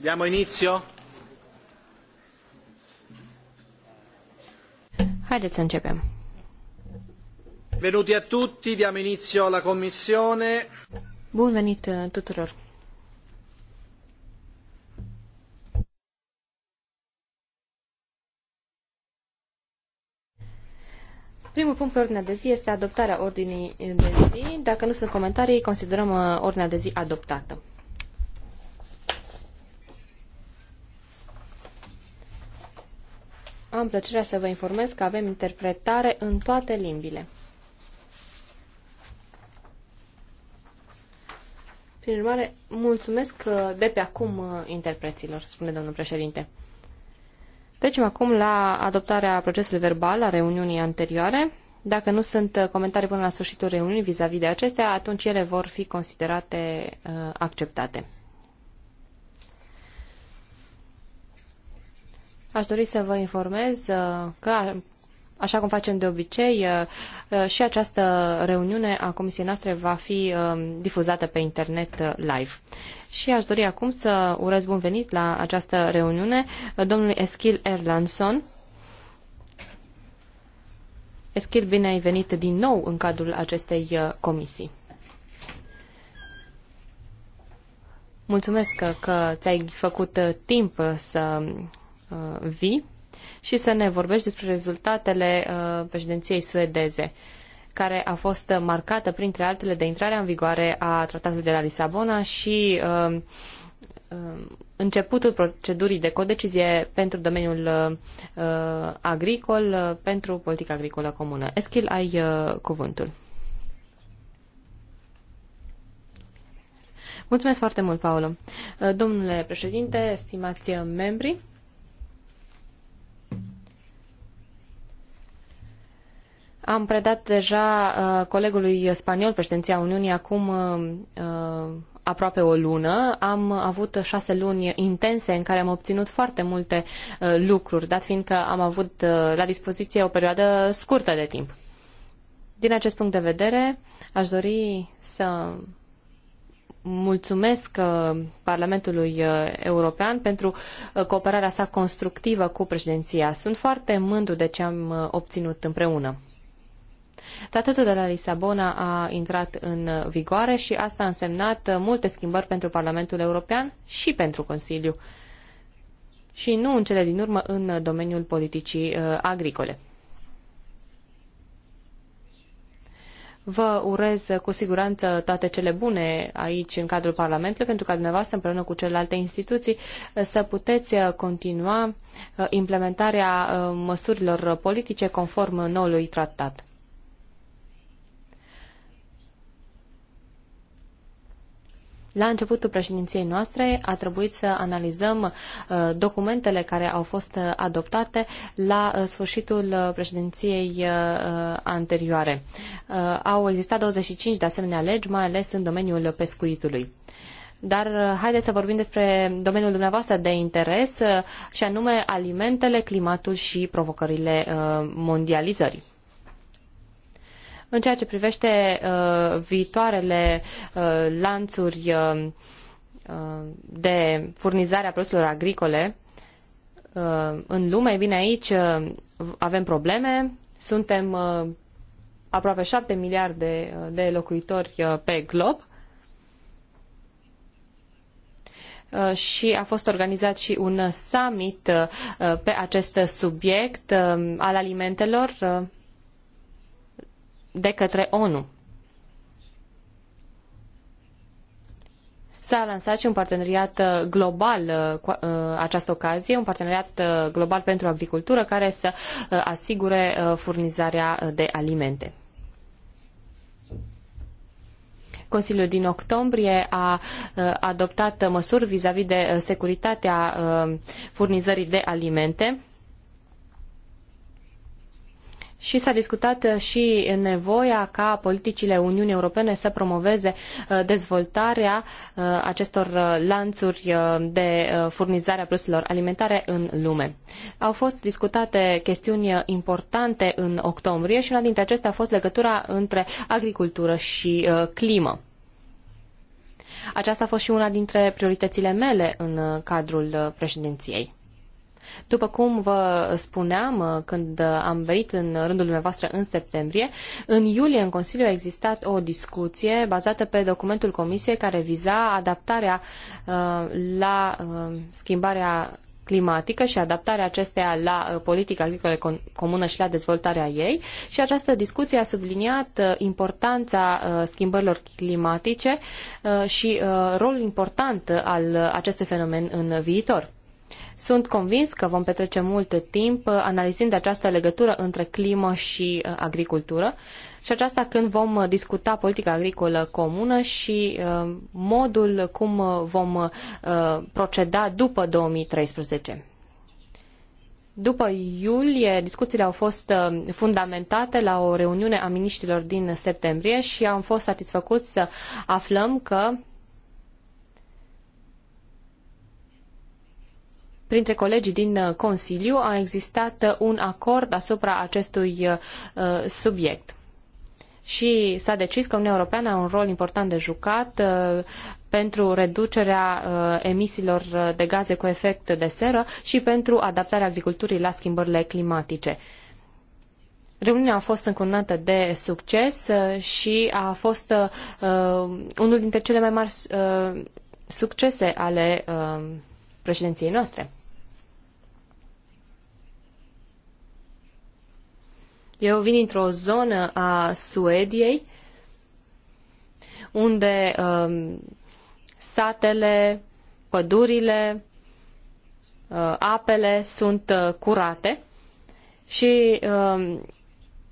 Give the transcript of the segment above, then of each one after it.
Diamo inizio? Haideți să începem. a tutti, diamo inizio alla commissione. Bun venit uh, tuturor. Primul punct pe ordinea de zi este adoptarea ordinii de zi. Dacă nu sunt comentarii, considerăm uh, ordinea de zi adoptată. Am plăcerea să vă informez că avem interpretare în toate limbile. Prin urmare, mulțumesc uh, de pe acum uh, interpreților, spune domnul președinte. Trecem acum la adoptarea procesului verbal a reuniunii anterioare. Dacă nu sunt uh, comentarii până la sfârșitul reuniunii vis-a-vis -vis de acestea, atunci ele vor fi considerate acceptate. Aș dori să vă informez uh, că, așa cum facem de obicei, uh, uh, și această reuniune a comisiei noastre va fi um, difuzată pe internet live. Și aș dori acum să urez bun venit la această reuniune domnului Eschil Erlanson. Eschil, bine ai venit din nou în cadrul acestei comisii. Mulțumesc că, că ți-ai făcut timp să Uh, vii și să ne vorbești despre rezultatele uh, președinției suedeze care a fost marcată, printre altele, de intrarea în vigoare a Tratatului de la Lisabona și uh, începutul procedurii de codecizie pentru domeniul agricol, pentru politica agricolă comună. Eschil, ai cuvântul. Mulțumesc foarte mult, Paolo. Domnule președinte, stimați membri, Am predat deja uh, colegului spaniol președinția Uniunii acum uh, uh, aproape o lună. Am avut șase luni intense în care am obținut foarte multe uh, lucruri, dat fiind că am avut uh, la dispoziție o perioadă scurtă de timp. Din acest punct de vedere, aș dori să mulțumesc uh, Parlamentului uh, European pentru cooperarea sa constructivă cu președinția. Sunt foarte mândru de ce am obținut împreună. Tratatul de la Lisabona a intrat în vigoare și asta a însemnat multe schimbări pentru Parlamentul European și pentru Consiliu și nu în cele din urmă în domeniul politicii uh, agricole. Vă urez cu siguranță toate cele bune aici în cadrul Parlamentului pentru ca dumneavoastră împreună cu celelalte instituții uh, să puteți uh, continua implementarea măsurilor politice conform noului tratat. La începutul președinției noastre a trebuit să analizăm uh, documentele care au fost uh, adoptate la uh, sfârșitul președinției anterioare. Au existat 25 de asemenea legi, mai ales în domeniul pescuitului. Dar haideți să vorbim despre domeniul dumneavoastră de interes și anume alimentele, climatul și provocările mondializării. În ceea ce privește uh, viitoarele uh, lanțuri uh, uh, de furnizare a produselor agricole uh, în lume, bine aici uh, avem probleme. Suntem uh, aproape 7 miliarde uh, de locuitori uh, pe glob uh, și a fost organizat și un summit pe acest subiect al alimentelor de către ONU. S-a lansat și un parteneriat uh, global uh, cu uh, această ocazie, un parteneriat global pentru agricultură care să asigure furnizarea de alimente. Consiliul din octombrie a adoptat măsuri vizavi de securitatea furnizării de alimente și s-a discutat uh, și nevoia ca politicile Uniunii Europene să promoveze uh, dezvoltarea uh, acestor lanțuri de furnizare a produselor alimentare în lume. Au fost discutate chestiuni importante în octombrie și una dintre acestea a fost legătura între agricultură și climă. Aceasta a fost și una dintre prioritățile mele în cadrul președinției. După cum vă spuneam uh, când uh, am venit în rândul dumneavoastră în septembrie, în iulie în Consiliu a existat o discuție bazată pe documentul Comisiei care viza adaptarea uh, la uh, schimbarea climatică și adaptarea acesteia la uh, politica agricolă comună și la dezvoltarea ei. Și această discuție a subliniat importanța schimbărilor climatice și rolul important al acestui fenomen în viitor. Sunt convins că vom petrece mult timp uh, analizând această legătură între climă și uh, agricultură și aceasta când vom uh, discuta politica agricolă comună și modul cum vom proceda după 2013. După iulie, discuțiile au fost fundamentate la o reuniune a miniștrilor din septembrie și am fost satisfăcuți să aflăm că printre colegii din uh, Consiliu a existat uh, un acord asupra acestui uh, subiect. Și s-a decis că Uniunea Europeană are un rol important de jucat pentru reducerea emisiilor de gaze cu efect de seră și pentru adaptarea agriculturii la schimbările climatice. Reuniunea a fost încununată de succes și a fost unul dintre cele mai mari succese ale uh, președinției noastre. Eu vin într o zonă a Suediei unde um, satele, pădurile, uh, apele sunt uh, curate și uh,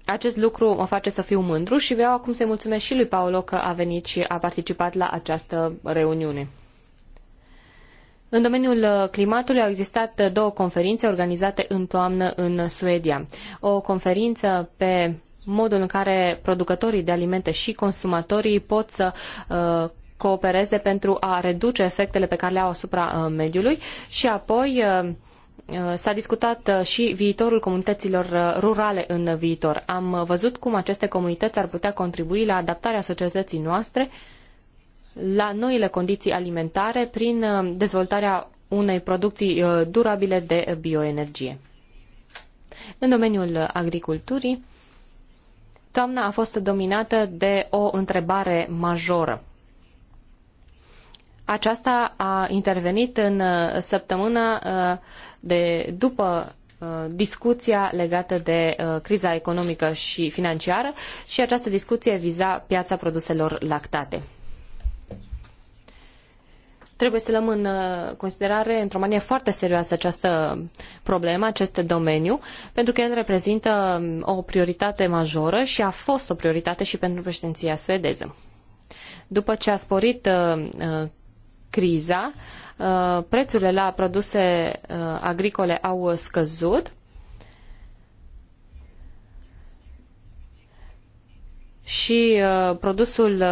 acest lucru mă face să fiu mândru și vreau acum să-i mulțumesc și lui Paolo că a venit și a participat la această reuniune. În domeniul uh, climatului au existat uh, două conferințe organizate în toamnă în Suedia. O conferință pe modul în care producătorii de alimente și consumatorii pot să uh, coopereze pentru a reduce efectele pe care le au asupra uh, mediului și apoi uh, uh S-a discutat și viitorul comunităților rurale în viitor. Am văzut cum aceste comunități ar putea contribui la adaptarea societății noastre uh, la noile condiții alimentare prin uh, dezvoltarea unei producții uh, durabile de bioenergie. În domeniul agriculturii, toamna a fost dominată de o întrebare majoră. Aceasta a intervenit în uh, săptămâna de după discuția legată de criza economică și financiară și această discuție viza piața produselor lactate. Trebuie să luăm în uh, considerare într-o manieră foarte serioasă această problemă, acest domeniu, pentru că el reprezintă um, o prioritate majoră și a fost o prioritate și pentru președinția suedeză. După ce a sporit uh, uh criza, uh, prețurile la produse uh, agricole au scăzut și uh, produsul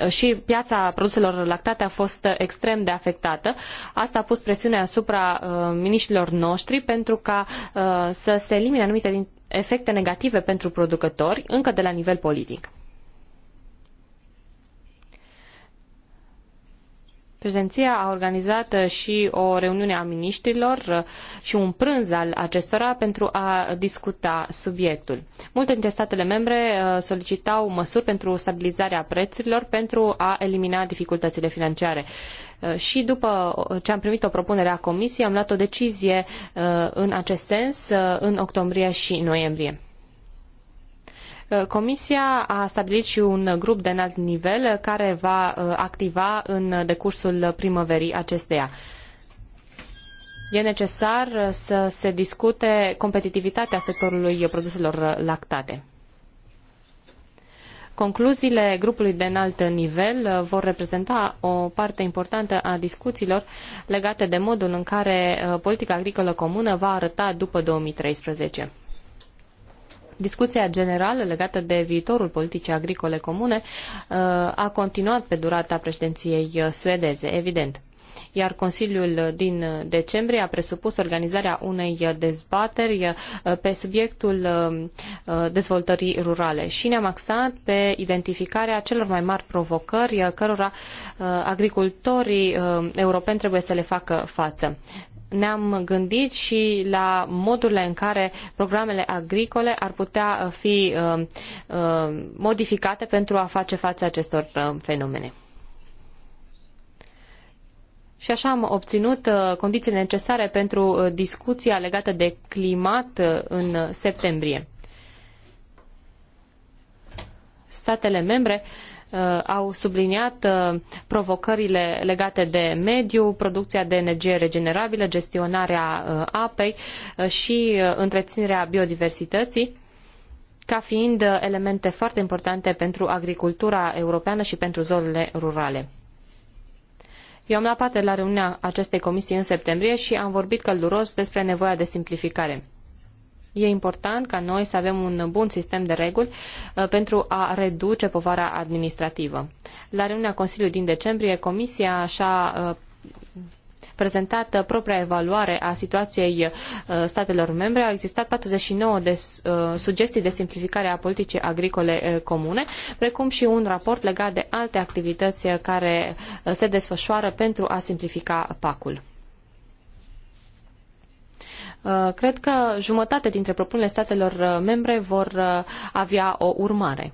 uh, și piața produselor lactate a fost extrem de afectată. Asta a pus presiune asupra uh, miniștilor noștri pentru ca să se elimine anumite efecte negative pentru producători încă de la nivel politic. Prezenția a organizat uh, și o reuniune a miniștrilor uh, și un prânz al acestora pentru a discuta subiectul. Multe dintre statele membre uh, solicitau măsuri pentru stabilizarea prețurilor pentru a elimina dificultățile financiare. Și după ce am primit o propunere a Comisiei, am luat o decizie în acest sens în octombrie și noiembrie. Uh, Comisia a stabilit și un grup de înalt nivel care va uh, activa în decursul primăverii acesteia. E necesar să se discute competitivitatea sectorului produselor lactate. Concluziile grupului de înalt nivel uh, vor reprezenta o parte importantă a discuțiilor legate de modul în care politica agricolă comună va arăta după 2013. Discuția generală legată de viitorul politicii agricole comune uh, a continuat pe durata președinției uh, suedeze, evident iar Consiliul din uh, decembrie a presupus organizarea unei dezbateri pe subiectul dezvoltării rurale și ne-am axat pe identificarea celor mai mari provocări cărora agricultorii europeni trebuie să le facă față ne-am gândit și la modurile în care programele agricole ar putea uh, fi uh, uh, modificate pentru a face față acestor fenomene. Și așa am obținut condițiile necesare pentru discuția legată de climat în septembrie. Statele membre uh, Uh, au subliniat uh, provocările legate de mediu, producția de energie regenerabilă, gestionarea uh, apei și întreținerea biodiversității ca fiind elemente foarte importante pentru agricultura europeană și pentru zonele rurale. Eu am luat parte la reuniunea acestei comisii în septembrie și am vorbit călduros despre nevoia de simplificare. E important ca noi să avem un bun sistem de reguli uh, pentru a reduce povara administrativă. La reuniunea Consiliului din decembrie, Comisia așa a uh, prezentat propria evaluare a situației uh, statelor membre. Au existat 49 de sugestii de simplificare a politicii agricole comune, precum și un raport legat de alte activități care se desfășoară pentru a simplifica PAC-ul. Uh, cred că jumătate dintre propunerile statelor uh, membre vor uh, avea o urmare.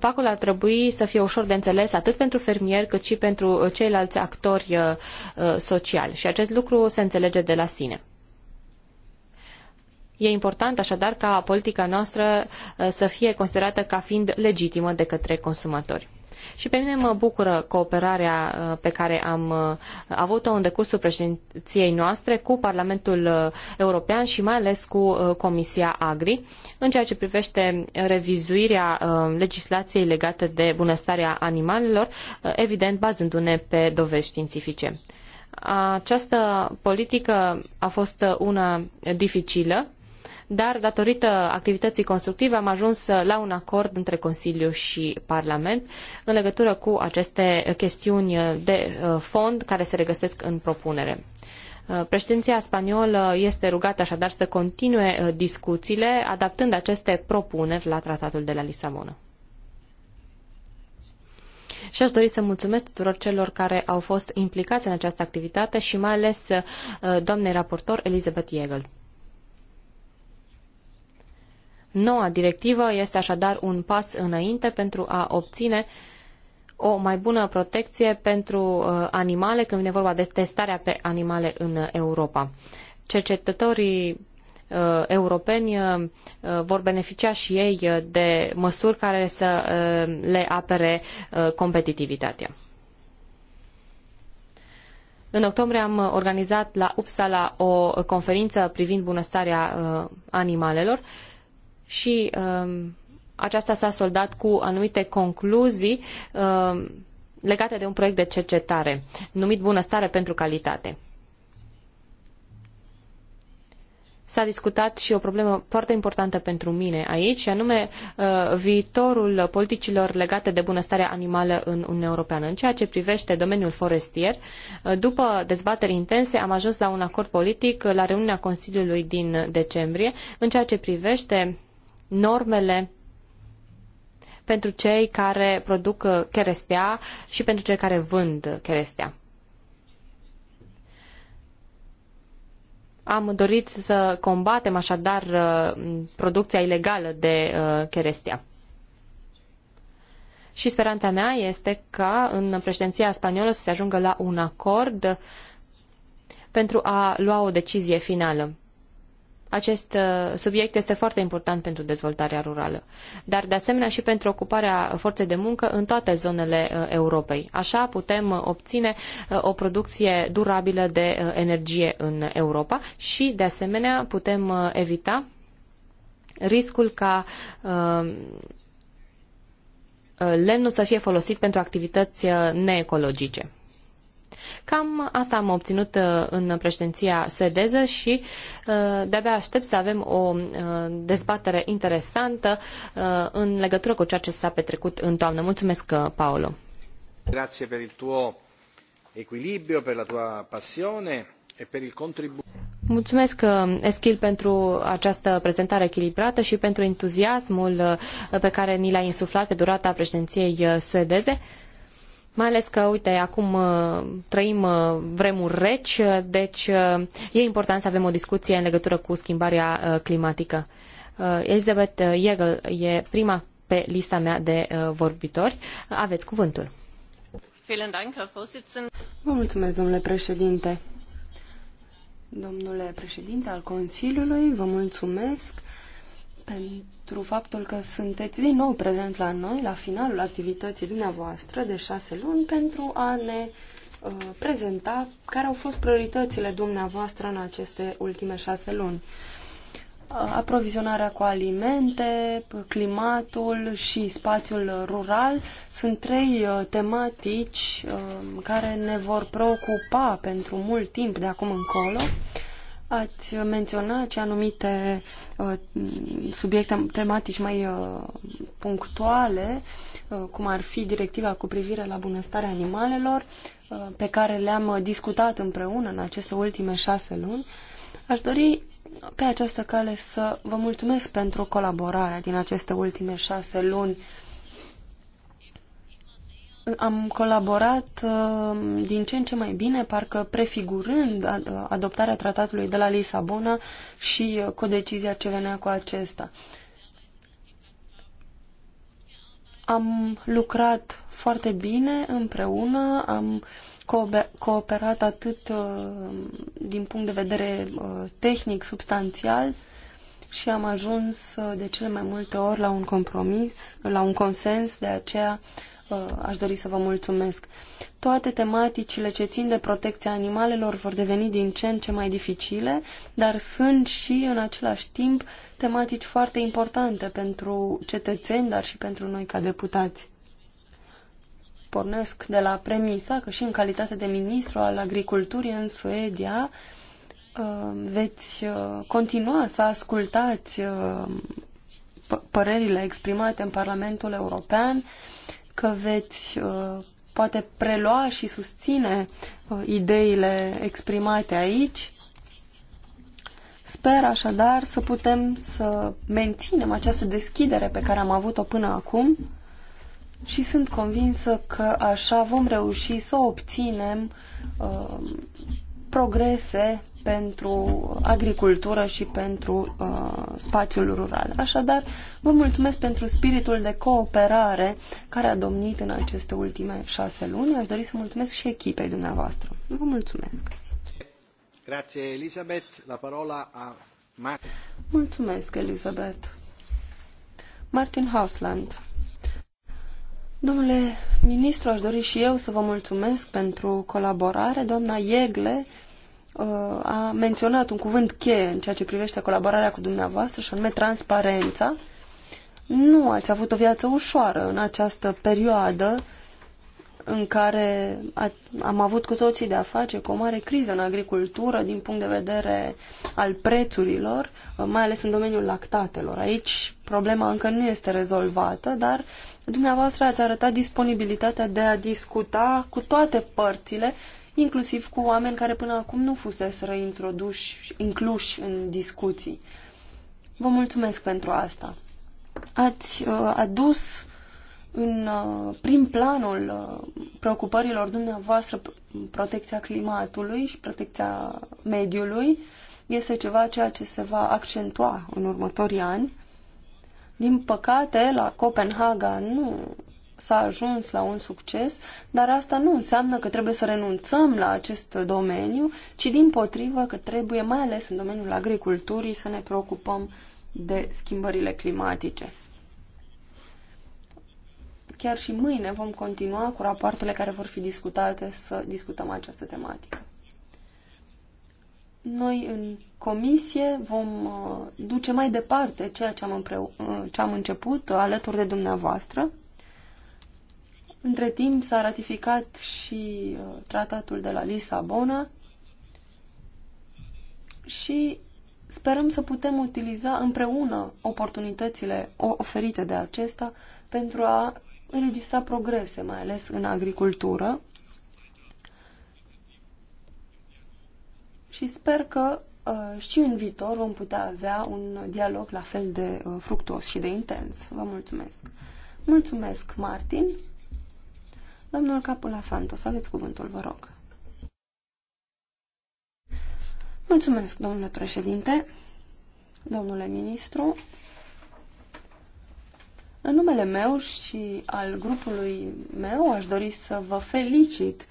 Pacul ar trebui să fie ușor de înțeles atât pentru fermieri cât și pentru ceilalți actori sociali și acest lucru se înțelege de la sine. E important așadar ca politica noastră să fie considerată ca fiind legitimă de către consumatori. Și pe mine mă bucură cooperarea uh, pe care am uh, avut-o în decursul președinției noastre cu Parlamentul uh, European și mai ales cu Comisia Agri în ceea ce privește revizuirea legislației legate de bunăstarea animalelor, evident bazându-ne pe dovezi științifice. Această politică a fost una dificilă, dar datorită activității constructive am ajuns la un acord între Consiliu și Parlament în legătură cu aceste chestiuni de uh, fond care se regăsesc în propunere. Uh, președinția spaniolă este rugată așadar să continue uh, discuțiile, adaptând aceste propuneri la tratatul de la Lisabona. Și aș dori să mulțumesc tuturor celor care au fost implicați în această activitate și mai ales doamnei raportor Elizabeth Jeggle. Noua directivă este așadar un pas înainte pentru a obține o mai bună protecție pentru uh, animale când vine vorba de testarea pe animale în Europa. Cercetătorii uh, europeni uh, vor beneficia și ei de măsuri care să le apere competitivitatea. În octombrie am organizat la Uppsala o conferință privind bunăstarea animalelor și um, aceasta s-a soldat cu anumite concluzii um, legate de un proiect de cercetare numit Bunăstare pentru Calitate. s-a discutat și o problemă foarte importantă pentru mine aici, și anume uh, viitorul politicilor legate de bunăstarea animală în Uniunea Europeană. În ceea ce privește domeniul forestier, uh, după dezbateri intense am ajuns la un acord politic la reuniunea Consiliului din decembrie în ceea ce privește normele pentru cei care produc cherestea și pentru cei care vând cherestea. Am dorit să combatem așadar uh, producția ilegală de uh, cherestea. Și speranța mea este ca în președinția spaniolă să se ajungă la un acord pentru a lua o decizie finală acest uh, subiect este foarte important pentru dezvoltarea rurală, dar de asemenea și pentru ocuparea forței de muncă în toate zonele uh, Europei. Așa putem uh, obține o producție durabilă de energie în Europa și de asemenea putem evita riscul ca lemnul să fie folosit pentru activități neecologice. Cam asta am obținut uh, în președinția suedeză și uh, de-abia aștept să avem o uh, dezbatere interesantă în legătură cu ceea ce s-a petrecut în toamnă. Mulțumesc, Paolo. Grazie per il tuo equilibrio, per la tua passione e per il contributo. Mulțumesc, Eschil, pentru această prezentare echilibrată și pentru entuziasmul pe care ni l-a insuflat pe durata președinției suedeze. Mai ales că, uite, acum uh, trăim uh, vremuri reci, uh, deci e important să avem o discuție în legătură cu schimbarea climatică. Elizabeth Yegel e prima pe lista mea de vorbitori. Aveți cuvântul. Vă mulțumesc, domnule președinte. Domnule președinte al Consiliului, vă mulțumesc pentru pentru faptul că sunteți din nou prezent la noi, la finalul activității dumneavoastră de șase luni, pentru a ne uh, prezenta care au fost prioritățile dumneavoastră în aceste ultime șase luni. Uh, aprovizionarea cu alimente, climatul și spațiul rural sunt trei uh, tematici uh, care ne vor preocupa pentru mult timp de acum încolo Ați menționat ce anumite uh, subiecte tematici mai uh, punctuale, uh, cum ar fi directiva cu privire la bunăstarea animalelor, uh, pe care le-am uh, discutat împreună în aceste ultime șase luni. Aș dori pe această cale să vă mulțumesc pentru colaborarea din aceste ultime șase luni am colaborat uh, din ce în ce mai bine, parcă prefigurând adoptarea tratatului de la Lisabona și uh, decizia ce venea cu acesta. Am lucrat foarte bine împreună, am cooperat atât uh, din punct de vedere tehnic, substanțial, și am ajuns de cele mai multe ori la un compromis, la un consens, de aceea aș dori să vă mulțumesc. Toate tematicile ce țin de protecția animalelor vor deveni din ce în ce mai dificile, dar sunt și în același timp tematici foarte importante pentru cetățeni, dar și pentru noi ca deputați. Pornesc de la premisa că și în calitate de ministru al agriculturii în Suedia uh, veți uh, continua să ascultați uh, părerile exprimate în Parlamentul European că veți uh, poate prelua și susține uh, ideile exprimate aici. Sper așadar să putem să menținem această deschidere pe care am avut-o până acum și sunt convinsă că așa vom reuși să obținem uh, progrese pentru agricultură și pentru uh, spațiul rural. Așadar, vă mulțumesc pentru spiritul de cooperare care a domnit în aceste ultime șase luni. Aș dori să mulțumesc și echipei dumneavoastră. Vă mulțumesc! Grazie, Elisabeth. La parola a Martin. Mulțumesc, Elisabeth. Martin Hausland. Domnule ministru, aș dori și eu să vă mulțumesc pentru colaborare. Doamna Iegle Uh, a menționat un cuvânt cheie în ceea ce privește colaborarea cu dumneavoastră și anume transparența. Nu ați avut o viață ușoară în această perioadă în care a, am avut cu toții de a face cu o mare criză în agricultură din punct de vedere al prețurilor, uh, mai ales în domeniul lactatelor. Aici problema încă nu este rezolvată, dar dumneavoastră ați arătat disponibilitatea de a discuta cu toate părțile inclusiv cu oameni care până acum nu fuseseră introduși, incluși în discuții. Vă mulțumesc pentru asta. Ați uh, adus în uh, prim planul uh, preocupărilor dumneavoastră protecția climatului și protecția mediului. Este ceva ceea ce se va accentua în următorii ani. Din păcate, la Copenhaga nu s-a ajuns la un succes, dar asta nu înseamnă că trebuie să renunțăm la acest domeniu, ci din potrivă că trebuie, mai ales în domeniul agriculturii, să ne preocupăm de schimbările climatice. Chiar și mâine vom continua cu rapoartele care vor fi discutate să discutăm această tematică. Noi în comisie vom uh, duce mai departe ceea ce am, împreu- uh, ce am început alături de dumneavoastră între timp s-a ratificat și uh, tratatul de la Lisabona și sperăm să putem utiliza împreună oportunitățile oferite de acesta pentru a înregistra progrese, mai ales în agricultură. Și sper că uh, și în viitor vom putea avea un dialog la fel de uh, fructuos și de intens. Vă mulțumesc! Mulțumesc, Martin! Domnul Capula Santos, aveți cuvântul, vă rog. Mulțumesc, domnule președinte, domnule ministru. În numele meu și al grupului meu aș dori să vă felicit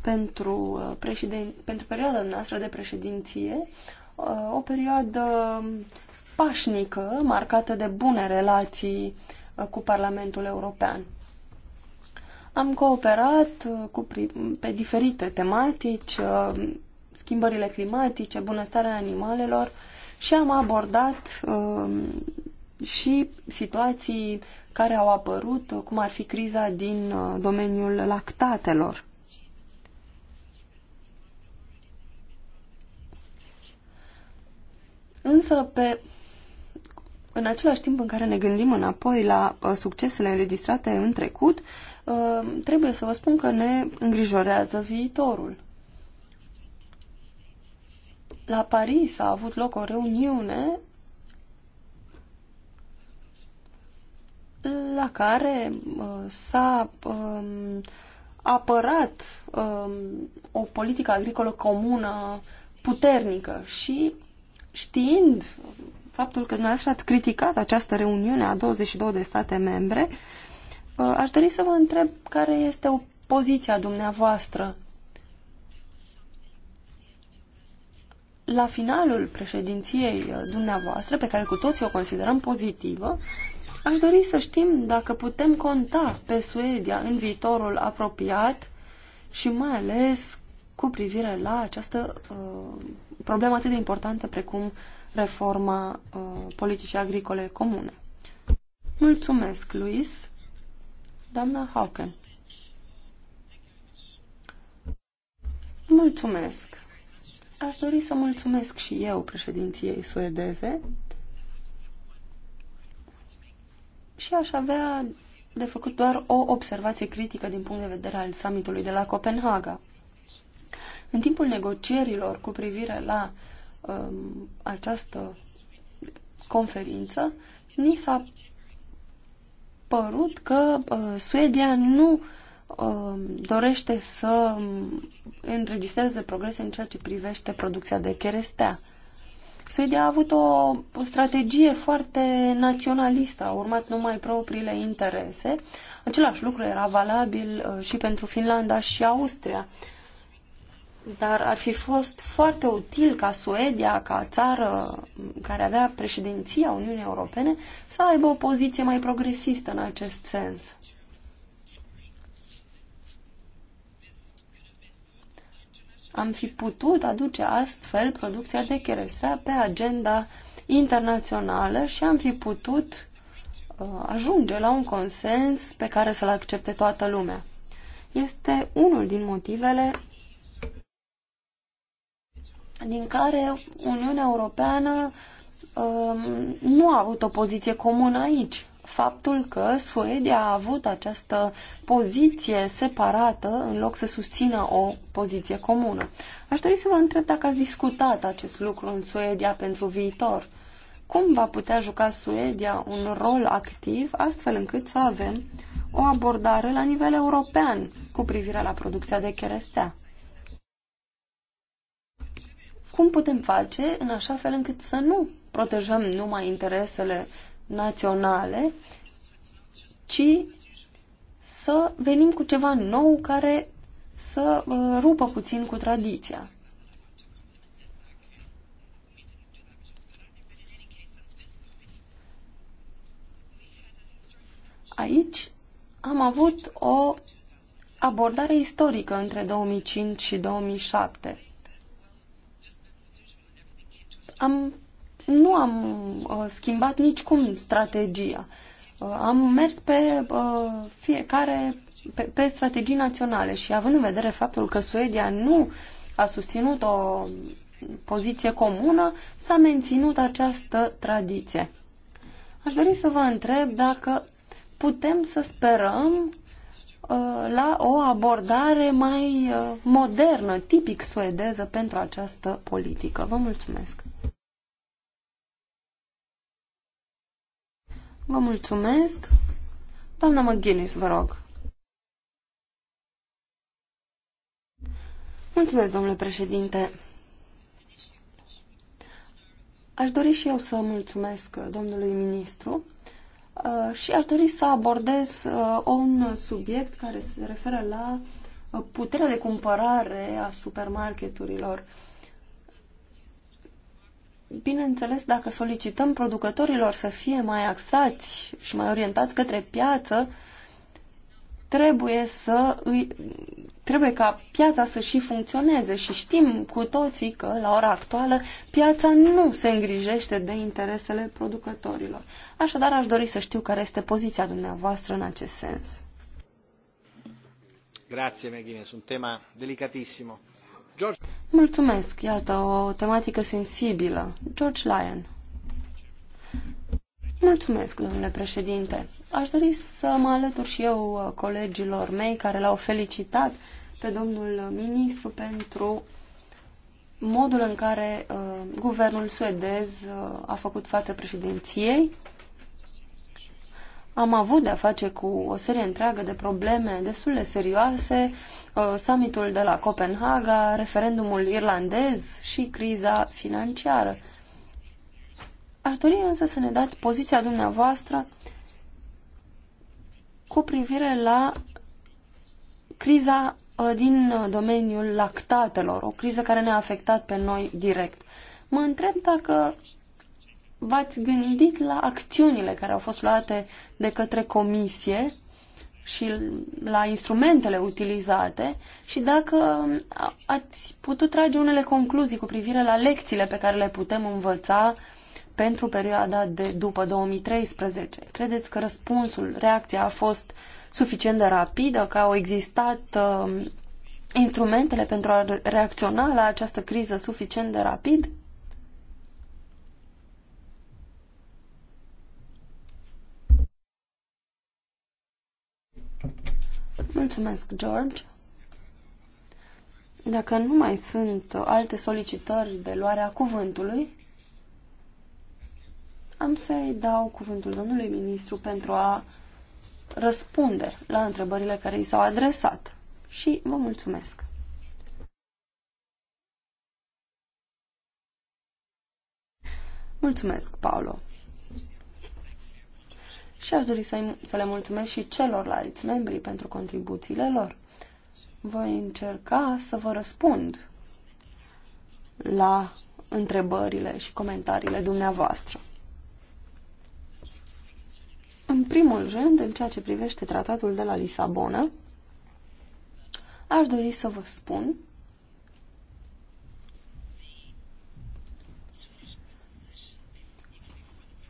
pentru, uh, președin... pentru perioada noastră de președinție, uh, o perioadă pașnică, marcată de bune relații uh, cu Parlamentul European. Am cooperat uh, cu, pe diferite tematici, uh, schimbările climatice, bunăstarea animalelor și am abordat um, și situații care au apărut, uh, cum ar fi criza din domeniul lactatelor. Însă, pe, în același timp în care ne gândim înapoi la succesele înregistrate în trecut, uh, Uh, trebuie să vă spun că ne îngrijorează viitorul. La Paris a avut loc o reuniune la care uh, s-a um, apărat um, o politică agricolă comună puternică și știind faptul că dumneavoastră ați criticat această reuniune a 22 de state membre, Uh, aș dori să vă întreb care este o poziția dumneavoastră. La finalul președinției uh, dumneavoastră, pe care cu toții o considerăm pozitivă, aș dori să știm dacă putem conta pe Suedia în viitorul apropiat și mai ales cu privire la această uh, problemă atât de importantă precum reforma uh, politicii agricole comune. Mulțumesc, Luis! Doamna Hawken. Mulțumesc. Aș dori să mulțumesc și eu președinției suedeze și aș avea de făcut doar o observație critică din punct de vedere al summitului de la Copenhaga. În timpul negocierilor cu privire la um, această conferință, ni s-a părut că uh, Suedia nu uh, dorește să înregistreze progrese în ceea ce privește producția de cherestea. Suedia a avut o, o strategie foarte naționalistă, a urmat numai propriile interese. Același lucru era valabil uh, și pentru Finlanda și Austria. Uh, dar ar fi fost foarte util ca Suedia, ca țară care avea președinția Uniunii Europene, să aibă o poziție mai progresistă în acest sens. Am fi putut aduce astfel producția de cherestrea pe agenda internațională și am fi putut uh, ajunge la un consens pe care să-l accepte toată lumea. Este unul din motivele din care Uniunea Europeană um, nu a avut o poziție comună aici. Faptul că Suedia a avut această poziție separată în loc să susțină o poziție comună. Aș dori să vă întreb dacă ați discutat acest lucru în Suedia pentru viitor. Cum va putea juca Suedia un rol activ astfel încât să avem o abordare la nivel european cu privire la producția de cherestea? cum putem face în așa fel încât să nu protejăm numai interesele naționale, ci să venim cu ceva nou care să uh, rupă puțin cu tradiția. Aici am avut o abordare istorică între 2005 și 2007 am, nu am uh, schimbat nicicum strategia. Uh, am mers pe uh, fiecare, pe, pe strategii naționale și având în vedere faptul că Suedia nu a susținut o poziție comună, s-a menținut această tradiție. Aș dori să vă întreb dacă putem să sperăm uh, la o abordare mai uh, modernă, tipic suedeză pentru această politică. Vă mulțumesc! Vă mulțumesc. Doamna McGuinness, vă rog. Mulțumesc, domnule președinte. Aș dori și eu să mulțumesc domnului ministru uh, și aș dori să abordez uh, un subiect care se referă la puterea de cumpărare a supermarketurilor bineînțeles, dacă solicităm producătorilor să fie mai axați și mai orientați către piață, trebuie să îi, trebuie ca piața să și funcționeze și știm cu toții că la ora actuală piața nu se îngrijește de interesele producătorilor. Așadar, aș dori să știu care este poziția dumneavoastră în acest sens. Grazie, Meghine, sunt tema delicatissimo. George. Mulțumesc. Iată, o tematică sensibilă. George Lyon. Mulțumesc, domnule președinte. Aș dori să mă alătur și eu uh, colegilor mei care l-au felicitat pe domnul ministru pentru modul în care uh, guvernul suedez uh, a făcut față președinției am avut de-a face cu o serie întreagă de probleme destul de serioase, uh, summitul de la Copenhaga, referendumul irlandez și criza financiară. Aș dori însă să ne dați poziția dumneavoastră cu privire la criza uh, din uh, domeniul lactatelor, o criză care ne-a afectat pe noi direct. Mă întreb dacă v-ați gândit la acțiunile care au fost luate de către comisie și la instrumentele utilizate și dacă ați putut trage unele concluzii cu privire la lecțiile pe care le putem învăța pentru perioada de după 2013. Credeți că răspunsul, reacția a fost suficient de rapidă, că au existat uh, instrumentele pentru a reacționa la această criză suficient de rapid? Mulțumesc, George. Dacă nu mai sunt alte solicitări de luarea cuvântului, am să-i dau cuvântul domnului ministru pentru a răspunde la întrebările care i s-au adresat. Și vă mulțumesc. Mulțumesc, Paolo și aș dori să, să le mulțumesc și celorlalți membri pentru contribuțiile lor. Voi încerca să vă răspund la întrebările și comentariile dumneavoastră. În primul rând, în ceea ce privește tratatul de la Lisabona, aș dori să vă spun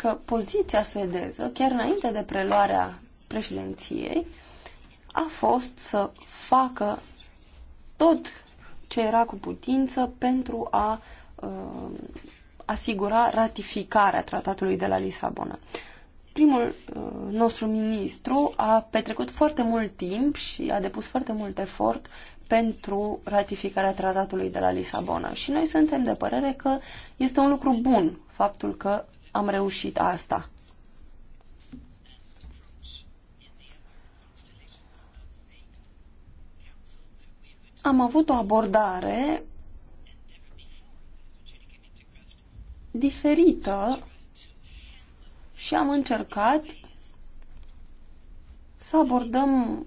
că poziția suedeză, chiar înainte de preluarea președinției, a fost să facă tot ce era cu putință pentru a uh, asigura ratificarea tratatului de la Lisabona. Primul uh, nostru ministru a petrecut foarte mult timp și a depus foarte mult efort pentru ratificarea tratatului de la Lisabona. Și noi suntem de părere că este un lucru bun faptul că am reușit asta. Am avut o abordare diferită și am încercat să abordăm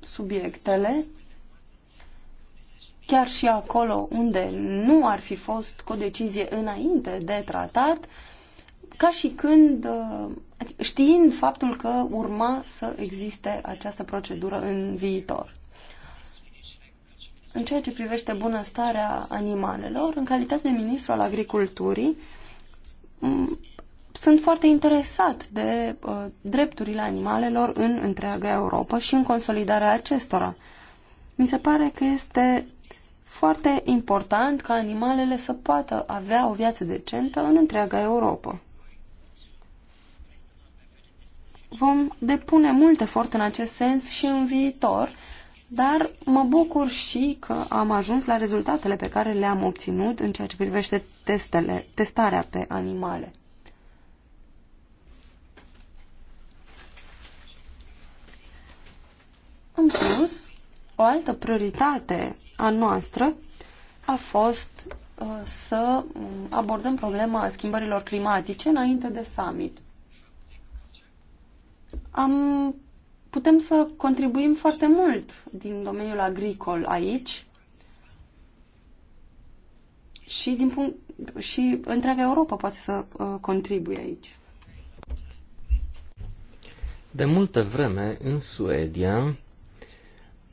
subiectele chiar și acolo unde nu ar fi fost o decizie înainte de tratat, ca și când, uh, știind faptul că urma să existe această procedură în viitor. În ceea ce privește bunăstarea animalelor, în calitate de ministru al agriculturii, sunt foarte interesat de uh, drepturile animalelor în întreaga Europa și în consolidarea acestora. Mi se pare că este foarte important ca animalele să poată avea o viață decentă în întreaga Europa. Vom depune mult efort în acest sens și în viitor, dar mă bucur și că am ajuns la rezultatele pe care le-am obținut în ceea ce privește testele, testarea pe animale. În plus, o altă prioritate a noastră a fost uh, să abordăm problema schimbărilor climatice înainte de summit. Am, putem să contribuim foarte mult din domeniul agricol aici și, din punct, și întreaga Europa poate să uh, contribuie aici. De multă vreme, în Suedia,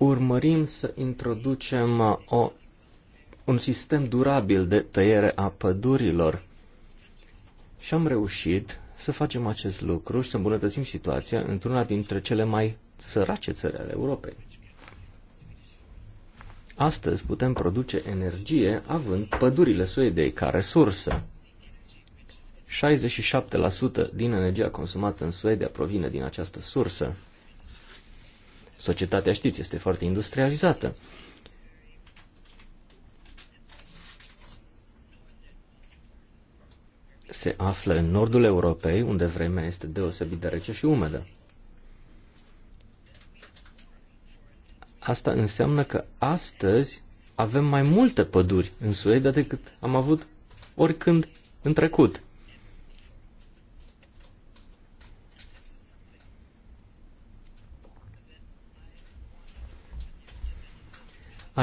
urmărim să introducem uh, o, un sistem durabil de tăiere a pădurilor. Și am reușit să facem acest lucru și să îmbunătățim situația într-una dintre cele mai sărace țări ale Europei. Astăzi putem produce energie având pădurile Suediei ca resursă. 67% din energia consumată în Suedia provine din această sursă. Societatea, știți, este foarte industrializată. Se află în nordul Europei, unde vremea este deosebit de rece și umedă. Asta înseamnă că astăzi avem mai multe păduri în Suedia decât am avut oricând în trecut.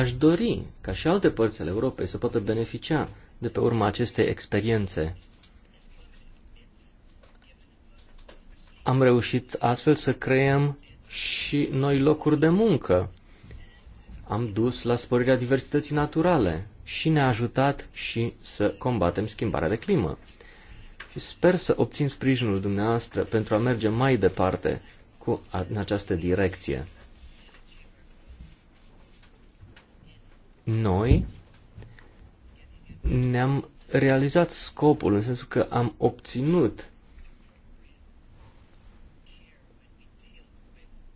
Aș dori ca și alte părți ale Europei să poată beneficia de pe urma acestei experiențe. Am reușit astfel să creăm și noi locuri de muncă. Am dus la sporirea diversității naturale și ne-a ajutat și să combatem schimbarea de climă. Și sper să obțin sprijinul dumneavoastră pentru a merge mai departe cu, în această direcție. noi ne-am realizat scopul, în sensul că am obținut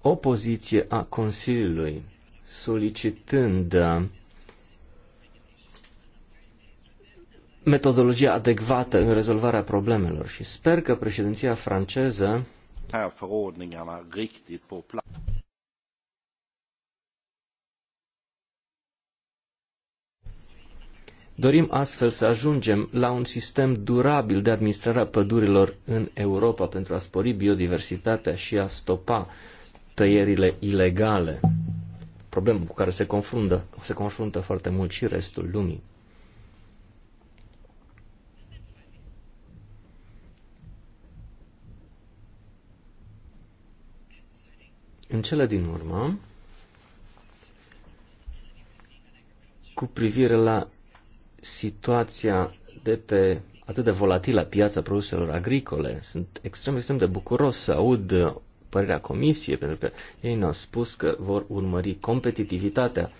o poziție a Consiliului solicitând uh, metodologia adecvată în rezolvarea problemelor și sper că președinția franceză Dorim astfel să ajungem la un sistem durabil de administrare a pădurilor în Europa pentru a spori biodiversitatea și a stopa tăierile ilegale, problemă cu care se confruntă, se confruntă foarte mult și restul lumii. În cele din urmă, cu privire la situația de pe atât de volatilă piața produselor agricole. Sunt extrem, extrem de bucuros să aud părerea comisiei, pentru că ei ne-au spus că vor urmări competitivitatea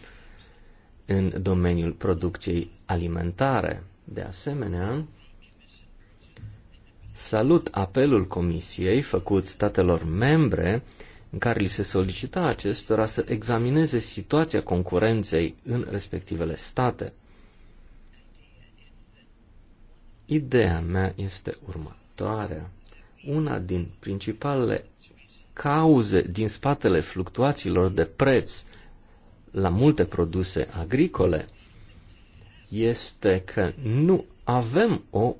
în domeniul producției alimentare. De asemenea, salut apelul comisiei făcut statelor membre în care li se solicita acestora să examineze situația concurenței în respectivele state. Ideea mea este următoarea. Una din principalele cauze din spatele fluctuațiilor de preț la multe produse agricole este că nu avem o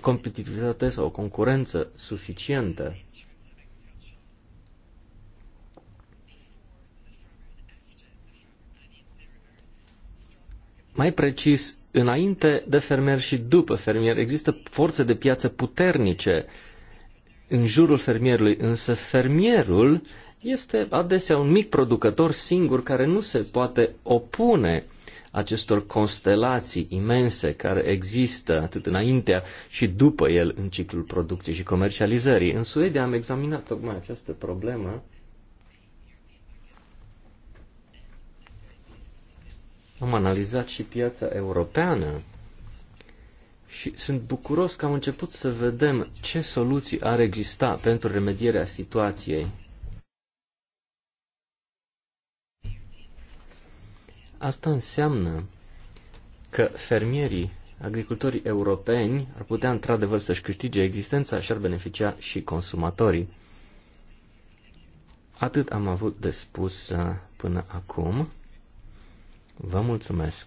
competitivitate sau o concurență suficientă. Mai precis, înainte de fermier și după fermier. Există forțe de piață puternice în jurul fermierului, însă fermierul este adesea un mic producător singur care nu se poate opune acestor constelații imense care există atât înaintea și după el în ciclul producției și comercializării. În Suedia am examinat tocmai această problemă Am analizat și piața europeană și sunt bucuros că am început să vedem ce soluții ar exista pentru remedierea situației. Asta înseamnă că fermierii, agricultorii europeni ar putea într-adevăr să-și câștige existența și ar beneficia și consumatorii. Atât am avut de spus uh, până acum. Vă mulțumesc.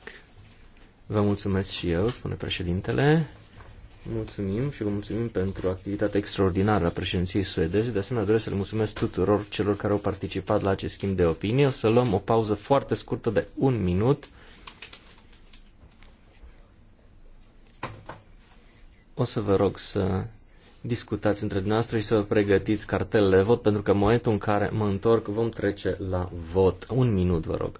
Vă mulțumesc și eu, spune președintele. Mulțumim și vă mulțumim pentru activitatea extraordinară a președinției suedeze. De asemenea, doresc să le mulțumesc tuturor celor care au participat la acest schimb de opinie. O să luăm o pauză foarte scurtă de un minut. O să vă rog să discutați între dumneavoastră și să vă pregătiți cartelele de vot, pentru că în momentul în care mă întorc vom trece la vot. Un minut, vă rog.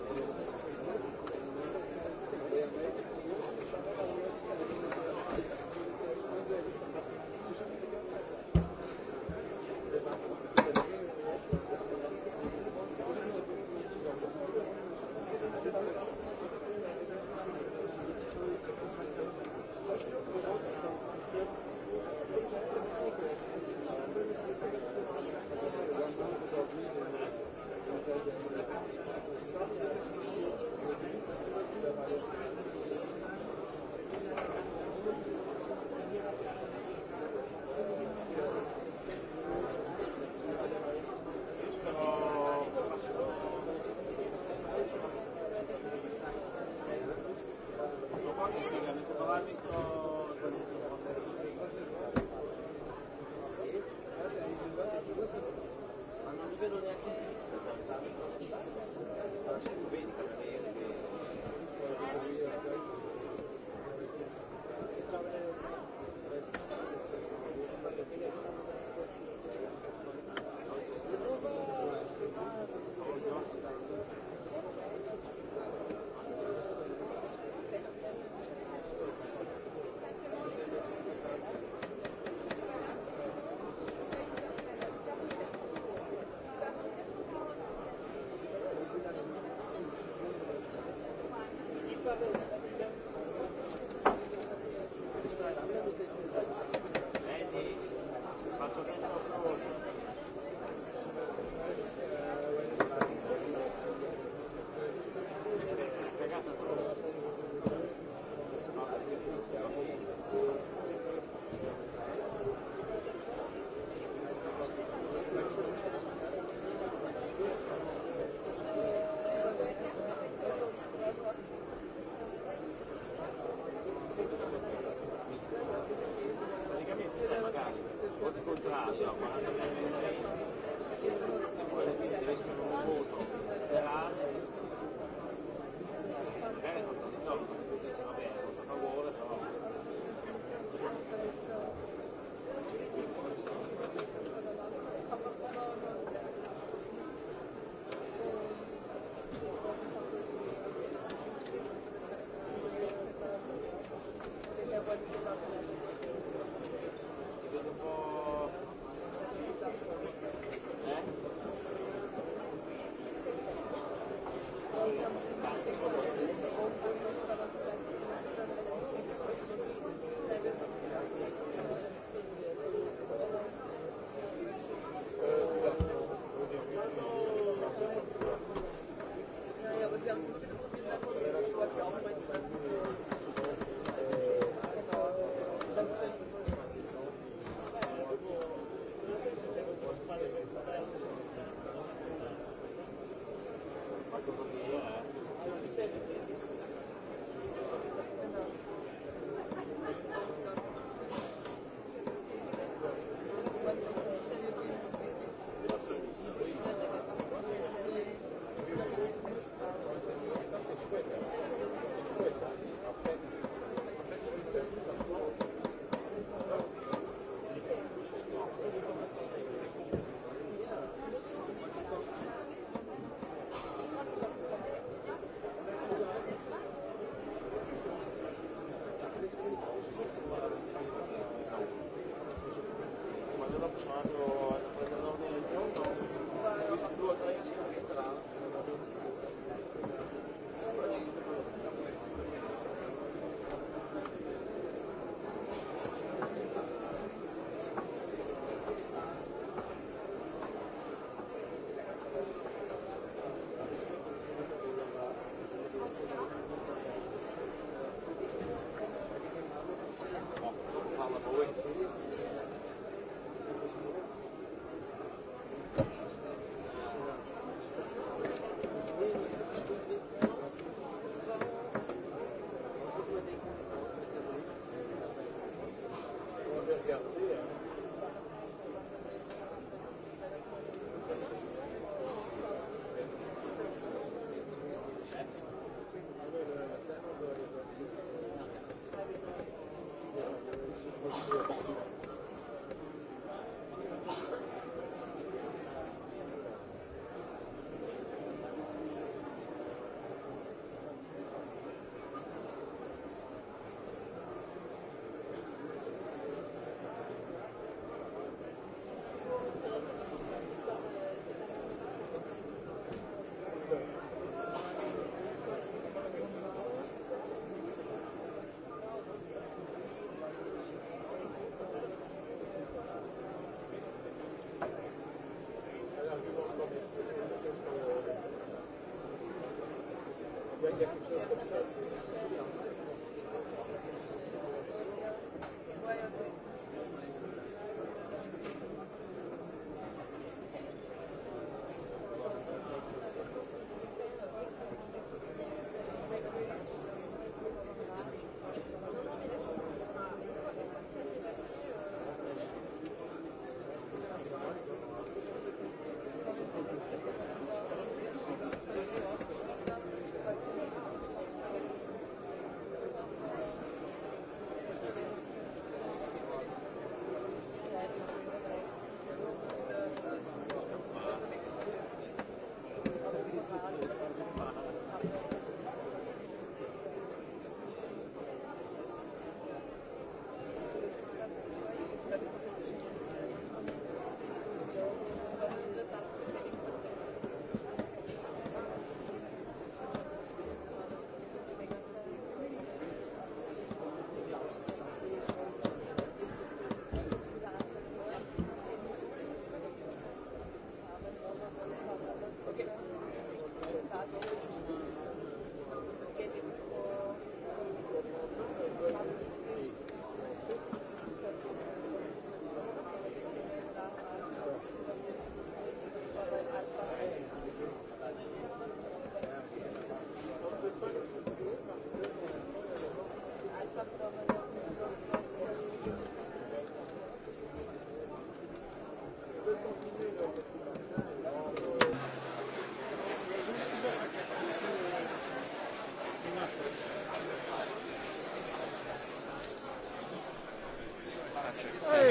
Я не хочу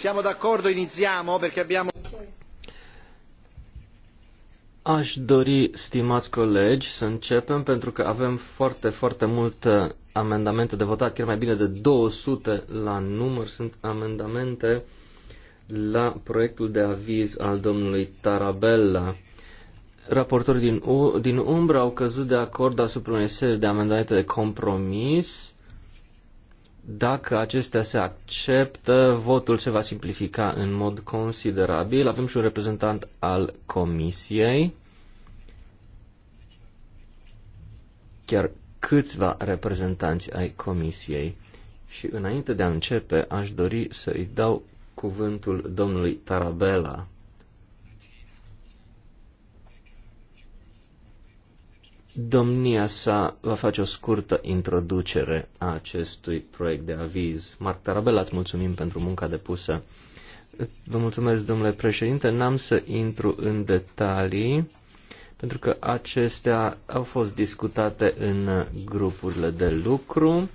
Siamo d'accordo, iniziamo perché abbiamo... Aș dori, stimați colegi, să începem pentru că avem foarte, foarte multe amendamente de votat, chiar mai bine de 200 la număr sunt amendamente la proiectul de aviz al domnului Tarabella. Raportorii din, din umbră au căzut de acord asupra unei serii de amendamente de compromis dacă acestea se acceptă, votul se va simplifica în mod considerabil. Avem și un reprezentant al Comisiei. Chiar câțiva reprezentanți ai Comisiei. Și înainte de a începe, aș dori să i dau cuvântul domnului Tarabella Domnia sa va face o scurtă introducere a acestui proiect de aviz. Marc Tarabella, îți mulțumim pentru munca depusă. Vă mulțumesc, domnule președinte. N-am să intru în detalii, pentru că acestea au fost discutate în grupurile de lucru.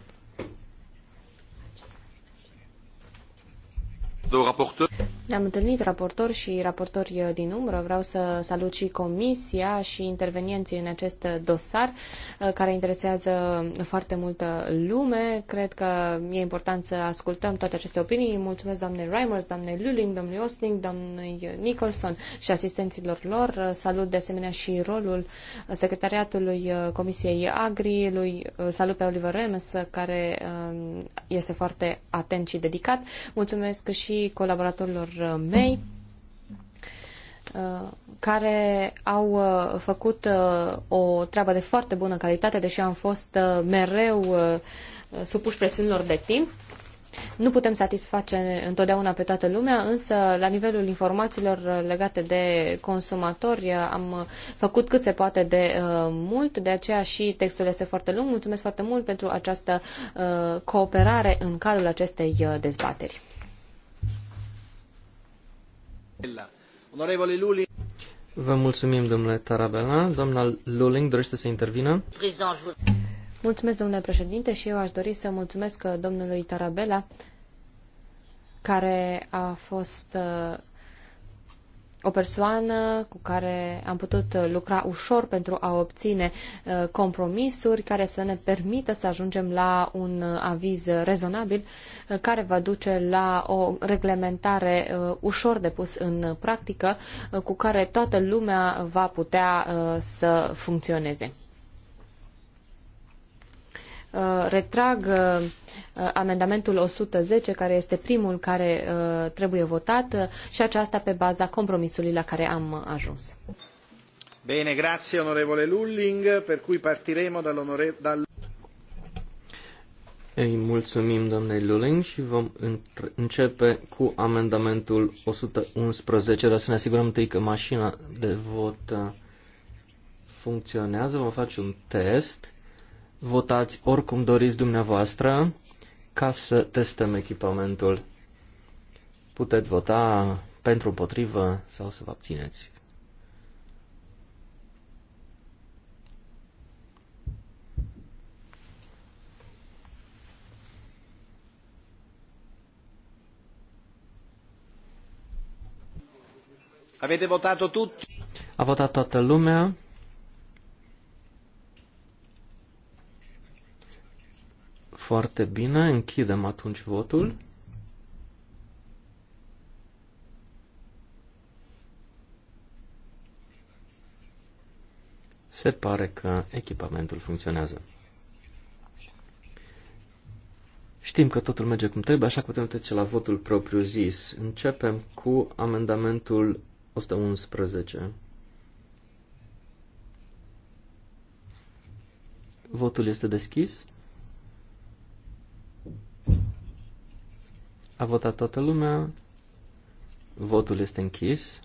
Ne-am întâlnit raportor și raportori eh, din umbră. Vreau să salut și comisia și intervenienții în acest dosar eh, care interesează foarte multă lume. Cred că e important să ascultăm toate aceste opinii. Mulțumesc doamnei Reimers, doamnei Luling, domnului Osling, doamnei Nicholson și asistenților lor. Eh, salut de asemenea și rolul secretariatului Comisiei Agri, lui salut pe Oliver Remes, care este foarte atent și dedicat. Mulțumesc și și colaboratorilor mei uh, care au uh, făcut uh, o treabă de foarte bună calitate, deși am fost mereu supuși presiunilor de timp. Nu putem satisface întotdeauna pe toată lumea, însă la nivelul informațiilor legate de consumatori am făcut cât se poate de uh, mult, de aceea și textul este foarte lung. Mulțumesc foarte mult pentru această uh, cooperare în cadrul acestei uh, dezbateri. Vă mulțumim, domnule Tarabella. Doamna Luling dorește să intervină. Mulțumesc, domnule președinte, și eu aș dori să mulțumesc domnului Tarabella, care a fost o persoană cu care am putut uh, lucra ușor pentru a obține uh, compromisuri care să ne permită să ajungem la un uh, aviz rezonabil care va duce la o reglementare ușor de pus în practică cu care toată lumea va putea să funcționeze. Uh, retrag uh, uh, amendamentul 110, care este primul care trebuie votat și aceasta pe baza compromisului la care am ajuns. Bine, grazie onorevole Lulling, per cui partiremo dall'onore... Ei, mulțumim doamnei Lulling și vom începe cu amendamentul 111, dar să ne asigurăm întâi că mașina de vot funcționează. Vom face un test votați oricum doriți dumneavoastră ca să testăm echipamentul. Puteți vota pentru împotrivă sau să vă abțineți. Avete votato tutti? A votat toată lumea. Foarte bine, închidem atunci votul. Se pare că echipamentul funcționează. Știm că totul merge cum trebuie, așa că putem trece la votul propriu-zis. Începem cu amendamentul 111. Votul este deschis. A votat toată lumea. Votul este închis.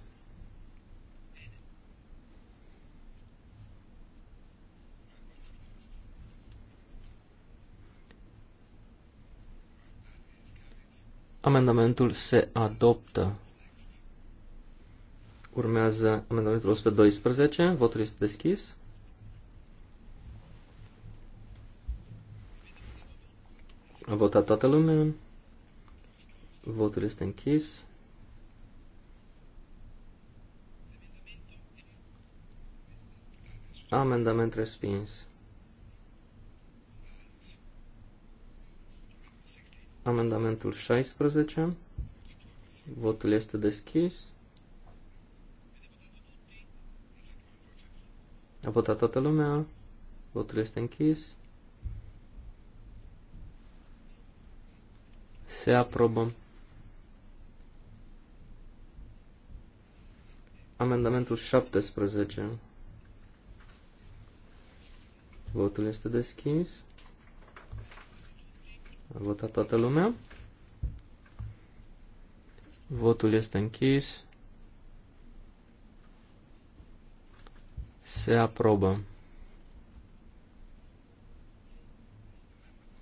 Amendamentul se adoptă. Urmează amendamentul 112. Votul este deschis. A votat toată lumea. Votul este închis. Amendament respins. Amendamentul 16. Votul este deschis. A votat toată lumea. Votul este închis. Se aprobă. Amendamentul 17. Votul este deschis. A votat toată lumea. Votul este închis. Se aprobă.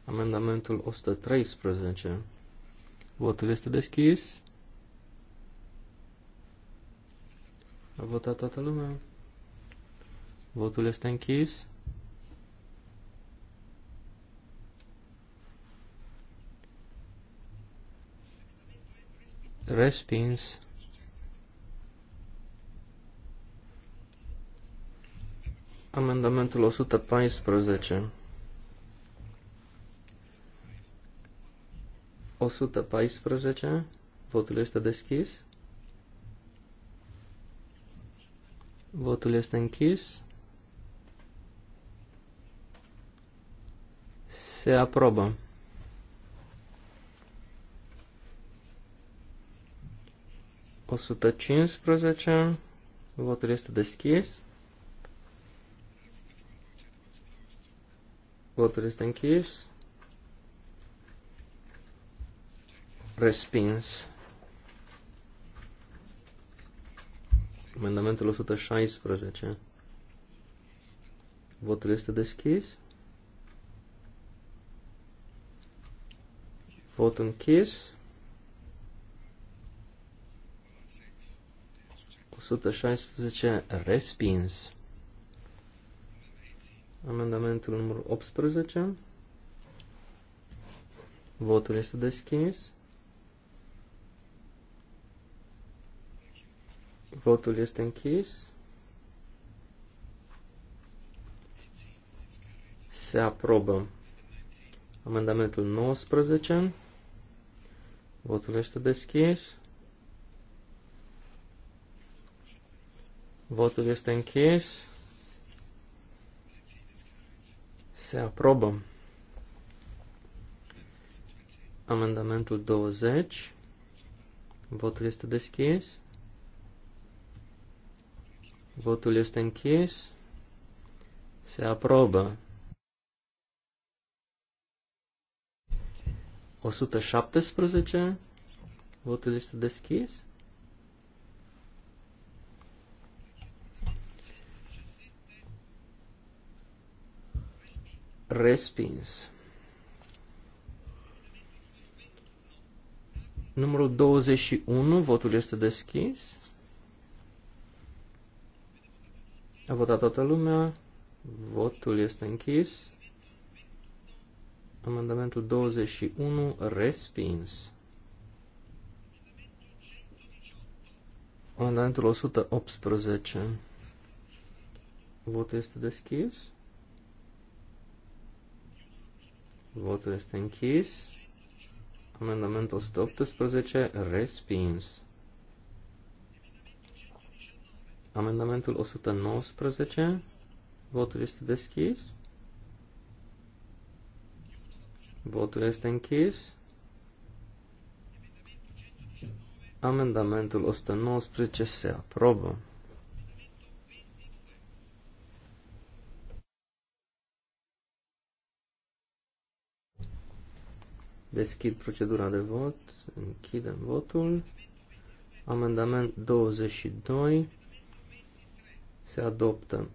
Amendamentul 113. Votul este deschis. A votat toată lumea? Votul este închis. Respins. Amendamentul 114. 114. Votul este deschis. Votul este închis. Se aprobă. O sută 115. Votul este deschis. Votul este închis. Respins. Amendamentul 116. Votul este deschis. Vot închis. 116 respins. Amendamentul numărul 18. Votul este deschis. Votul este închis. Se aprobă amendamentul 19. Votul este deschis. Votul este închis. Se aprobă amendamentul 20. Votul este deschis. Votul este închis. Se aprobă. 117. Votul este deschis. Respins. Numărul 21, votul este deschis. A votat toată lumea. Votul este închis. Amendamentul 21 respins. Amendamentul 118. Votul este deschis. Votul este închis. Amendamentul 118 respins. Amendamentul 119. Votul este deschis. Votul este închis. Amendamentul 119 se aprobă. Deschid procedura de vot, închidem votul. Amendament 22, se adoptă.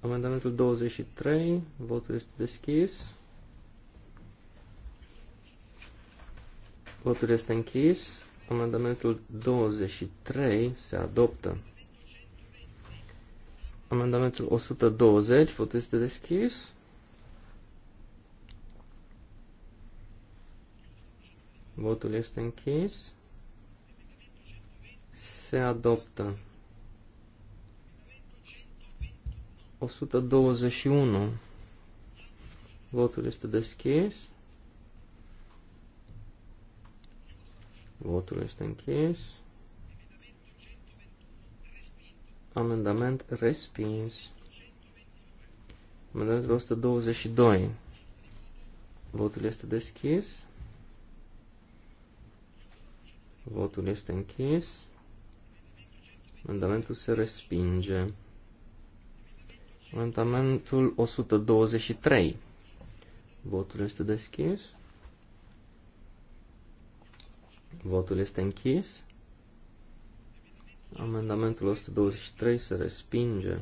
Amendamentul 23, votul este deschis. Votul este închis. Amendamentul 23 se adoptă. Amendamentul 120, votul este deschis. Votul este închis. Se adoptă. 121. Votul este deschis. Votul este închis. Amendament respins. Amendamentul 122. Votul este deschis. Votul este închis. Amendamentul se respinge. Amendamentul 123. Votul este deschis. Votul este închis. Amendamentul 123 se respinge.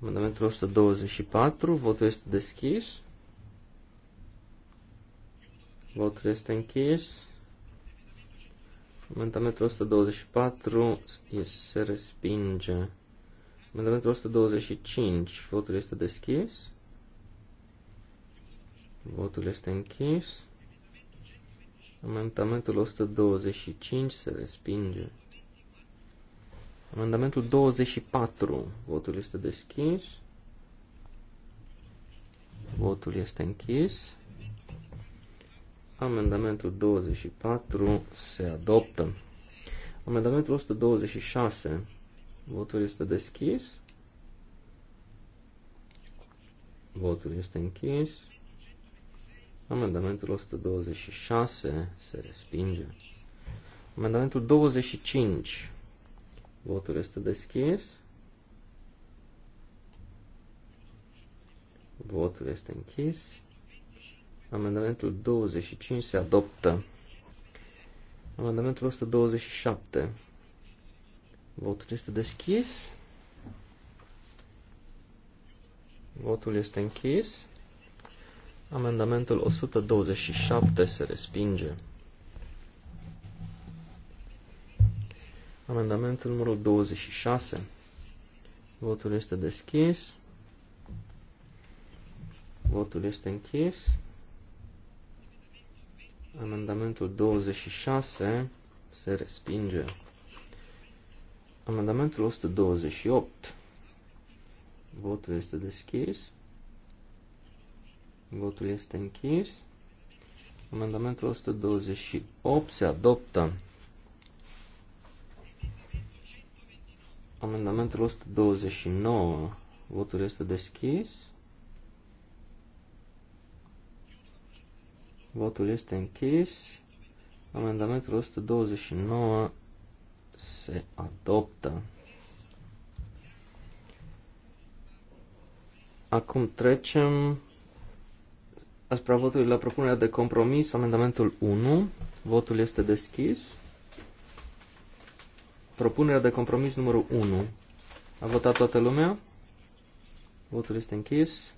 Amendamentul 124, votul este deschis. Votul este închis. Amendamentul 124 se respinge. Amendamentul 125. Votul este deschis. Votul este închis. Amendamentul 125 se respinge. Amendamentul 24. Votul este deschis. Votul este închis. Amendamentul 24 se adoptă. Amendamentul 126. Votul este deschis. Votul este închis. Amendamentul 126 se respinge. Amendamentul 25. Votul este deschis. Votul este închis. Amendamentul 25 se adoptă. Amendamentul 127. Votul este deschis. Votul este închis. Amendamentul 127 se respinge. Amendamentul numărul 26. Votul este deschis. Votul este închis. Amendamentul 26 se respinge. Amendamentul 128. Votul este deschis. Votul este închis. Amendamentul 128 se adoptă. Amendamentul 129. Votul este deschis. Votul este închis. Amendamentul 129 se adoptă. Acum trecem asupra votului la propunerea de compromis, amendamentul 1. Votul este deschis. Propunerea de compromis numărul 1. A votat toată lumea? Votul este închis.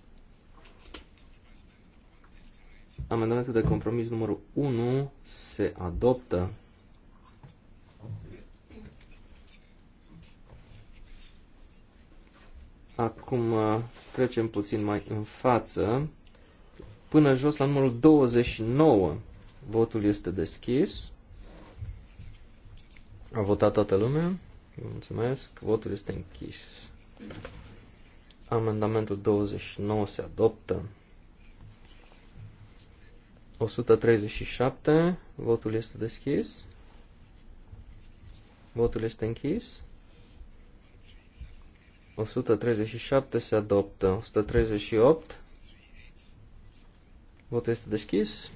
Amendamentul de compromis numărul 1 se adoptă. Acum uh, trecem puțin mai în față, până jos la numărul 29. Votul este deschis. A votat toată lumea. Mulțumesc. Votul este închis. Amendamentul 29 se adoptă. 137. Votul este deschis. Votul este închis. 137 se adoptă. 138. Votul este deschis.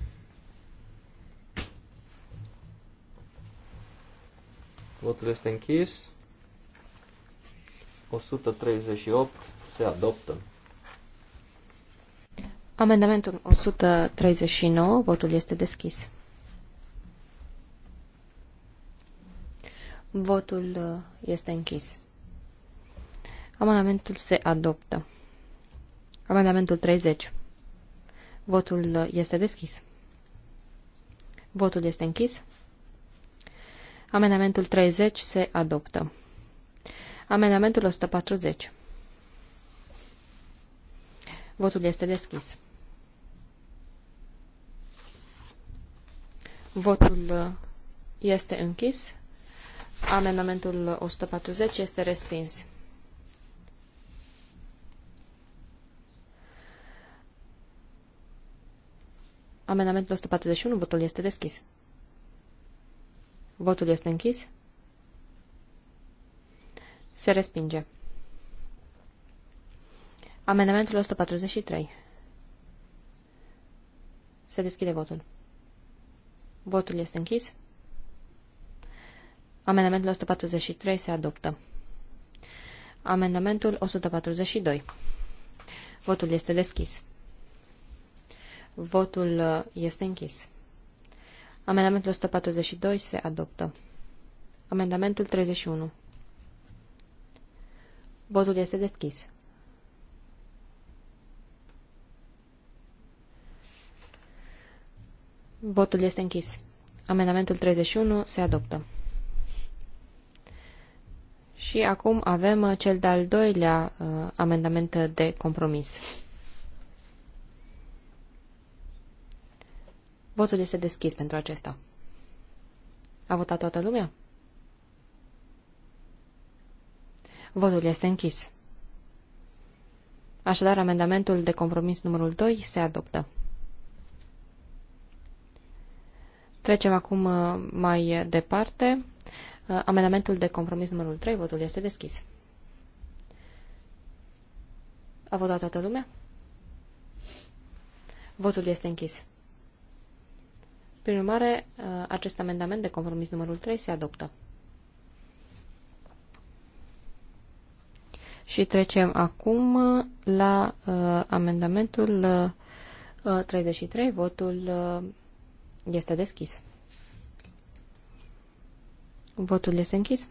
Votul este închis. 138 se adoptă. Amendamentul 139, votul este deschis. Votul uh, este închis. Amendamentul se adoptă. Amendamentul 30. Votul este deschis. Votul este închis. Amendamentul 30 se adoptă. Amendamentul 140. Votul este deschis. Votul este închis. Amendamentul 140 este respins. Amendamentul 141, votul este deschis. Votul este închis. Se respinge. Amendamentul 143. Se deschide votul. Votul este închis. Amendamentul 143 se adoptă. Amendamentul 142. Votul este deschis. Votul uh, este închis. Amendamentul 142 se adoptă. Amendamentul 31. Votul este deschis. Votul este închis. Amendamentul 31 se adoptă. Și acum avem uh, cel de-al doilea uh, amendament de compromis. Votul este deschis pentru acesta. A votat toată lumea? Votul este închis. Așadar, amendamentul de compromis numărul 2 se adoptă. Trecem acum uh, mai departe. Uh, amendamentul de compromis numărul 3, votul este deschis. A votat toată lumea? Votul este închis. Prin urmare, acest amendament de compromis numărul 3 se adoptă. Și trecem acum la uh, amendamentul uh, 33. Uh, Votul uh, este deschis. Votul este închis.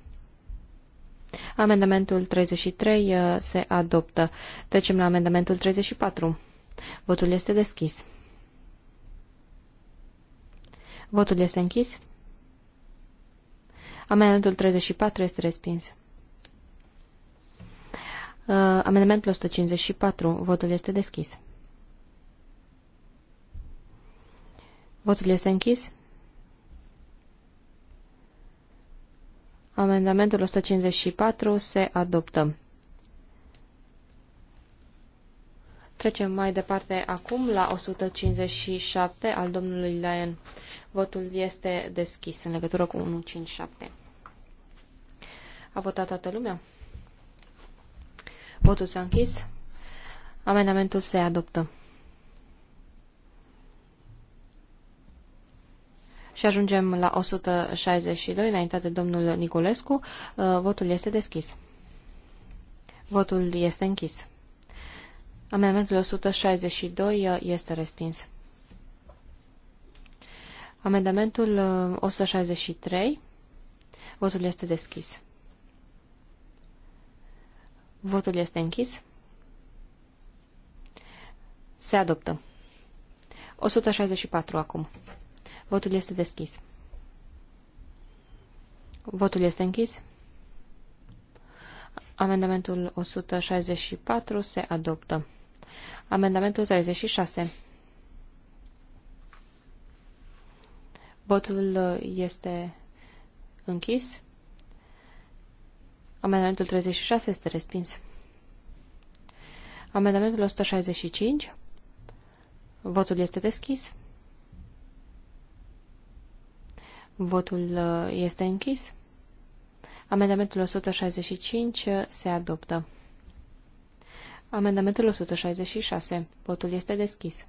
Amendamentul 33 uh, se adoptă. Trecem la amendamentul 34. Votul este deschis. Votul este închis. Amendamentul 34 este respins. Uh, amendamentul 154. Votul este deschis. Votul este închis. Amendamentul 154 se adoptă. Trecem mai departe acum la 157 al domnului Lyon. Votul este deschis în legătură cu 157. A votat toată lumea? Votul s-a închis. Amendamentul se adoptă. Și ajungem la 162, înaintea de domnul Niculescu. Uh, votul este deschis. Votul este închis. Amendamentul 162 uh, este respins. Amendamentul 163. Uh, Votul este deschis. Votul este închis. Se adoptă. 164 acum. Votul este deschis. Votul este închis. Amendamentul 164 se adoptă. Amendamentul 36. Votul uh, este închis. Amendamentul 36 este respins. Amendamentul 165. Votul este deschis. Votul uh, este închis. Amendamentul 165 uh, se adoptă. Amendamentul 166. Votul este deschis.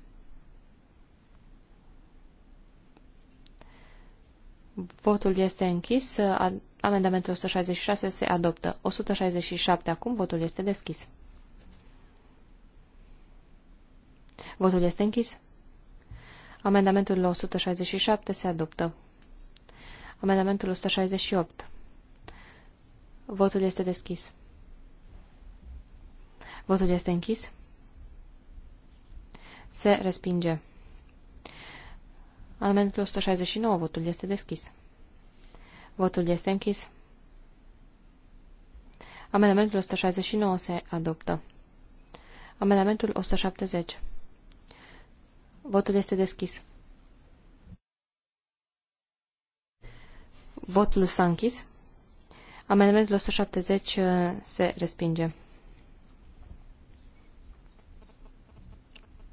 Votul este închis. Amendamentul 166 se adoptă. 167 acum. Votul este deschis. Votul este închis. Amendamentul 167 se adoptă. Amendamentul 168. Votul este deschis. Votul este închis. Se respinge. Amendamentul 169, votul este deschis. Votul este închis. Amendamentul 169 se adoptă. Amendamentul 170. Votul este deschis. Votul s-a închis. Amendamentul 170 uh, se respinge.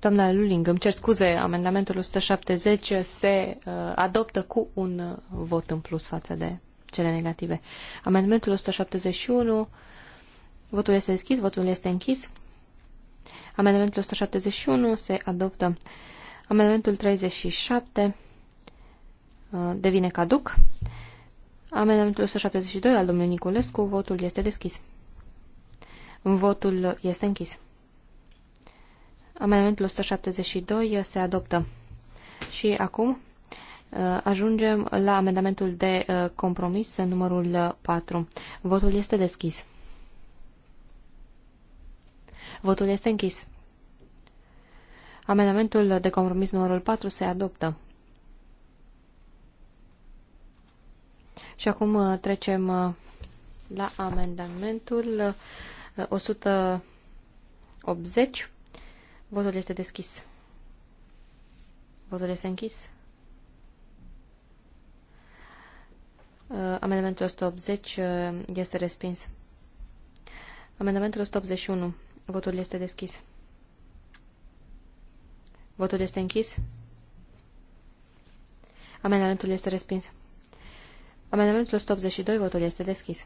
Doamna Luling, îmi cer scuze, amendamentul 170 se uh, adoptă cu un uh, vot în plus față de cele negative. Amendamentul 171, votul este deschis, votul este închis. Amendamentul 171 se adoptă. Amendamentul 37 uh, devine caduc. Amendamentul 172 al domnului Niculescu, votul este deschis. Votul este închis. Amendamentul 172 se adoptă. Și acum uh, ajungem la amendamentul de uh, compromis numărul 4. Uh, Votul este deschis. Votul este închis. Amendamentul de compromis numărul 4 se adoptă. Și acum trecem la amendamentul 180 Votul este deschis. Votul este închis. Uh, amendamentul 180 uh, este respins. Amendamentul 181. Votul este deschis. Votul este închis. Amendamentul este respins. Amendamentul 182. Votul este deschis.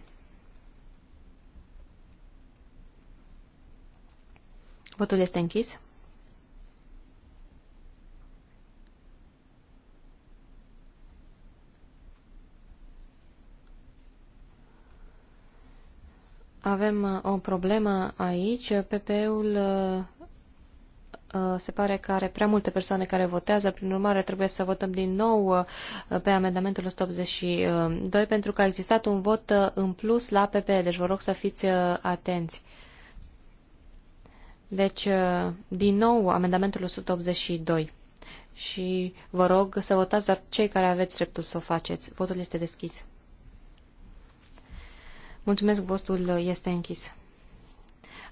Votul este închis. Avem uh, o problemă aici. PPE-ul uh, uh, se pare că are prea multe persoane care votează, prin urmare trebuie să votăm din nou pe amendamentul 182 pentru că a existat un vot în plus la PP, deci vă rog să fiți atenți. Deci, din nou, amendamentul 182. Și vă rog să votați doar cei care aveți dreptul să o faceți. Votul este deschis. Mulțumesc, votul este închis.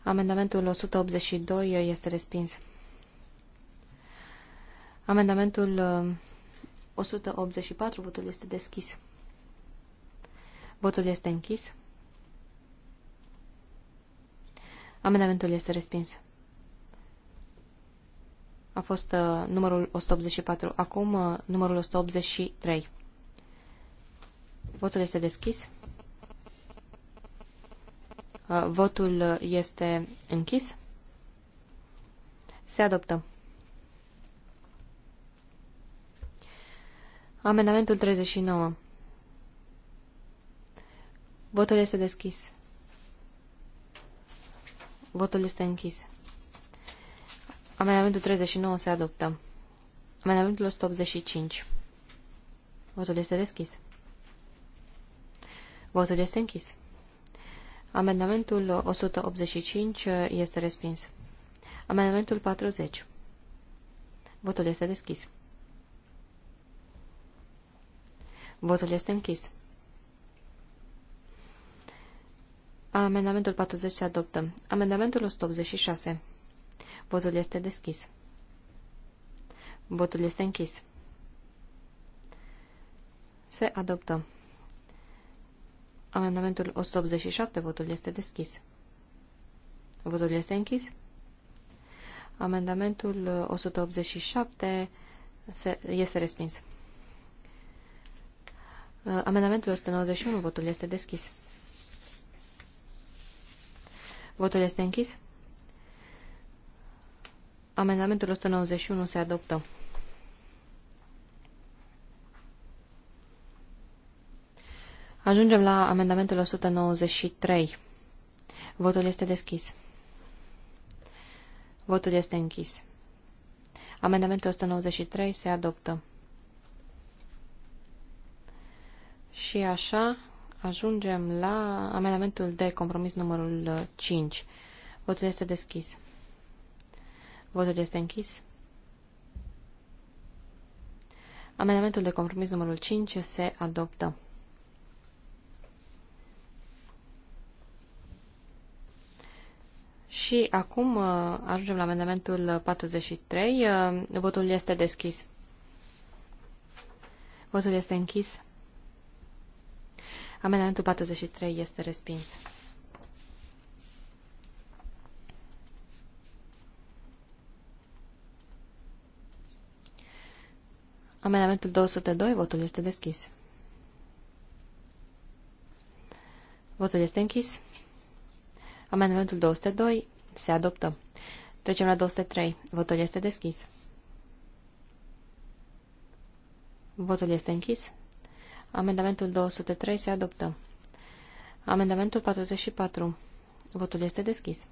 Amendamentul 182 este respins. Amendamentul 184, uh, votul este deschis. Votul este închis. Amendamentul este respins. A fost uh, numărul 184. Acum uh, numărul 183. Votul este deschis. Uh, votul este închis. Se adoptă. Amendamentul 39. Votul este deschis. Votul este închis. Amendamentul 39 se adoptă. Amendamentul 185. Votul este deschis. Votul este închis. Amendamentul 185 este respins. Amendamentul 40. Votul este deschis. Votul este închis. Amendamentul 40 se adoptă. Amendamentul 186. Votul este deschis. Votul este închis. Se adoptă. Amendamentul 187, votul este deschis. Votul este închis. Amendamentul 187 este respins. Amendamentul 191, votul este deschis. Votul este închis. Amendamentul 191 se adoptă. Ajungem la amendamentul 193. Votul este deschis. Votul este închis. Amendamentul 193 se adoptă. Și așa ajungem la amendamentul de compromis numărul 5. Uh, Votul este deschis. Votul este închis. Amendamentul de compromis numărul 5 se adoptă. Și acum uh, ajungem la amendamentul 43. Uh, votul este deschis. Votul este închis. Amendamentul 43 este respins. Amendamentul 202, votul este deschis. Votul este închis. Amendamentul 202 se adoptă. Trecem la 203. Votul este deschis. Votul este închis. Amendamentul 203 se adoptă. Amendamentul 44. Votul este deschis.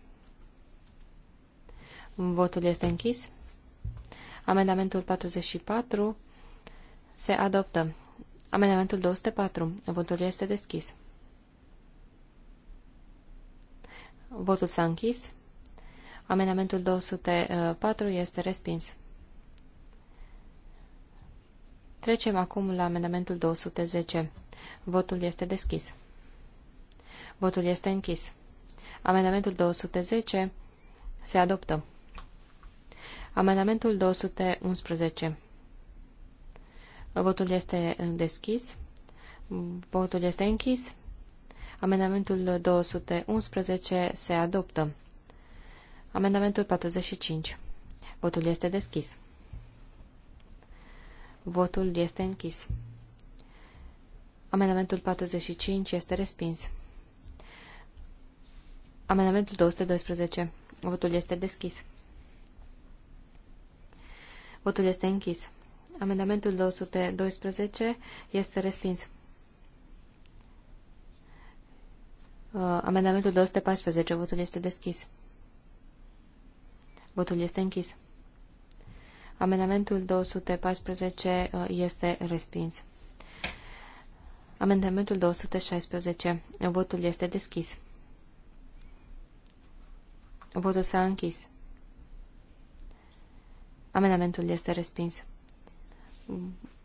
Votul este închis. Amendamentul 44 se adoptă. Amendamentul 204. Votul este deschis. Votul s-a închis. Amendamentul 204 este respins. Trecem acum la amendamentul 210. Votul este deschis. Votul este închis. Amendamentul 210 se adoptă. Amendamentul 211. Votul este deschis. Votul este închis. Amendamentul 211 se adoptă. Amendamentul 45. Votul este deschis. Votul este închis. Amendamentul 45 este respins. Amendamentul 212. Votul este deschis. Votul este închis. Amendamentul 212 este respins. Uh, amendamentul 214. Votul este deschis. Votul este închis. Amendamentul 214 uh, este respins. Amendamentul 216. Uh, votul este deschis. Votul s-a închis. Amendamentul este respins.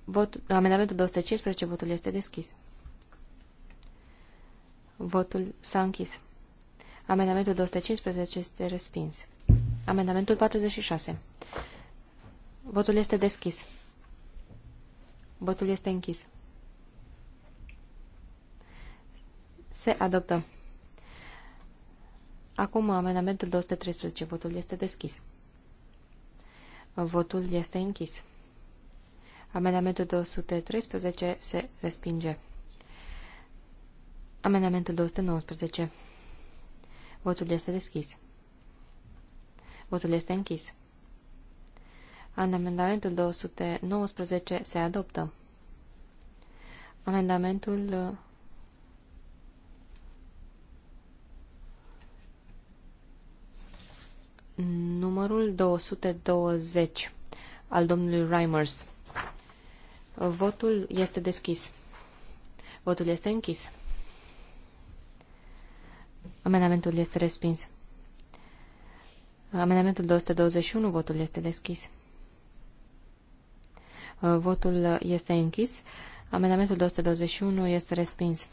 Vot, amendamentul 215. Votul este deschis. Votul s-a închis. Amendamentul 215 este respins. Amendamentul 46. Votul este deschis. Votul este închis. Se adoptă. Acum amendamentul 213. Votul este deschis. Votul este închis. Amendamentul 213 se respinge. Amendamentul 219. Votul este deschis. Votul este închis. Amendamentul 219 se adoptă. Amendamentul numărul 220 al domnului Reimers. Votul este deschis. Votul este închis. Amendamentul este respins. Amendamentul 221, uh, votul este deschis. Votul este închis. Amendamentul 221 este respins.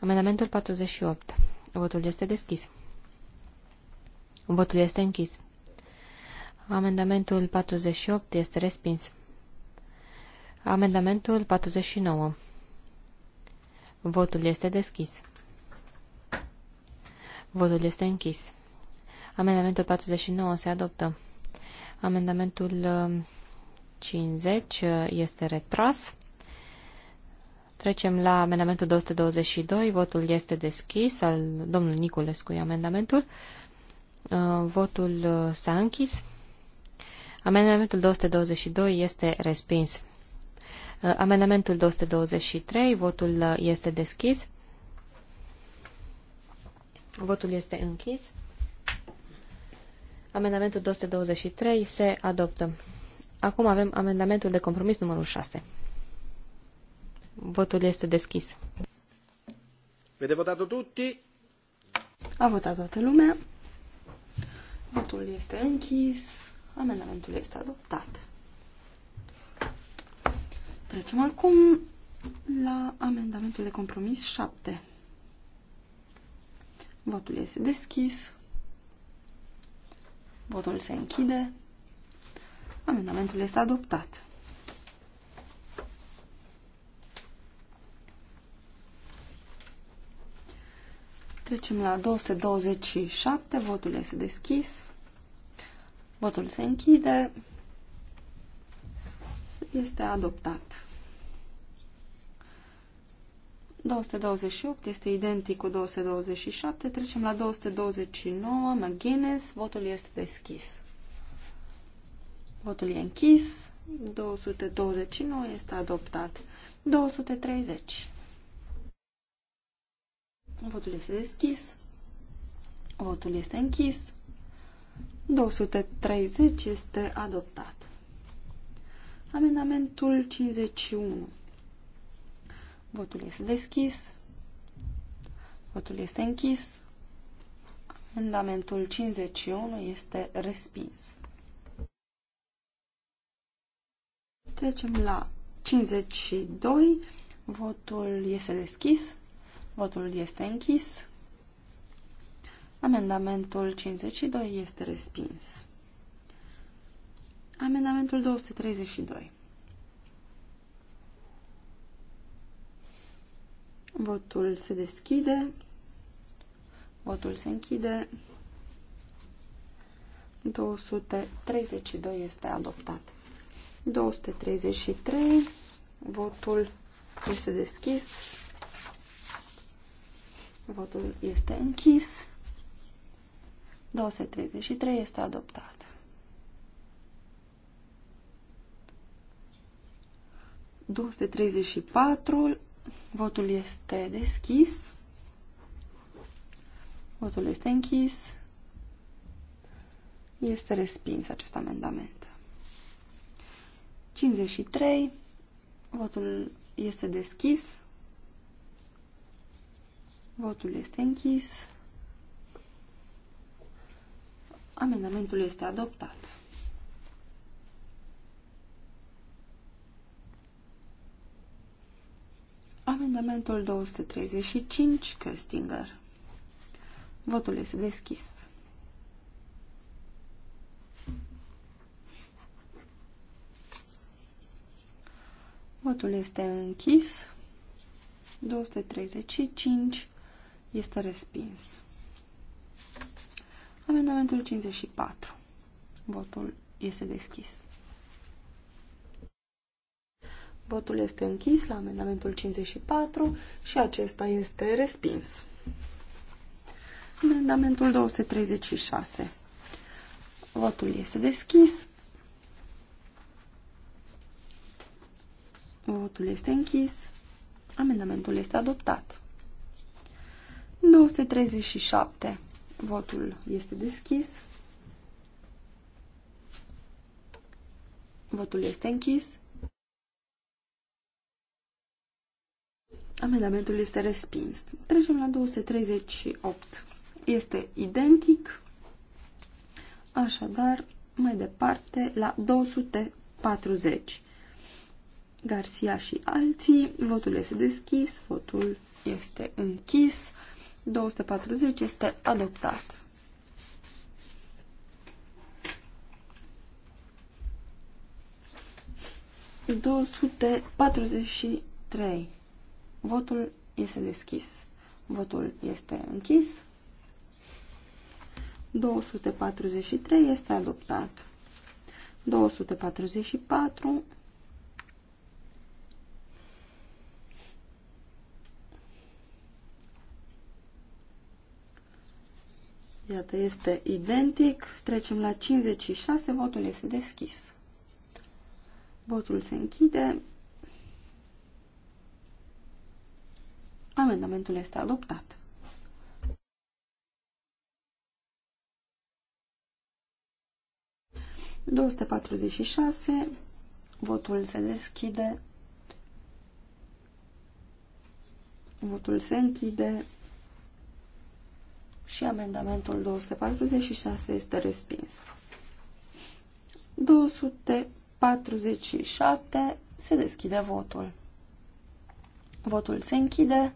Amendamentul 48. Votul este deschis. Votul este închis. Amendamentul 48 este respins. Amendamentul 49. Votul este deschis. Votul este închis. Amendamentul 49 se adoptă. Amendamentul 50 um, uh, este retras. Trecem la amendamentul 222. Votul este deschis al domnul Niculescu e amendamentul. Uh, votul uh, s-a închis. Amendamentul 222 este respins. Amendamentul 223, votul este deschis. Votul este închis. Amendamentul 223 se adoptă. Acum avem amendamentul de compromis numărul 6. Votul este deschis. Vede votato tutti? A votat toată lumea. Votul este închis. Amendamentul este adoptat. Trecem acum la amendamentul de compromis 7. Votul este deschis. Votul se închide. Amendamentul este adoptat. Trecem la 227. Votul este deschis. Votul se închide. Este adoptat. 228 este identic cu 227. Trecem la 229. McGuinness. Votul este deschis. Votul e închis. 229 este adoptat. 230. Votul este deschis. Votul este închis. 230 este adoptat. Amendamentul 51. Votul este deschis. Votul este închis. Amendamentul 51 este respins. Trecem la 52. Votul este deschis. Votul este închis. Amendamentul 52 este respins. Amendamentul 232. Votul se deschide. Votul se închide. 232 este adoptat. 233. Votul este deschis. Votul este închis. 233 este adoptat. 234 Votul este deschis. Votul este închis. Este respins acest amendament. 53. Votul este deschis. Votul este închis. Amendamentul este adoptat. Amendamentul 235, Köstinger. Votul este deschis. Votul este închis. 235 este respins. Amendamentul 54. Votul este deschis. Votul este închis la amendamentul 54 și acesta este respins. Amendamentul 236. Votul este deschis. Votul este închis. Amendamentul este adoptat. 237. Votul este deschis. Votul este închis. Amendamentul este respins. Trecem la 238. Este identic. Așadar, mai departe, la 240. Garcia și alții. Votul este deschis, votul este închis. 240 este adoptat. Două sute patruzeci și trei. Votul este deschis. Votul este închis. 243 este adoptat. 244 Iată, este identic. Trecem la 56. Votul este deschis. Votul se închide. Amendamentul este adoptat. șase. Votul se deschide. Votul se închide. Și amendamentul 246 este respins. 247 se deschide votul. Votul se închide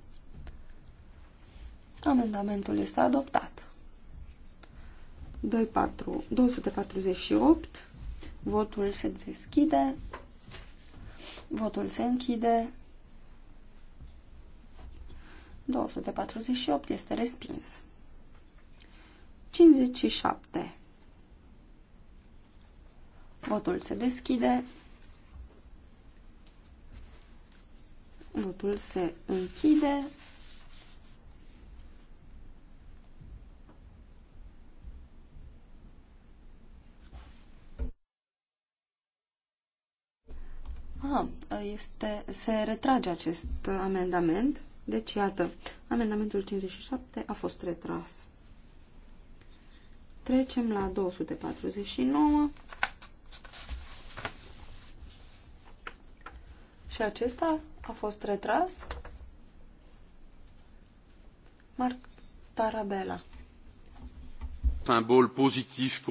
Amendamentul este adoptat. 24, 248. Votul se deschide. Votul se închide. 248 este respins. 57. Votul se deschide. Votul se închide. Ah, este, se retrage acest amendament. Deci, iată, amendamentul 57 a fost retras. Trecem la 249. Și acesta a fost retras. Marc Tarabella. Simbol pozitiv.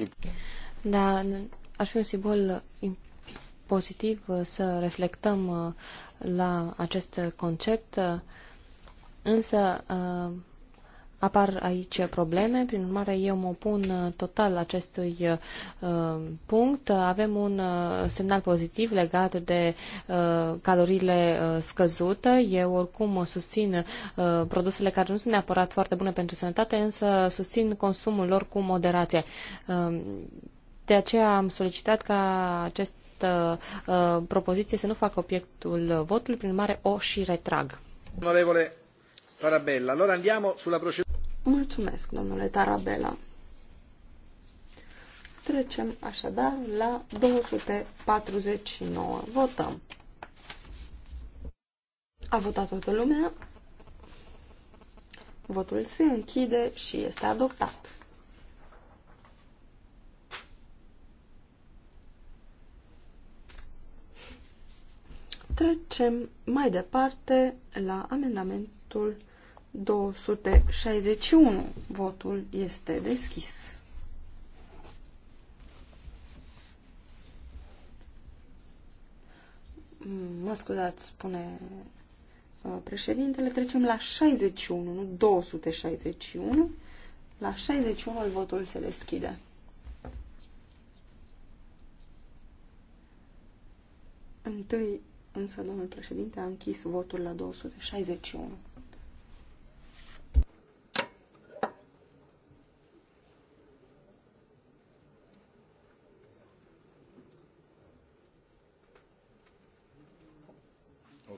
Da, ar fi un simbol important pozitiv uh, să reflectăm uh, la acest concept, însă uh, apar aici probleme, prin urmare eu mă opun total acestui punct. Avem un semnal pozitiv legat de calorile scăzute. Eu oricum susțin produsele care nu sunt neapărat foarte bune pentru sănătate, însă susțin consumul lor cu moderație. De aceea am solicitat ca acest această uh, propoziție să nu facă obiectul votului, prin urmare o și retrag. Onorevole Tarabella, allora andiamo sulla procedura. Mulțumesc, domnule Tarabella. Trecem așadar la 249. Votăm. A votat toată lumea. Votul se închide și este adoptat. Trecem mai departe la amendamentul 261. Votul este deschis. Mă scuzați, spune uh, președintele. Trecem la 61, nu 261. La 61 votul se deschide. Întâi însă domnul președinte a închis votul la 261.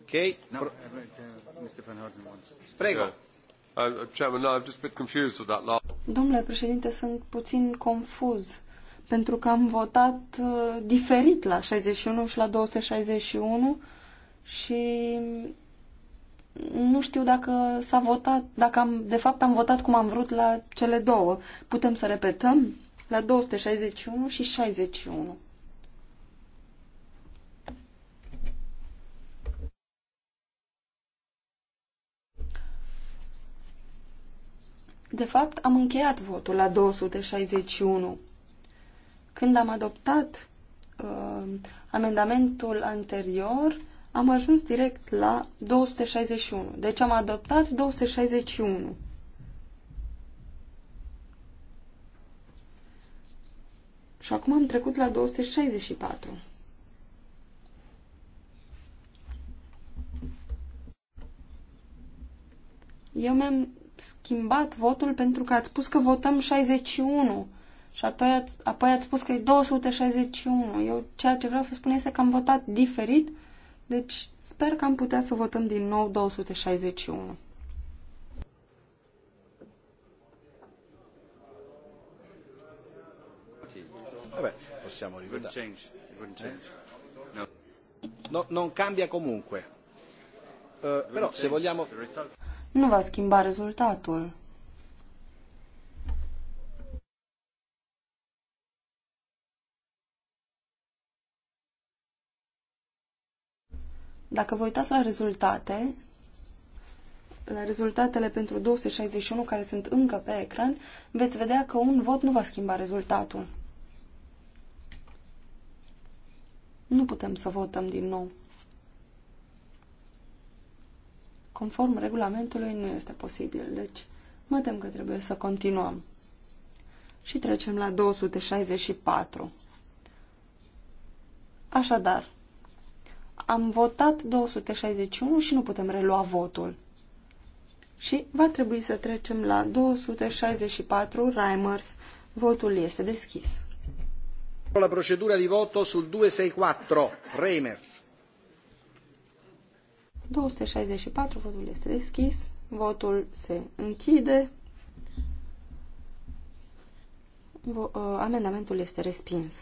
Okay. No, Pro uh, uh, Mr. Van Orden wants. Prego. Domnule președinte, sunt puțin confuz pentru că am votat uh, diferit la 61 și la 261 și nu știu dacă s-a votat, dacă am, de fapt am votat cum am vrut la cele două. Putem să repetăm? La 261 și 61. De fapt, am încheiat votul la 261. Când am adoptat uh, amendamentul anterior, am ajuns direct la 261. Deci am adoptat 261. Și acum am trecut la 264. Eu mi-am schimbat votul pentru că ați spus că votăm 61. Și apoi ați, apoi ați spus că e 261. Eu ceea ce vreau să spun este că am votat diferit, deci sper că am putea să votăm din nou 261. Vabbè, possiamo eh? No. non cambia comunque. Uh, però se vogliamo... Nu va schimba rezultatul. Dacă vă uitați la rezultate, la rezultatele pentru 261 care sunt încă pe ecran, veți vedea că un vot nu va schimba rezultatul. Nu putem să votăm din nou. Conform regulamentului nu este posibil, deci mă tem că trebuie să continuăm. Și trecem la 264. Așadar, am votat 261 și nu putem relua votul. Și va trebui să trecem la 264 Reimers. Votul este deschis. La procedura di voto sul 264 Reimers. 264, votul este deschis, votul se închide, uh, amendamentul este respins.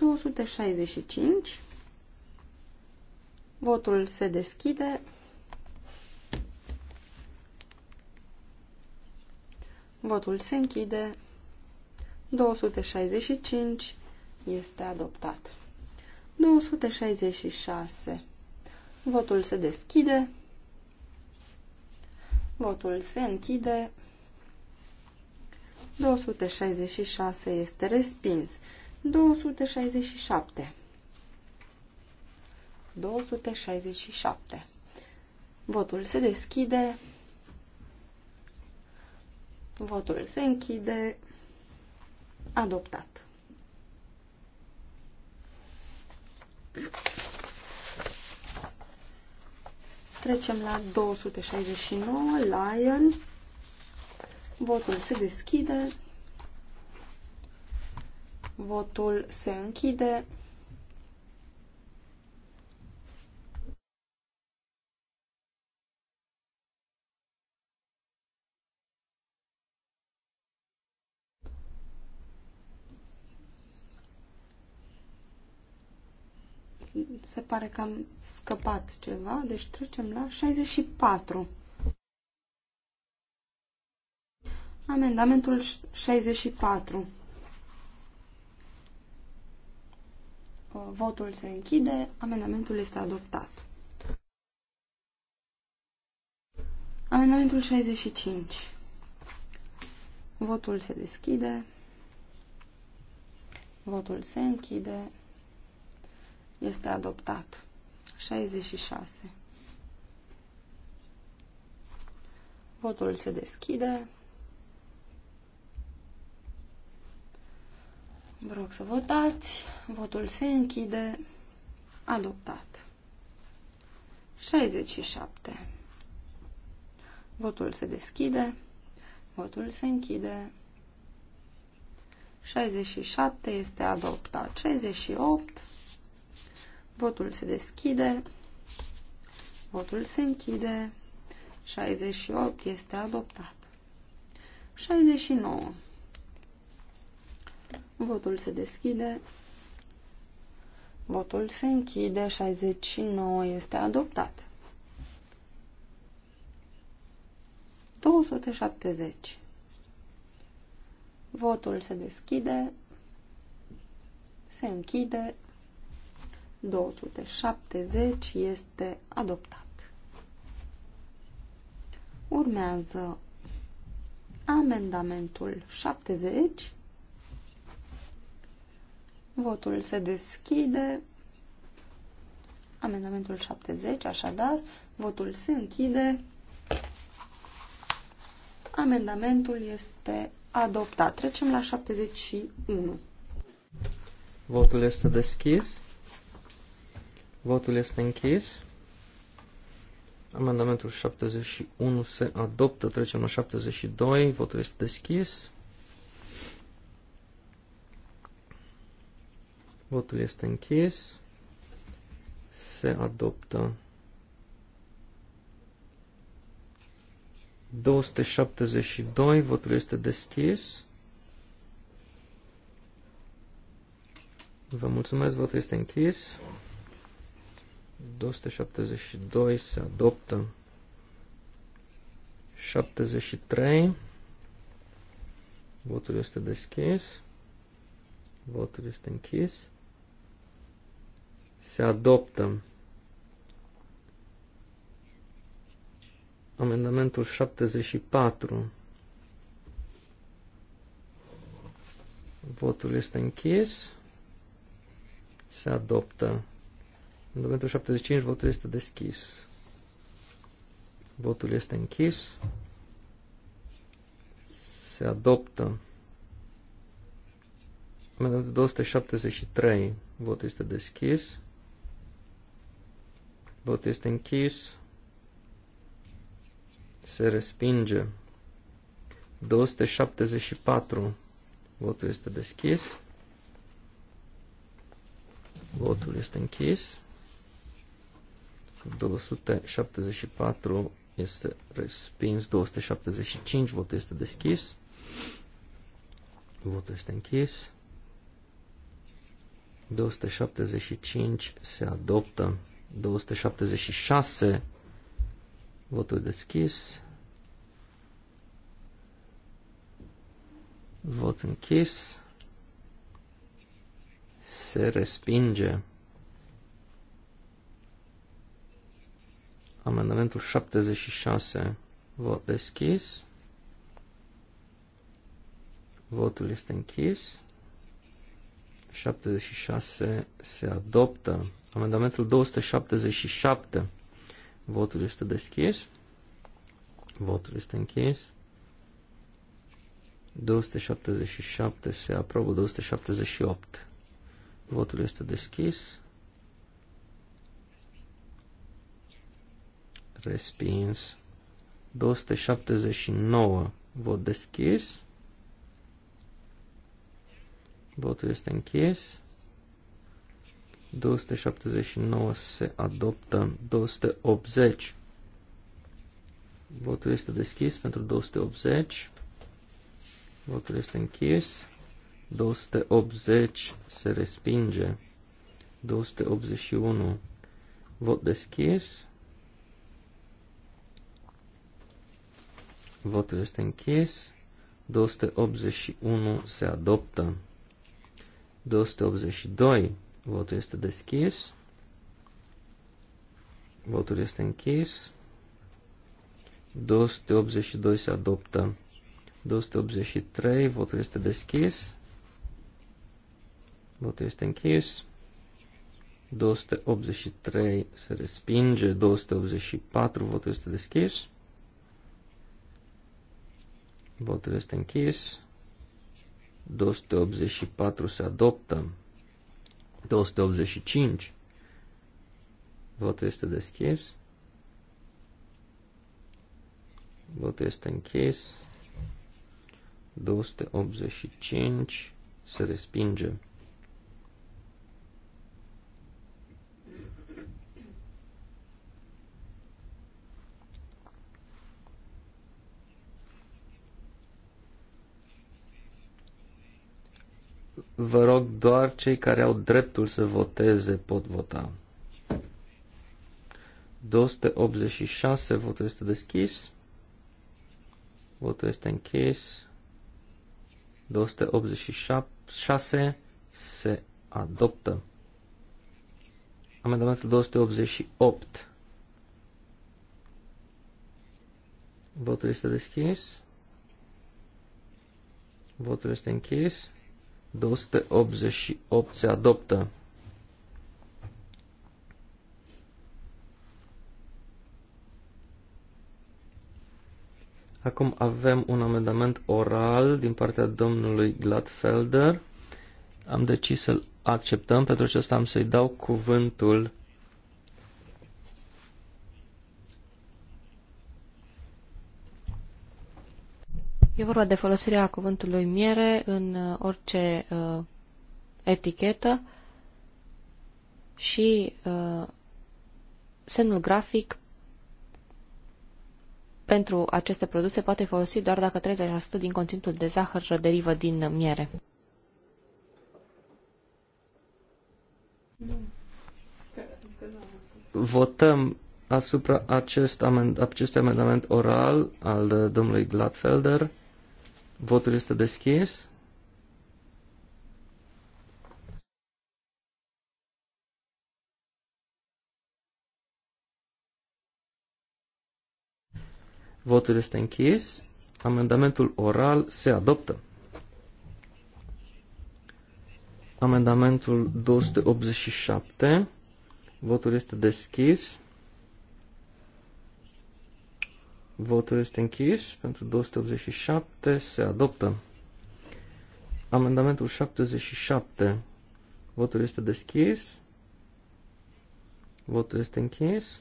265. Votul se deschide. Votul se închide. 265 este adoptat. 266. Votul se deschide. Votul se închide. 266 este respins. 267. 267. Votul se deschide. Votul se închide. Adoptat. Trecem la 269, Lion. Votul se deschide. Votul se închide. se pare că am scăpat ceva, deci trecem la 64. Amendamentul 64. Votul se închide. Amendamentul este adoptat. Amendamentul 65. Votul se deschide. Votul se închide. Este adoptat. 66. Votul se deschide. Vă rog să votați. Votul se închide. Adoptat. 67. Votul se deschide. Votul se închide. 67 este adoptat. 68. Votul se deschide. Votul se închide. 68 este adoptat. 69. Votul se deschide. Votul se închide. 69 este adoptat. 270. Votul se deschide. Se închide. 270 este adoptat. Urmează amendamentul 70 Votul se deschide. Amendamentul 70, așadar, votul se închide. Amendamentul este adoptat. Trecem la 71. Votul este deschis. Votul este închis. Amendamentul 71 se adoptă. Trecem la 72. Votul este deschis. Votul este închis. Se adoptă. 272, votul este deschis. Vă mulțumesc, votul este închis. 272 se adoptă. 73. Votul este deschis. Votul este închis. Se adoptă. Amendamentul 74. Votul este închis. Se adoptă. Amendamentul 75. Votul este deschis. Votul este închis. Se adoptă. Amendamentul 273. Votul este deschis. Votul este închis. Se respinge. 274. Votul este deschis. Votul este închis. 274 este respins. 275. Votul este deschis. Votul este închis. 275 se adoptă. 276. Votul deschis. Vot închis. Se respinge. Amendamentul 76. Vot deschis. Votul este închis. 76 se adoptă. Amendamentul 277. Votul este deschis. Votul este închis. 277 se aprobă 278. Votul este deschis. Respins. 279. Vot deschis. Votul este închis. 279 se adoptă. 280. Votul este deschis pentru 280. Votul este închis. 280 se respinge. 281. Vot deschis. Votul este închis. 281 se adoptă. 282. Votul este deschis. Votul este închis. 282 se adoptă. 283, votul este deschis. Votul este închis. 283 se respinge, 284 votul este deschis. Votul este închis. 284 se adoptă. 285. Votul este deschis. Votul este închis. 285 se respinge. Vă rog doar cei care au dreptul să voteze pot vota. 286, votul este deschis. Votul este închis. 286 se adoptă. Amendamentul 288. Votul este deschis. Votul este închis. 288 se adoptă. Acum avem un amendament oral din partea domnului Gladfelder. Am decis să-l acceptăm, pentru acesta am să-i dau cuvântul E vorba de folosirea cuvântului miere în uh, orice uh, etichetă și uh, semnul grafic pentru aceste produse poate folosi doar dacă 30% din conținutul de zahăr derivă din miere. Votăm asupra acest amend acestui amendament oral al uh, domnului Gladfelder. Votul este deschis. Votul este închis. Amendamentul oral se adoptă. Amendamentul 287. Votul este deschis. Votul este închis pentru 287. Se adoptă. Amendamentul 77. Votul este deschis. Votul este închis.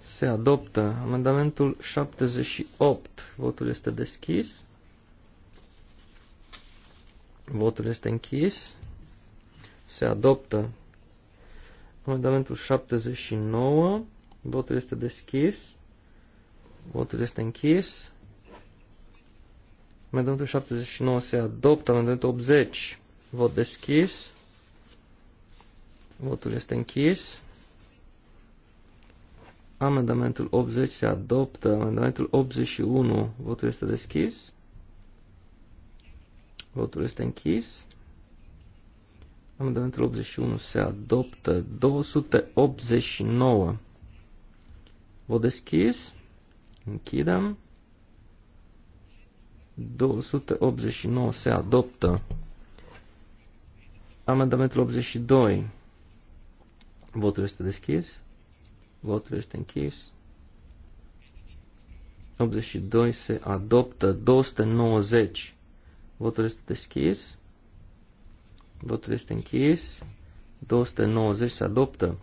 Se adoptă. Amendamentul 78. Votul este deschis. Votul este închis. Se adoptă. Amendamentul 79. Votul este deschis. Votul este închis. Amendamentul 79 se adoptă. Amendamentul 80. Vot deschis. Votul este închis. Amendamentul 80 se adoptă. Amendamentul 81. Votul este deschis. Votul este închis. Amendamentul 81 se adoptă. 289. Vot deschis. Închidem. 289 se adoptă. Amendamentul 82. Votul este deschis. Votul este închis. 82 se adoptă. 290. Votul este deschis. Votul este închis. 290 se adoptă.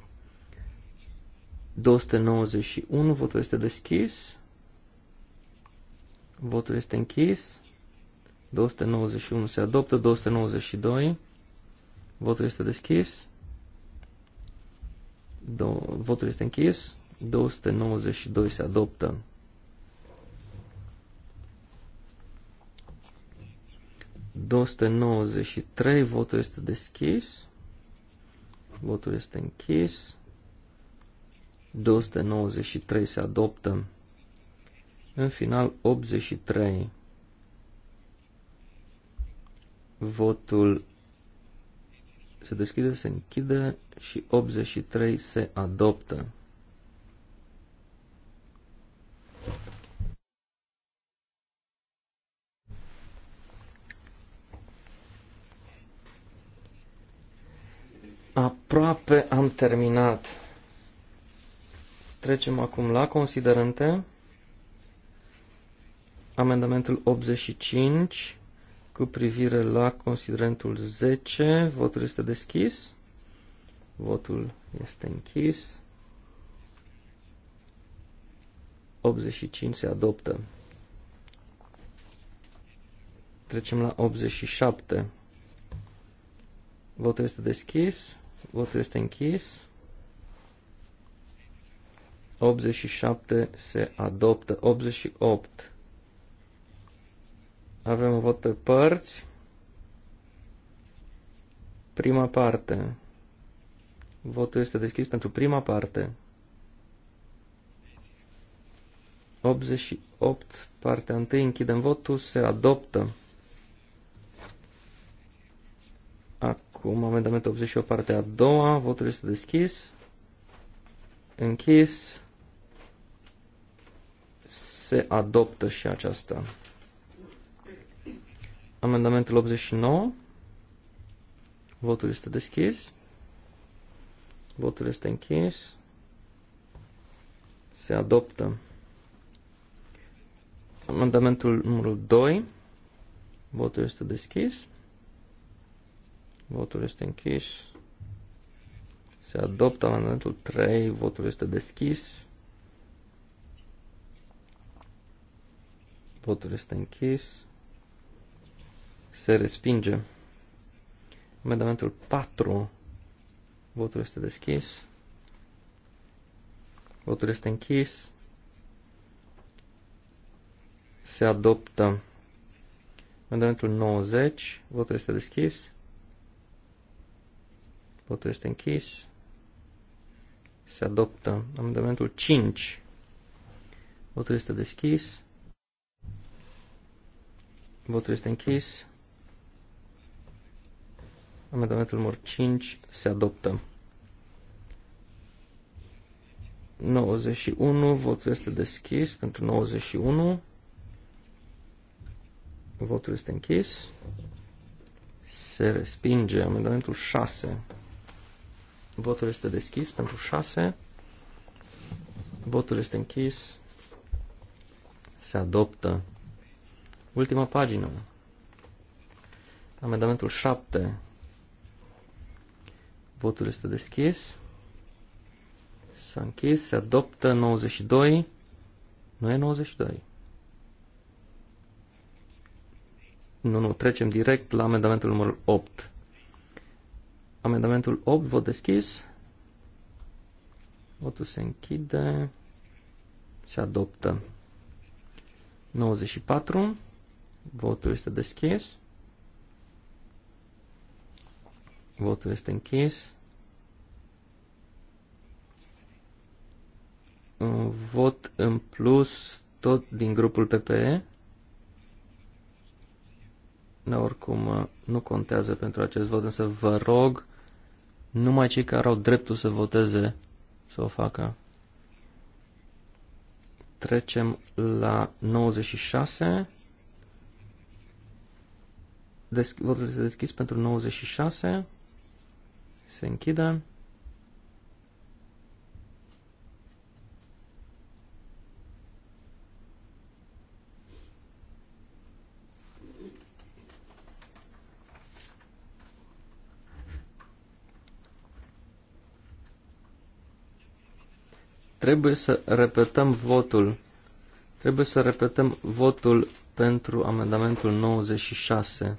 291. Votul este deschis. Votul este închis. 291 se adoptă, 292. Votul este deschis. Do- votul este închis. 292 se adoptă. ...293, votul este deschis, votul este închis, 293 se adoptă. În final, 83. Votul se deschide, se închide și 83 se adoptă. Aproape am terminat. Trecem acum la considerente. Amendamentul 85 cu privire la considerentul 10. Votul este deschis. Votul este închis. 85 se adoptă. Trecem la 87. Votul este deschis. Votul este închis. 87 se adoptă. 88. Avem un vot pe părți. Prima parte. Votul este deschis pentru prima parte. 88, partea 1, închidem votul, se adoptă. Acum amendamentul 88, partea a doua, votul este deschis. Închis. Se adoptă și aceasta. Amendamentul 89. Votul este deschis. Votul este închis. Se adoptă. Amendamentul numărul 2. Votul este deschis. Votul este închis. Se adoptă amendamentul 3. Votul este deschis. Votul este închis se respinge. Amendamentul 4, votul este deschis, votul este închis, se adoptă. Amendamentul 90, votul este deschis, votul este închis, se adoptă. Amendamentul 5, votul este deschis, votul este închis Amendamentul număr 5 se adoptă. 91, votul este deschis pentru 91. Votul este închis. Se respinge amendamentul 6. Votul este deschis pentru 6. Votul este închis. Se adoptă. Ultima pagină. Amendamentul 7. Votul este deschis. S-a închis, se adoptă 92. Nu e 92. Nu, nu, trecem direct la amendamentul numărul 8. Amendamentul 8, vot deschis. Votul se închide. Se adoptă. 94. Votul este deschis. Votul este închis. Un vot în plus, tot din grupul PPE. Dar oricum uh, nu contează pentru acest vot, însă vă rog, numai cei care au dreptul să voteze să o facă. Trecem la 96. Des- votul este deschis pentru 96 se închidă. Trebuie să repetăm votul. Trebuie să repetăm votul pentru amendamentul 96.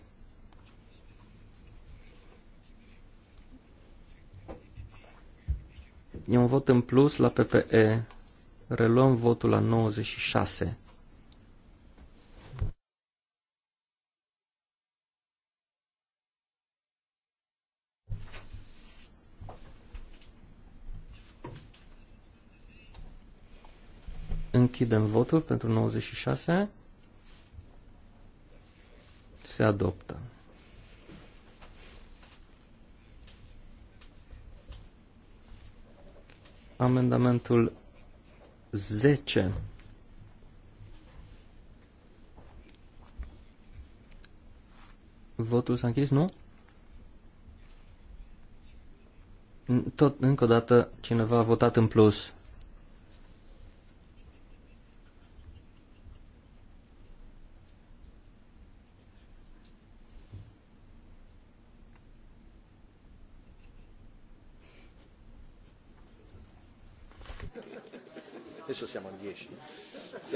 E un vot în plus la PPE. Reluăm votul la 96. Închidem votul pentru 96. Se adoptă. amendamentul 10. Votul s-a închis, nu? Tot, încă o dată, cineva a votat în plus.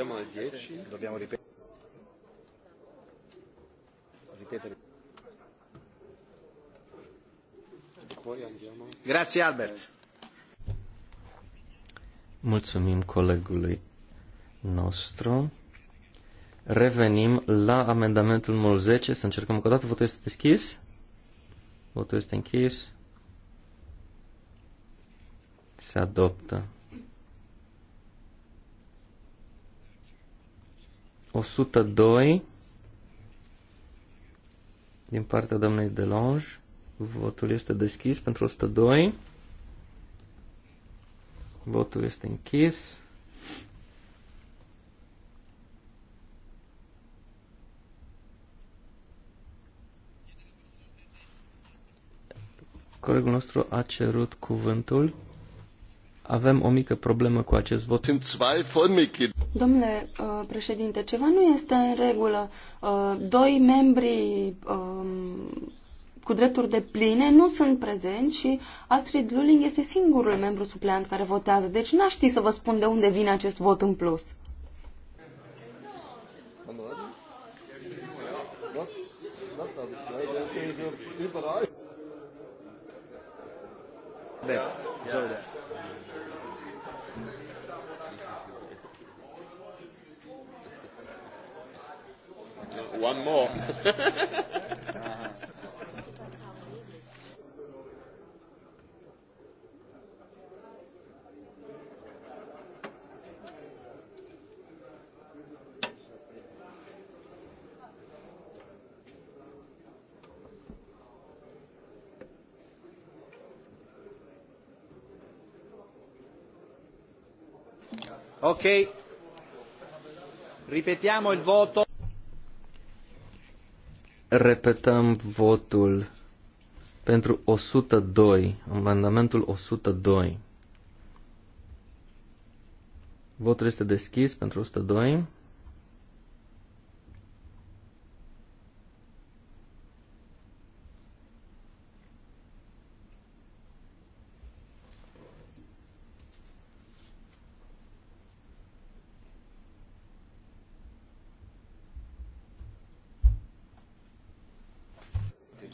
Siamo al 10. Dobbiamo ripetere. ripetere. Grazie Albert. Mulțumim colegului nostru. Revenim la amendamentul numărul 10. Să încercăm încă o dată. Votul este deschis. Votul este închis. Se adoptă. 102 din partea doamnei Delange. Votul este deschis pentru 102. Votul este închis. Colegul nostru a cerut cuvântul avem o mică problemă cu acest vot. Domnule uh, președinte, ceva nu este în regulă. Uh, doi membri uh, cu drepturi de pline nu sunt prezenți și Astrid Luling este singurul membru supleant care votează. Deci n-aș ști să vă spun de unde vine acest vot în plus. Überall. Ja, ja. One more. Ok, ripetiamo il voto repetăm votul pentru 102, amendamentul 102. Votul este deschis pentru 102.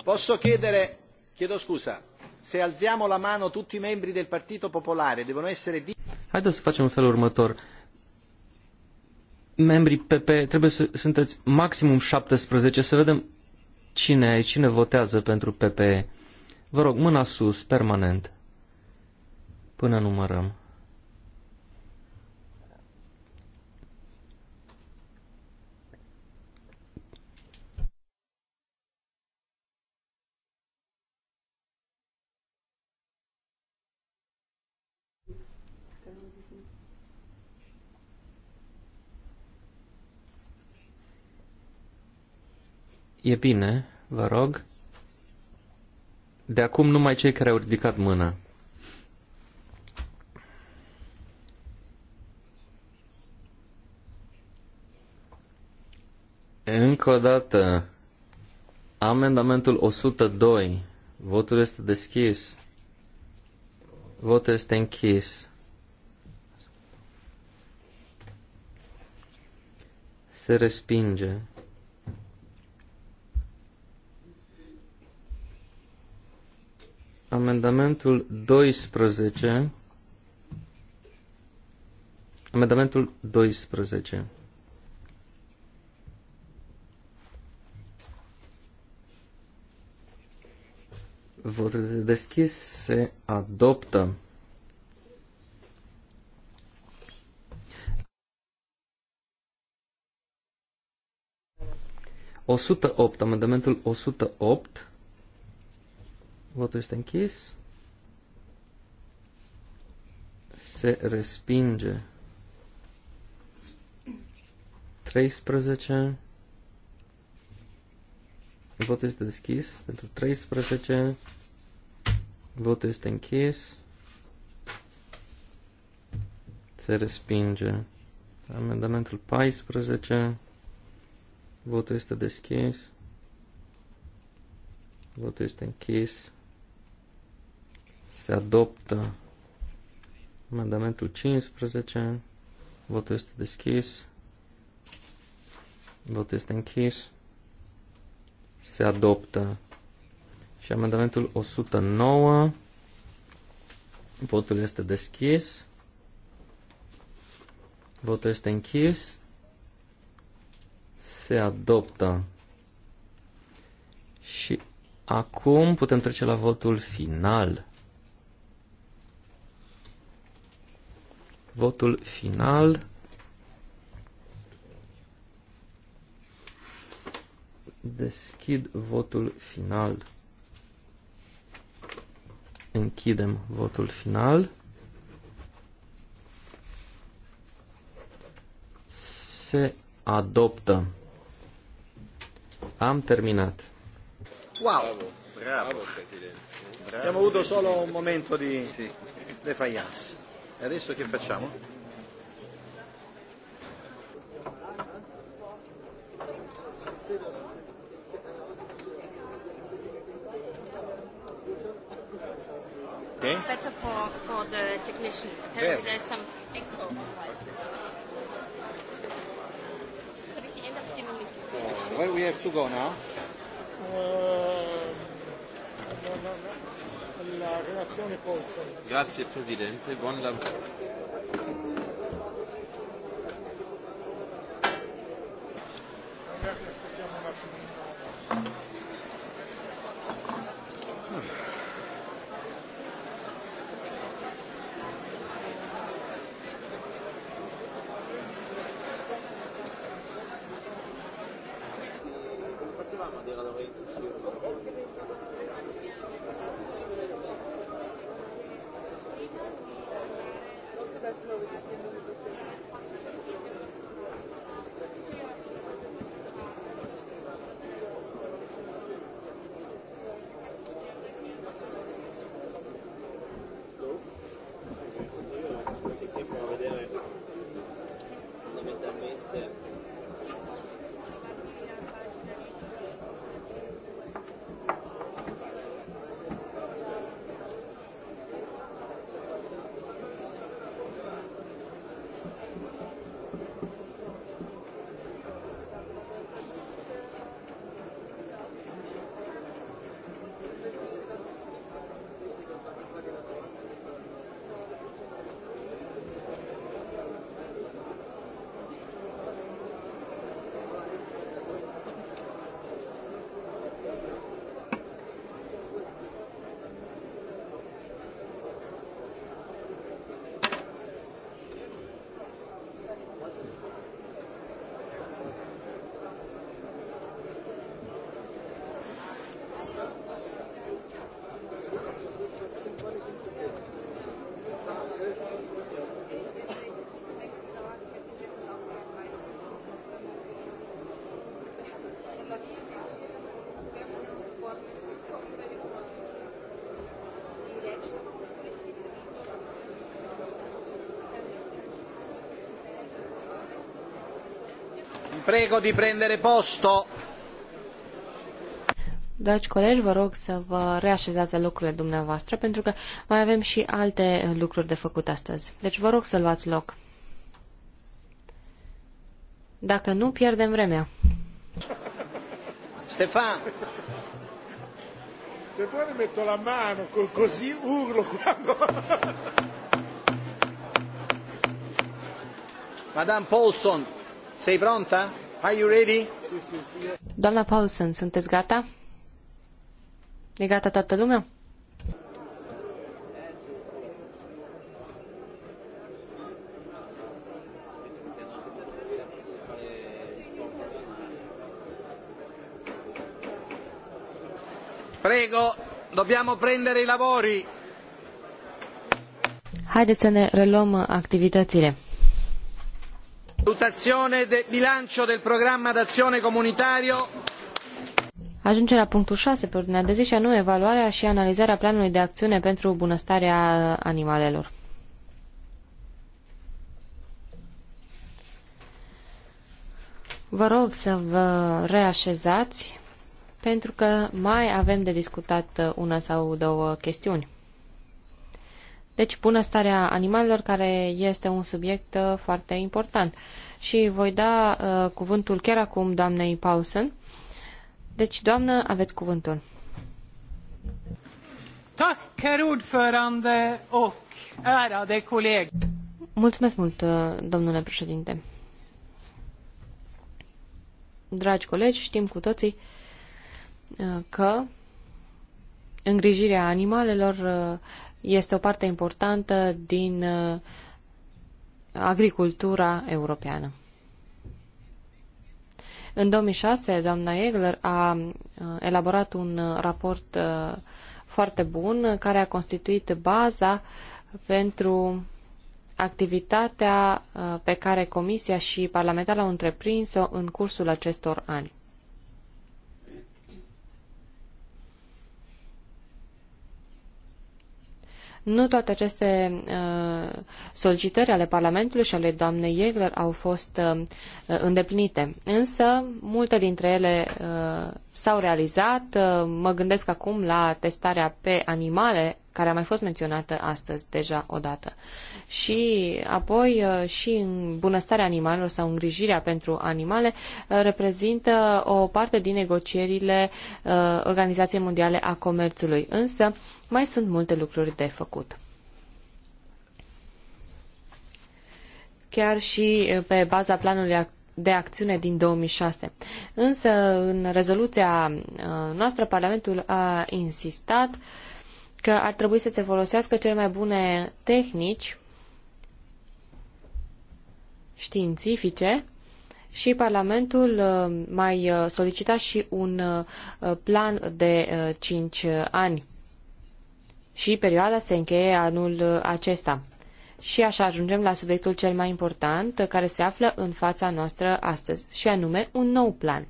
Posso chiedere, chiedo scusa, se alziamo la mano tutti i membri del Partito Popolare devono essere... Haideți să facem în felul următor. Membrii PP, trebuie să sunteți maximum 17, să vedem cine e, cine votează pentru PPE. Vă rog, mâna sus, permanent, până numărăm. E bine, vă rog. De acum numai cei care au ridicat mâna. Încă o dată, amendamentul 102. Votul este deschis. Votul este închis. Se respinge. Amendamentul 12. Amendamentul 12. Votul de deschis se adoptă. O opt amendamentul 108 Votul este închis. Se respinge. 13. Votul este deschis pentru 13. Votul este închis. Se respinge. Amendamentul 14. Votul este deschis. Votul este închis. Se adoptă amendamentul 15. Votul este deschis. Votul este închis. Se adoptă. Și amendamentul 109. Votul este deschis. Votul este închis. Se adoptă. Și acum putem trece la votul final. votul final. Deschid votul final. Închidem votul final. Se adoptă. Am terminat. Wow! Bravo, Bravo Presidente. Bravo. Abbiamo avuto solo un momento di sì. defaillance. E adesso che facciamo? Okay. It's better for, for the technician. Apparently there's some echo. Oh, where we have to go now? Uh, no, no, no la relazione Polson. Grazie Presidente, buon lavoro. Prego di prendere posto. Dragi colegi, vă rog să vă reașezați locurile dumneavoastră, pentru că mai avem și alte uh, lucruri de făcut astăzi. Deci vă rog să luați loc. Dacă nu, pierdem vremea. Stefan! Se poate metto la mano, così urlo quando... Madame Paulson, Sei pronta? Are you ready? Doamna Paulsen, sunteți gata? E gata toată lumea? Prego, dobbiamo prendere i lavori. Haideți să ne reluăm activitățile. Valutazione del bilancio del programma d'azione comunitario. Ajunge la punctul 6 pe ordinea de zi și anume evaluarea și analizarea planului de acțiune pentru bunăstarea animalelor. Vă rog să vă reașezați pentru că mai avem de discutat una sau două chestiuni. Deci, bunăstarea animalelor, care este un subiect uh, foarte important. Și voi da uh, cuvântul chiar acum doamnei Paulsen. Deci, doamnă, aveți cuvântul. Tack, och ärade Mulțumesc mult, uh, domnule președinte. Dragi colegi, știm cu toții uh, că îngrijirea animalelor este o parte importantă din uh, agricultura europeană. În 2006, doamna Egler a uh, elaborat un uh, raport foarte bun care a constituit baza pentru activitatea pe care Comisia și Parlamentul au întreprins-o în cursul acestor ani. Nu toate aceste uh, solicitări ale Parlamentului și ale doamnei Iegler au fost uh, îndeplinite, însă multe dintre ele uh, s-au realizat. Uh, mă gândesc acum la testarea pe animale, care a mai fost menționată astăzi deja o dată. Uh, și apoi uh, și în bunăstarea animalelor sau îngrijirea pentru animale uh, reprezintă o parte din negocierile uh, Organizației Mondiale a Comerțului. Însă mai sunt multe lucruri de făcut. chiar și pe baza planului de acțiune din 2006. Însă, în rezoluția noastră, Parlamentul a insistat că ar trebui să se folosească cele mai bune tehnici științifice și Parlamentul uh, mai uh, solicita și un uh, plan de cinci ani și perioada se încheie anul acesta. Și așa ajungem la subiectul cel mai important care se află în fața noastră astăzi, și anume un nou plan.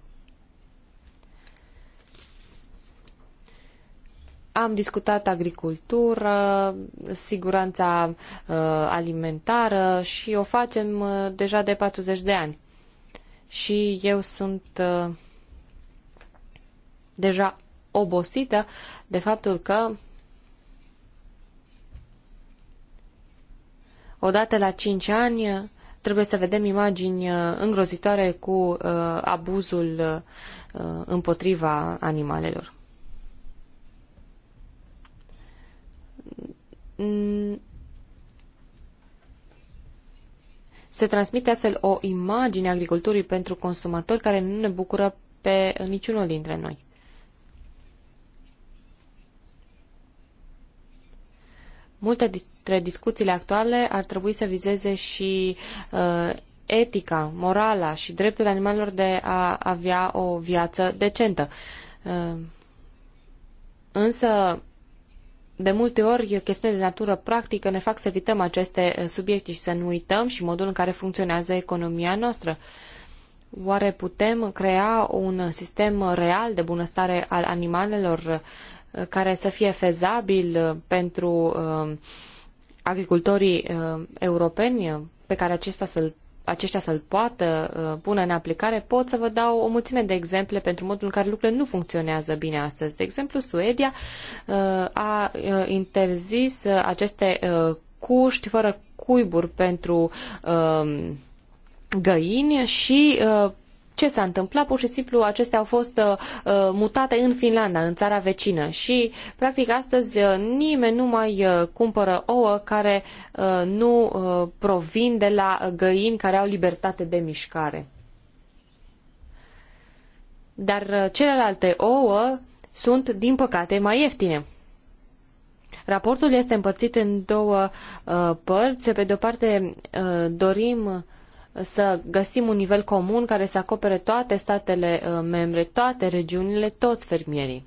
Am discutat agricultură, siguranța uh, alimentară și o facem uh, deja de 40 de ani. Și eu sunt uh, deja obosită de faptul că odată la 5 ani trebuie să vedem imagini îngrozitoare cu abuzul împotriva animalelor. Mm. se transmite astfel o imagine a agriculturii pentru consumatori care nu ne bucură pe niciunul dintre noi. Multe dintre discuțiile actuale ar trebui să vizeze și uh, etica, morala și dreptul animalelor de a avea o viață decentă. Uh, însă, de multe ori, chestiuni de natură practică ne fac să evităm aceste eh, subiecte și să nu uităm și modul în care funcționează economia noastră. Oare putem crea un sistem real de bunăstare al animalelor eh, care să fie fezabil eh, pentru agricultorii europeni pe care acesta să-l aceștia să-l poată uh, pune în aplicare, pot să vă dau o mulțime de exemple pentru modul în care lucrurile nu funcționează bine astăzi. De exemplu, Suedia uh, a uh, interzis aceste cuști fără cuiburi pentru găini și ce s-a întâmplat? Pur și simplu acestea au fost uh, uh mutate în Finlanda, în țara vecină și practic astăzi uh, nimeni nu mai uh, cumpără ouă care uh, nu uh, provin de la găini care au libertate de mișcare. Dar celelalte ouă sunt, din păcate, mai ieftine. Raportul este împărțit în două uh, părți. Pe de o parte, uh, dorim să găsim un nivel comun care să acopere toate statele uh, membre, toate regiunile, toți fermierii.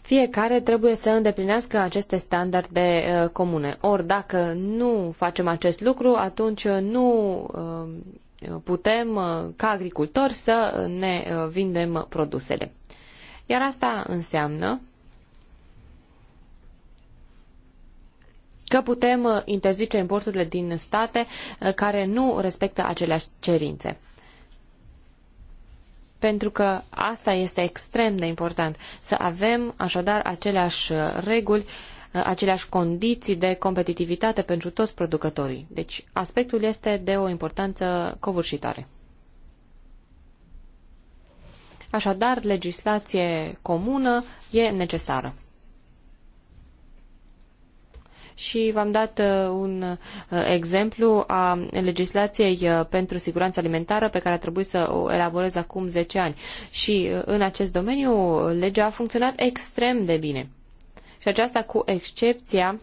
Fiecare trebuie să îndeplinească aceste standarde uh, comune. Ori dacă nu facem acest lucru, atunci nu uh, putem, ca agricultori, să ne vindem produsele. Iar asta înseamnă că putem uh, interzice importurile din state uh, care nu respectă aceleași cerințe pentru că asta este extrem de important, să avem așadar aceleași uh, reguli, aceleași condiții de competitivitate pentru toți producătorii. Deci aspectul este de o importanță covârșitoare. Așadar, legislație comună e necesară și v-am dat uh, un uh, exemplu a legislației uh, pentru siguranță alimentară pe care a trebuit să o elaborez acum 10 ani. Și în acest domeniu legea a funcționat extrem de bine. Și aceasta cu excepția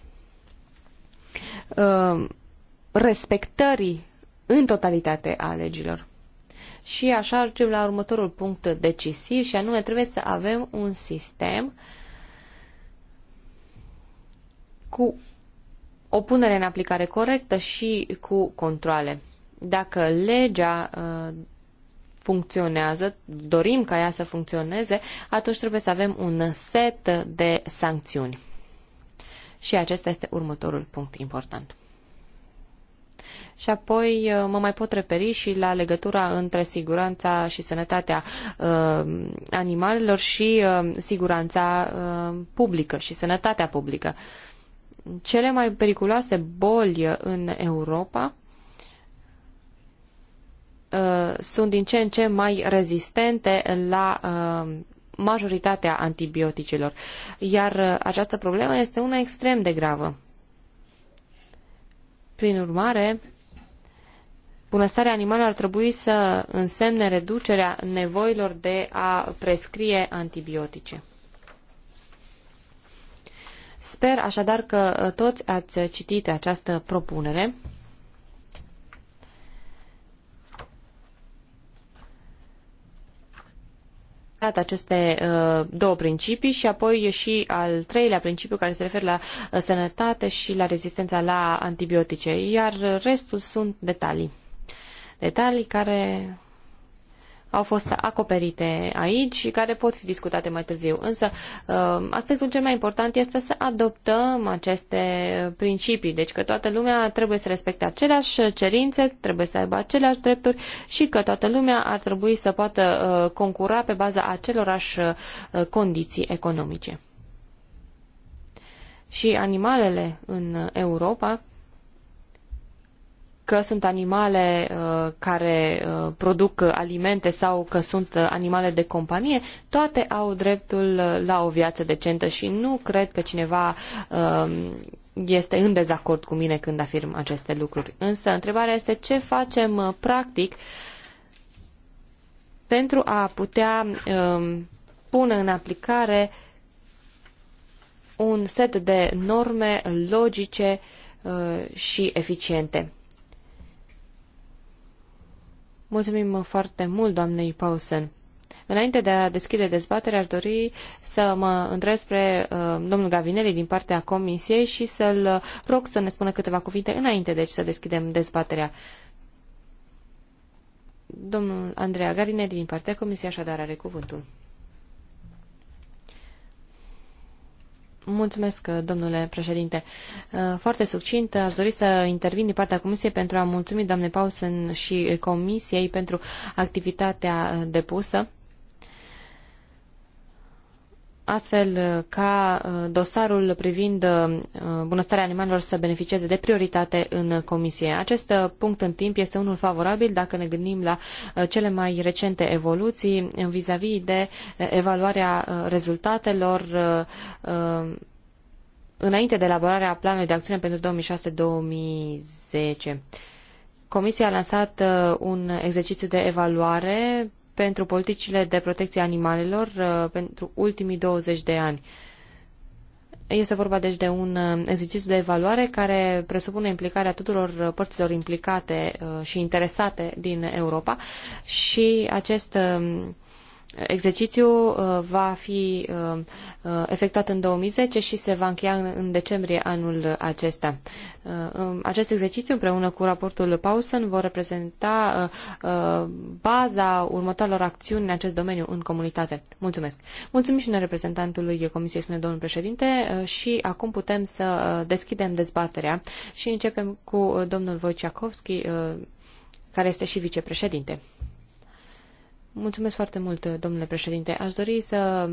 respectării în totalitate a legilor. Și așa ajungem la următorul punct decisiv și anume trebuie să avem un sistem cu o punere în aplicare corectă și cu controle. Dacă legea uh, funcționează, dorim ca ea să funcționeze, atunci trebuie să avem un set de sancțiuni. Și acesta este următorul punct important. Și apoi uh, mă mai pot referi și la legătura între siguranța și sănătatea uh, animalelor și uh, siguranța uh, publică și sănătatea publică. Uh, cele mai periculoase boli în Europa uh, sunt din ce în ce mai rezistente la uh, majoritatea antibioticelor. Iar uh, această problemă este una extrem de gravă. Prin urmare, bunăstarea animalelor ar trebui să însemne reducerea nevoilor de a prescrie antibiotice. Sper așadar că uh, toți ați uh, citit această propunere. aceste uh, două principii și apoi și al treilea principiu care se referă la sănătate și la rezistența la antibiotice, iar restul sunt detalii. Detalii care au fost acoperite aici și care pot fi discutate mai târziu. Însă, uh, aspectul cel mai important este să adoptăm aceste principii, deci că toată lumea trebuie să respecte aceleași cerințe, trebuie să aibă aceleași drepturi și că toată lumea ar trebui să poată uh, concura pe baza acelorași uh, condiții economice. Și animalele în Europa că sunt animale uh, care uh, produc alimente sau că sunt animale de companie, toate au dreptul uh, la o viață decentă și nu cred că cineva este în dezacord cu mine când afirm aceste lucruri. Însă, întrebarea este ce facem practic pentru a putea um, pune în aplicare un set de norme logice și eficiente. Mulțumim foarte mult, doamnei Paulsen. Înainte de a deschide dezbaterea, ar dori să mă întreb spre uh, domnul Gavinelli din partea Comisiei și să-l rog să ne spună câteva cuvinte înainte, deci, să deschidem dezbaterea. Domnul Andreea Gavinelli din partea Comisiei, așadar, are cuvântul. Mulțumesc, domnule președinte. Uh, foarte succint, aș dori să intervin din partea Comisiei pentru a mulțumi doamnei Paulsen și Comisiei pentru activitatea uh, depusă astfel uh, ca uh, dosarul privind uh, bunăstarea animalelor să beneficieze de prioritate în comisie. Acest punct în timp este unul favorabil dacă ne gândim la cele mai recente evoluții vis-a-vis de evaluarea rezultatelor înainte de elaborarea planului de acțiune pentru 2006-2010. Comisia a lansat un exercițiu de evaluare pentru politicile de protecție animalelor uh, pentru ultimii 20 de ani. Este vorba deci de un uh, exercițiu de evaluare care presupune implicarea tuturor uh, părților implicate și interesate din Europa și acest um, Exercițiul uh, va fi uh, uh, efectuat în 2010 și se va încheia în decembrie anul acesta. Um, acest exercițiu împreună cu raportul Paulsen vor reprezenta baza următoarelor acțiuni în acest domeniu în comunitate. Mulțumesc! Mulțumim și noi reprezentantului Comisiei, spune domnul președinte, și acum putem să deschidem dezbaterea și începem cu domnul Wojciechowski, care este și vicepreședinte. Mulțumesc foarte mult, domnule președinte. Aș dori să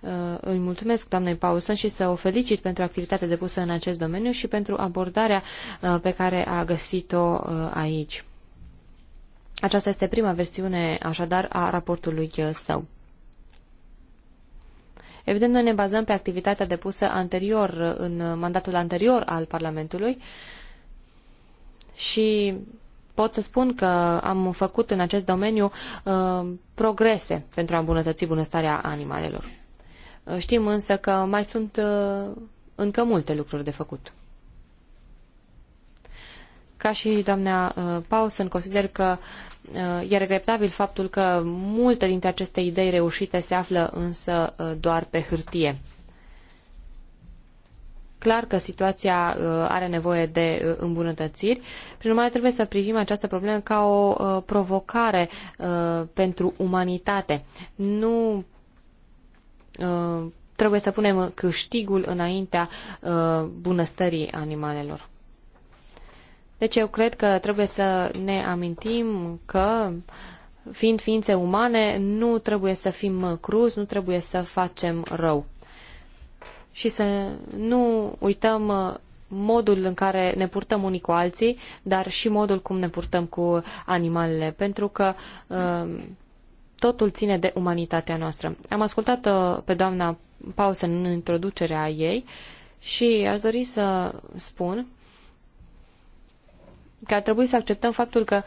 uh, îi mulțumesc doamnei Pausăn și să o felicit pentru activitatea depusă în acest domeniu și pentru abordarea uh, pe care a găsit-o uh, aici. Aceasta este prima versiune, așadar, a raportului uh, său. Evident, noi ne bazăm pe activitatea depusă anterior, în mandatul anterior al Parlamentului și pot să spun că am făcut în acest domeniu uh, progrese pentru a îmbunătăți bunăstarea animalelor. Uh, știm însă că mai sunt uh, încă multe lucruri de făcut. Ca și doamna uh, consider că uh, e regretabil faptul că multe dintre aceste idei reușite se află însă uh, doar pe hârtie clar că situația uh, are nevoie de uh, îmbunătățiri. Prin urmare, trebuie să privim această problemă ca o uh, provocare pentru umanitate. Nu trebuie să punem câștigul înaintea bunăstării animalelor. Deci eu cred că trebuie să ne amintim că fiind ființe umane, nu trebuie să fim cruzi, nu trebuie să facem rău și să nu uităm uh, modul în care ne purtăm unii cu alții, dar și modul cum ne purtăm cu animalele, pentru că uh, totul ține de umanitatea noastră. Am ascultat uh, pe doamna Pausen în introducerea ei și aș dori să spun că ar trebui să acceptăm faptul că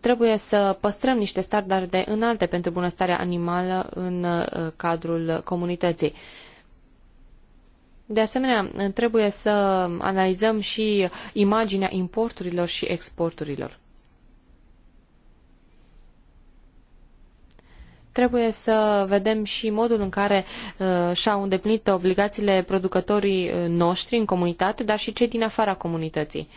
trebuie să păstrăm niște standarde înalte pentru bunăstarea animală în cadrul comunității. De asemenea, trebuie să analizăm și imaginea importurilor și exporturilor. Trebuie să vedem și modul în care uh, și-au îndeplinit obligațiile producătorii uh, noștri în comunitate, dar și cei din afara comunității.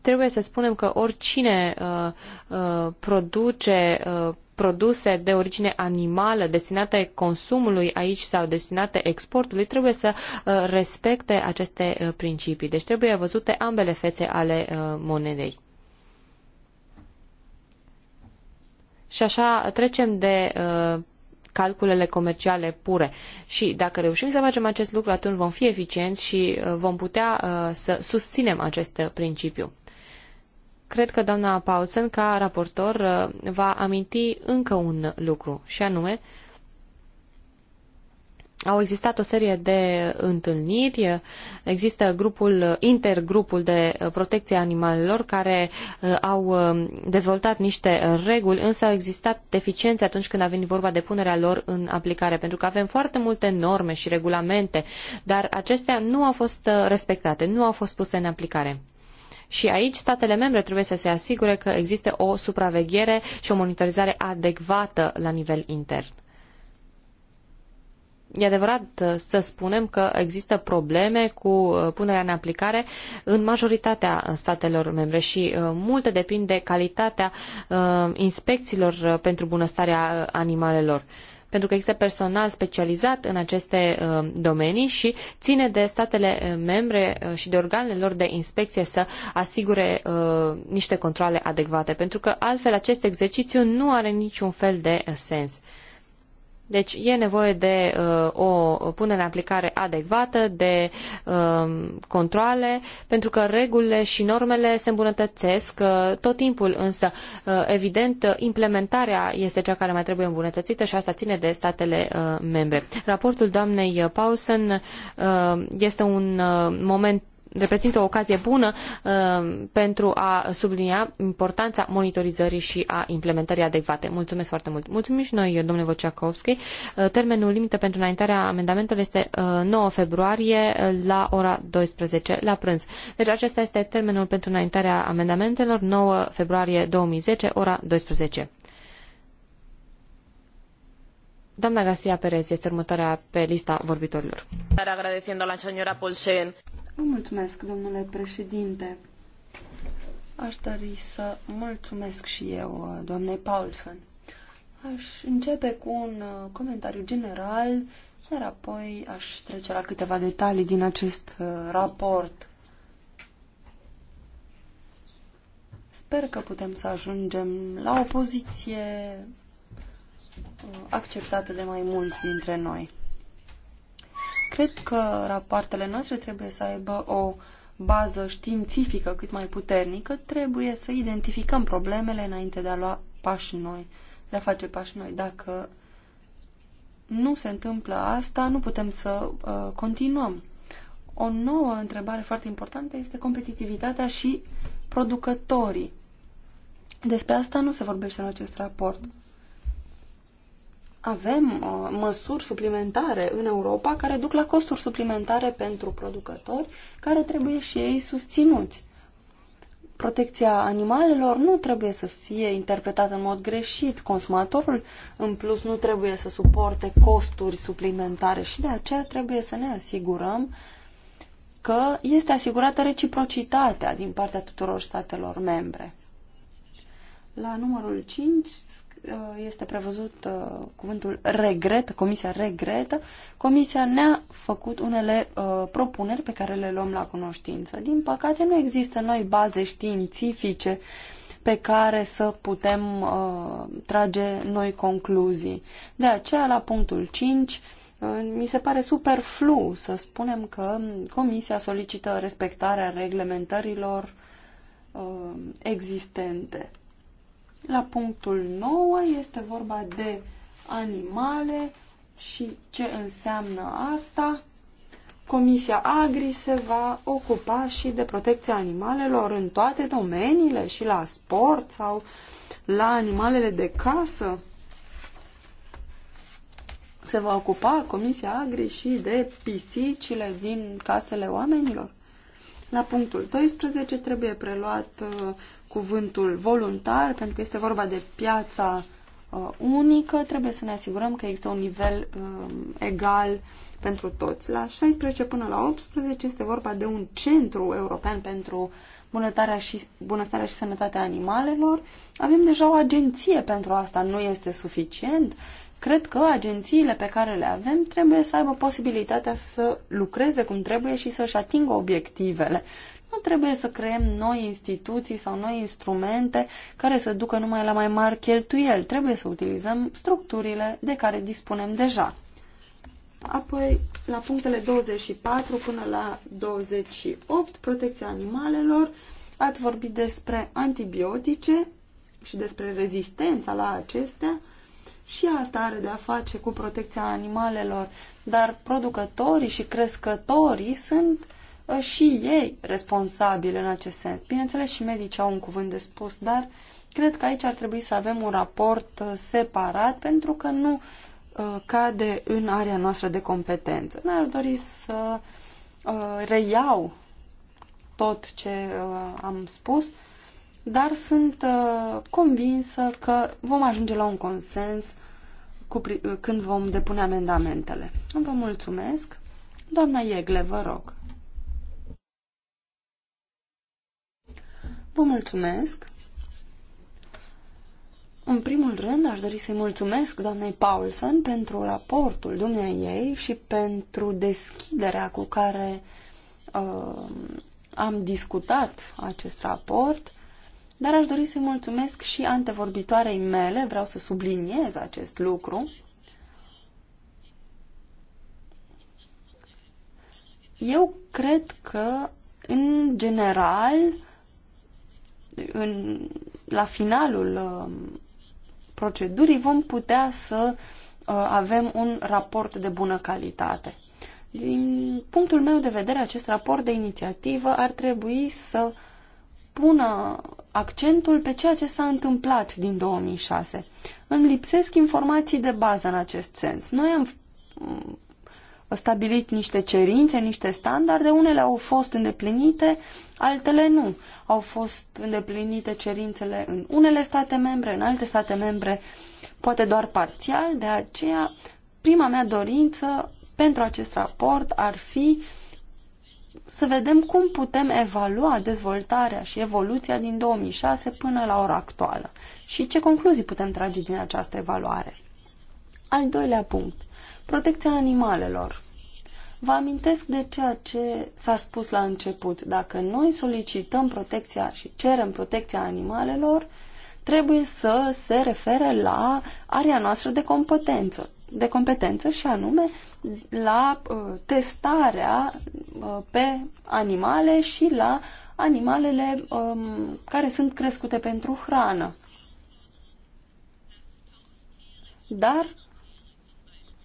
Trebuie să spunem că oricine uh, uh, produce uh, produse de origine animală destinate consumului aici sau destinate exportului trebuie să uh, respecte aceste uh, principii. Deci trebuie văzute ambele fețe ale uh, monedei. Și așa trecem de calculele comerciale pure. Și dacă reușim să facem acest lucru, atunci vom fi eficienți și vom putea să susținem acest principiu cred că doamna Paulsen, ca raportor, uh, va aminti încă un lucru, și anume, au existat o serie de întâlniri, există grupul, intergrupul de protecție a animalelor care uh, au uh, dezvoltat niște reguli, însă au existat deficiențe atunci când a venit vorba de punerea lor în aplicare, pentru că avem foarte multe norme și regulamente, dar acestea nu au fost respectate, nu au fost puse în aplicare. Și aici statele membre trebuie să se asigure că există o supraveghere și o monitorizare adecvată la nivel intern. E adevărat uh, să spunem că există probleme cu uh, punerea în aplicare în majoritatea uh, statelor membre și multe depind de calitatea inspecțiilor pentru bunăstarea animalelor pentru că există personal specializat în aceste uh, domenii și ține de statele uh, membre uh, și de organele lor de inspecție să asigure niște controle adecvate, pentru că altfel acest exercițiu nu are niciun fel de sens. Deci e nevoie de uh, o punere în aplicare adecvată, de uh, controle, pentru că regulile și normele se îmbunătățesc uh, tot timpul, însă uh, evident implementarea este cea care mai trebuie îmbunătățită și asta ține de statele uh, membre. Raportul doamnei Paulsen uh, este un uh, moment reprezintă o ocazie bună uh, pentru a sublinia importanța monitorizării și a implementării adecvate. Mulțumesc foarte mult. Mulțumim și noi, domnule Wojciechowski. Uh, termenul limită pentru înaintarea amendamentelor este 9 uh, februarie la ora 12 la prânz. Deci acesta este termenul pentru înaintarea amendamentelor 9 februarie 2010 ora 12. Doamna Garcia Perez este următoarea pe lista vorbitorilor. Vă mulțumesc, domnule președinte. Aș dori să mulțumesc și eu, doamnei Paulson. Aș începe cu un uh, comentariu general, iar apoi aș trece la câteva detalii din acest uh, raport. Sper că putem să ajungem la o poziție uh, acceptată de mai mulți dintre noi. Cred că rapoartele noastre trebuie să aibă o bază științifică cât mai puternică, trebuie să identificăm problemele înainte de a lua pași noi, de a face pași noi. Dacă nu se întâmplă asta, nu putem să uh, continuăm. O nouă întrebare foarte importantă este competitivitatea și producătorii. Despre asta nu se vorbește în acest raport avem uh, măsuri suplimentare în Europa care duc la costuri suplimentare pentru producători care trebuie și ei susținuți. Protecția animalelor nu trebuie să fie interpretată în mod greșit. Consumatorul, în plus, nu trebuie să suporte costuri suplimentare și de aceea trebuie să ne asigurăm că este asigurată reciprocitatea din partea tuturor statelor membre. La numărul 5 Uh, este prevăzut uh, cuvântul regret, comisia regretă. Comisia ne-a făcut unele uh, propuneri pe care le luăm la cunoștință. Din păcate nu există noi baze științifice pe care să putem uh, trage noi concluzii. De aceea, la punctul 5, uh, mi se pare superflu să spunem că Comisia solicită respectarea reglementărilor uh, existente. La punctul 9 este vorba de animale și ce înseamnă asta. Comisia Agri se va ocupa și de protecția animalelor în toate domeniile și la sport sau la animalele de casă. Se va ocupa Comisia Agri și de pisicile din casele oamenilor. La punctul 12 trebuie preluat uh, cuvântul voluntar, pentru că este vorba de piața uh, unică, trebuie să ne asigurăm că există un nivel uh, egal pentru toți. La 16 până la 18 este vorba de un centru european pentru bunătarea și, bunăstarea și sănătatea animalelor. Avem deja o agenție pentru asta, nu este suficient. Cred că agențiile pe care le avem trebuie să aibă posibilitatea să lucreze cum trebuie și să-și atingă obiectivele. Nu trebuie să creăm noi instituții sau noi instrumente care să ducă numai la mai mari cheltuieli. Trebuie să utilizăm structurile de care dispunem deja. Apoi, la punctele 24 până la 28, protecția animalelor, ați vorbit despre antibiotice și despre rezistența la acestea și asta are de a face cu protecția animalelor, dar producătorii și crescătorii sunt Uh, și ei responsabili în acest sens. Bineînțeles, și medicii au un cuvânt de spus, dar cred că aici ar trebui să avem un raport uh, separat pentru că nu uh, cade în area noastră de competență. ne aș dori să reiau tot ce am spus, dar sunt convinsă că vom ajunge la un consens când vom depune amendamentele. Vă mulțumesc. Doamna Iegle, vă rog. Vă mulțumesc. În primul rând, aș dori să-i mulțumesc doamnei Paulson pentru raportul dumneai și pentru deschiderea cu care uh, am discutat acest raport, dar aș dori să-i mulțumesc și antevorbitoarei mele, vreau să subliniez acest lucru. Eu cred că, în general, uh, în, la finalul uh, procedurii vom putea să uh, avem un raport de bună calitate. Din punctul meu de vedere, acest raport de inițiativă ar trebui să pună accentul pe ceea ce s-a întâmplat din 2006. Îmi lipsesc informații de bază în acest sens. Noi am stabilit niște cerințe, niște standarde, unele au fost îndeplinite, altele nu. Au fost îndeplinite cerințele în unele state membre, în alte state membre, poate doar parțial, de aceea prima mea dorință pentru acest raport ar fi să vedem cum putem evalua dezvoltarea și evoluția din 2006 până la ora actuală și ce concluzii putem trage din această evaluare. Al doilea punct – Protecția animalelor. Vă amintesc de ceea ce s-a spus la început. Dacă noi solicităm protecția și cerem protecția animalelor, trebuie să se refere la area noastră de competență, de competență și anume la uh, testarea uh, pe animale și la animalele um, care sunt crescute pentru hrană. Dar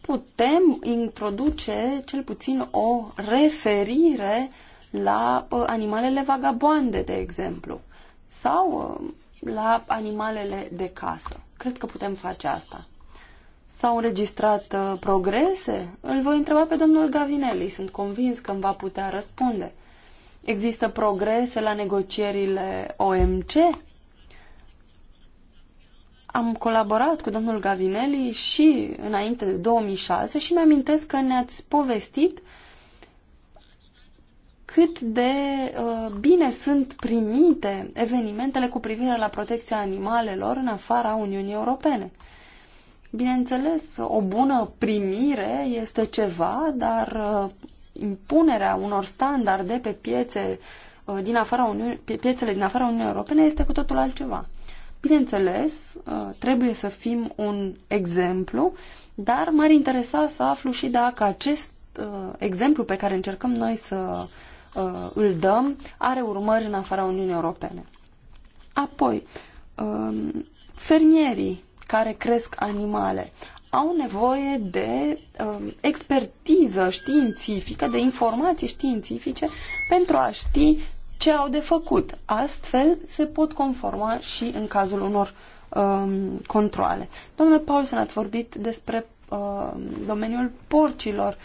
putem introduce cel puțin o referire la uh, animalele vagabonde, de exemplu, sau uh, la animalele de casă. Cred că putem face asta. S-au înregistrat uh, progrese? Îl voi întreba pe domnul Gavinelli. Sunt convins că îmi va putea răspunde. Există progrese la negocierile OMC? am colaborat cu domnul Gavinelli și înainte de 2006 și mi-amintesc că ne-ați povestit cât de uh, bine sunt primite evenimentele cu privire la protecția animalelor în afara Uniunii Europene. Bineînțeles, o bună primire este ceva, dar uh, impunerea unor standarde pe piețe uh, din afara Uniunii, piețele din afara Uniunii Europene este cu totul altceva. Bineînțeles, uh, trebuie să fim un exemplu, dar m-ar interesa să aflu și dacă acest uh, exemplu pe care încercăm noi să uh, îl dăm are urmări în afara Uniunii Europene. Apoi, um, fermierii care cresc animale au nevoie de um, expertiză științifică, de informații științifice pentru a ști ce au de făcut. Astfel se pot conforma și în cazul unor um, controle. Domnule Paulson ați vorbit despre um, domeniul porcilor.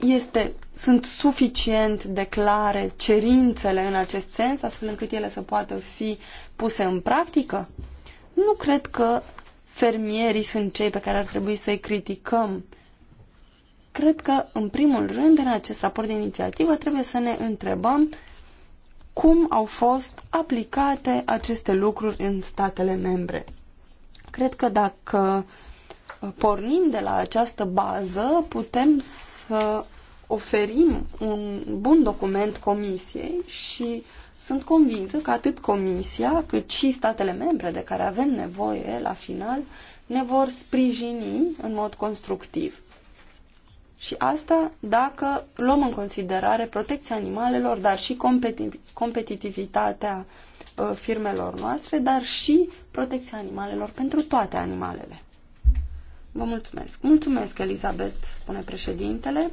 Este, sunt suficient de clare cerințele în acest sens, astfel încât ele să poată fi puse în practică? Nu cred că fermierii sunt cei pe care ar trebui să-i criticăm. Cred că, în primul rând, în acest raport de inițiativă trebuie să ne întrebăm uh, cum au fost aplicate aceste lucruri în statele membre. Cred că dacă uh, pornim de la această bază, putem să oferim un bun document comisiei și sunt convinsă că atât comisia cât și statele membre de care avem nevoie la final ne vor sprijini în mod constructiv. Și asta dacă luăm în considerare protecția animalelor, dar și competi competitivitatea uh, firmelor noastre, dar și protecția animalelor pentru toate animalele. Vă mulțumesc. Mulțumesc, Elizabeth, spune președintele.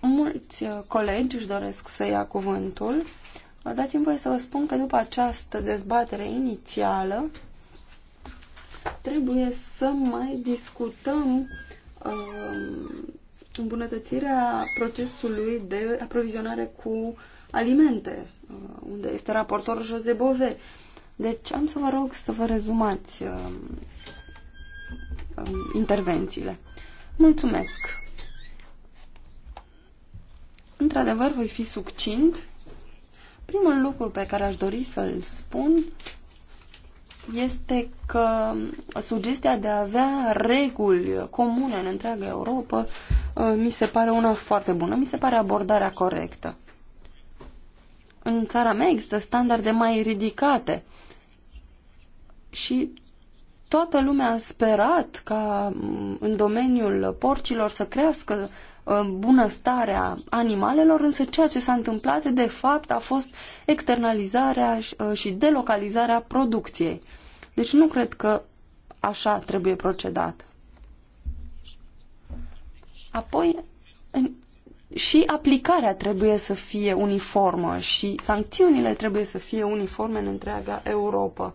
Mulți uh, colegi își doresc să ia cuvântul. Dați-mi voie să vă spun că după această dezbatere inițială, trebuie să mai discutăm uh, îmbunătățirea procesului de aprovizionare cu alimente, uh, unde este raportor Jose Bove. Deci am să vă rog să vă rezumați uh, intervențiile. Mulțumesc! Într-adevăr, voi fi succint. Primul lucru pe care aș dori să-l spun este că sugestia de a avea reguli comune în întreaga Europa uh, mi se pare una foarte bună, mi se pare abordarea corectă. În țara mea există standarde mai ridicate și toată lumea a sperat ca mm, în domeniul porcilor să crească uh, bunăstarea animalelor, însă ceea ce s-a întâmplat de fapt a fost externalizarea și uh, delocalizarea producției. Deci nu cred că așa trebuie procedat. Apoi, și aplicarea trebuie să fie uniformă și sancțiunile trebuie să fie uniforme în întreaga Europa.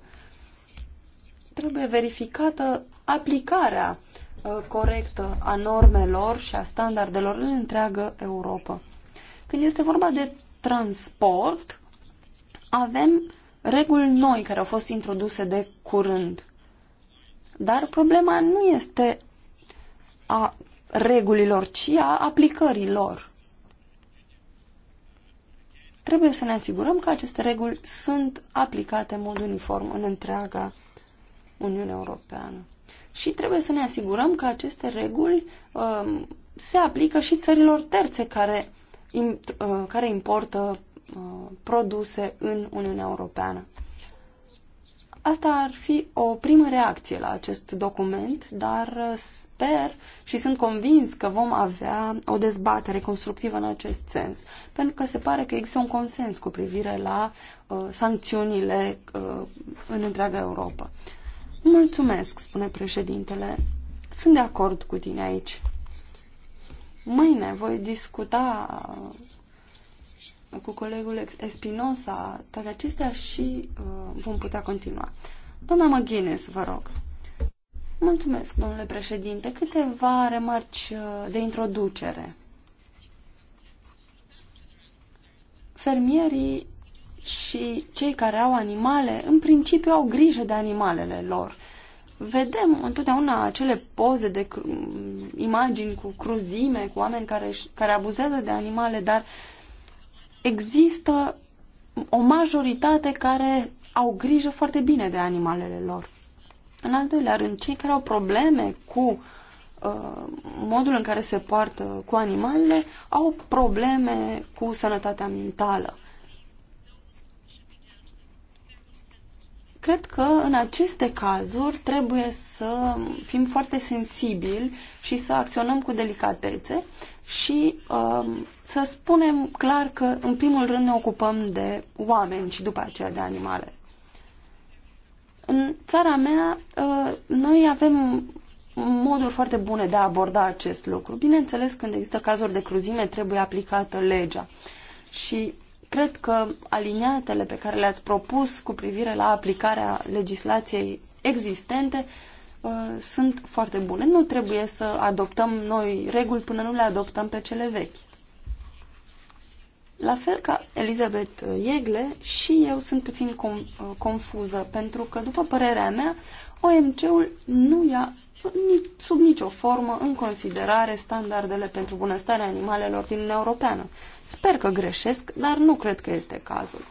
Trebuie verificată aplicarea uh, corectă a normelor și a standardelor în întreaga Europa. Când este vorba de transport, avem reguli noi care au fost introduse de curând. Dar problema nu este a regulilor, ci a aplicării lor. Trebuie să ne asigurăm că aceste reguli sunt aplicate în mod uniform în întreaga Uniune Europeană. Și trebuie să ne asigurăm că aceste reguli uh, se aplică și țărilor terțe care, uh, care importă Uh, produse în Uniunea Europeană. Asta ar fi o primă reacție la acest document, dar uh, sper și sunt convins că vom avea o dezbatere constructivă în acest sens, pentru că se pare că există un consens cu privire la uh, sancțiunile uh, în întreaga Europa. Mulțumesc, spune președintele. Sunt de acord cu tine aici. Mâine voi discuta cu colegul Espinosa, toate acestea și uh, vom putea continua. Doamna McGuinness, vă rog. Mulțumesc, domnule președinte. Câteva remarci uh, de introducere. Fermierii și cei care au animale, în principiu, au grijă de animalele lor. Vedem întotdeauna acele poze de imagini cu cruzime, cu oameni care, care abuzează de animale, dar uh, există o majoritate care au grijă foarte bine de animalele lor. În al doilea rând, cei care au probleme cu uh, modul în care se poartă cu animalele au probleme cu sănătatea mentală. Cred că în aceste cazuri trebuie să fim foarte sensibili și să acționăm cu delicatețe și uh, să spunem clar că, în primul rând, ne ocupăm de oameni și după aceea de animale. În țara mea, uh, noi avem moduri foarte bune de a aborda acest lucru. Bineînțeles, când există cazuri de cruzime, trebuie aplicată legea. Și cred că aliniatele pe care le-ați propus cu privire la aplicarea legislației existente uh, sunt foarte bune. Nu trebuie să adoptăm noi reguli până nu le adoptăm pe cele vechi. La fel ca Elizabeth Iegle, și eu sunt puțin com, uh, confuză, pentru că, după părerea mea, OMC-ul nu ia sub nicio formă în considerare standardele pentru bunăstarea animalelor din Uniunea Europeană. Sper că greșesc, dar nu cred că este cazul.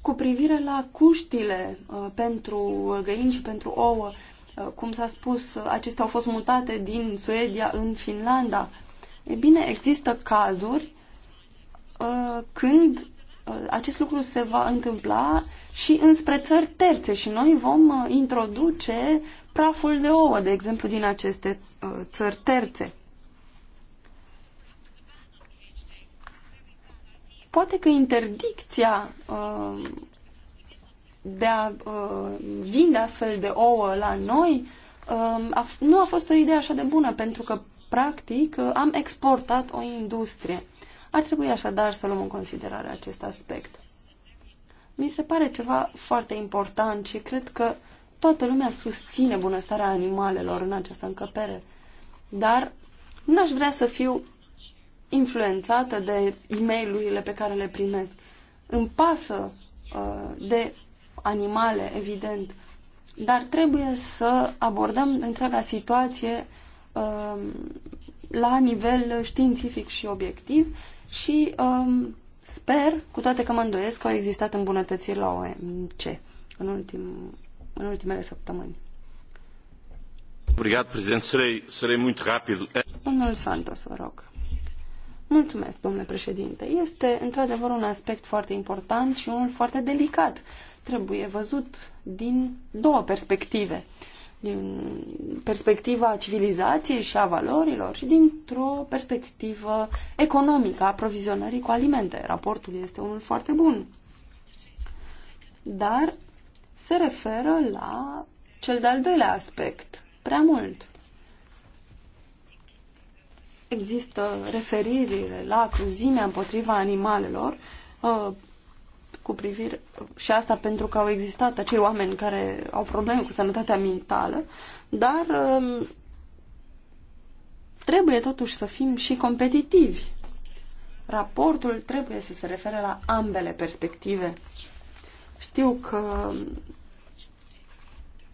Cu privire la cuștile uh, pentru găini și pentru ouă, uh, cum s-a spus, uh, acestea au fost mutate din Suedia în Finlanda. E bine, există cazuri Uh, când uh, acest lucru se va întâmpla și înspre țări terțe și noi vom uh, introduce praful de ouă, de exemplu, din aceste țări terțe. Poate că interdicția de a vinde astfel de ouă la noi nu a fost o idee așa de bună, pentru că, practic, am exportat o industrie. Ar trebui așadar să luăm în considerare acest aspect. Mi se pare ceva foarte important și cred că toată lumea susține bunăstarea animalelor în această încăpere. Dar n-aș vrea să fiu influențată de e mail pe care le primesc. Îmi pasă uh, de animale, evident, dar trebuie să abordăm întreaga situație uh, la nivel științific și obiectiv și um, sper, cu toate că mă îndoiesc, că au existat îmbunătățiri la OMC în, ultim, în ultimele săptămâni. Obrigat, prezident. Serei, serei muito Domnul Santos, vă rog. Mulțumesc, domnule președinte. Este într-adevăr un aspect foarte important și unul foarte delicat. Trebuie văzut din două perspective din perspectiva civilizației și a valorilor și dintr-o perspectivă economică a aprovizionării cu alimente. Raportul este unul foarte bun. Dar se referă la cel de-al doilea aspect, prea mult. Există referirile la cruzimea împotriva animalelor, uh, cu privire și asta pentru că au existat acei oameni care au probleme cu sănătatea mentală, dar um, trebuie totuși să fim și competitivi. Raportul trebuie să se refere la ambele perspective. Știu că um,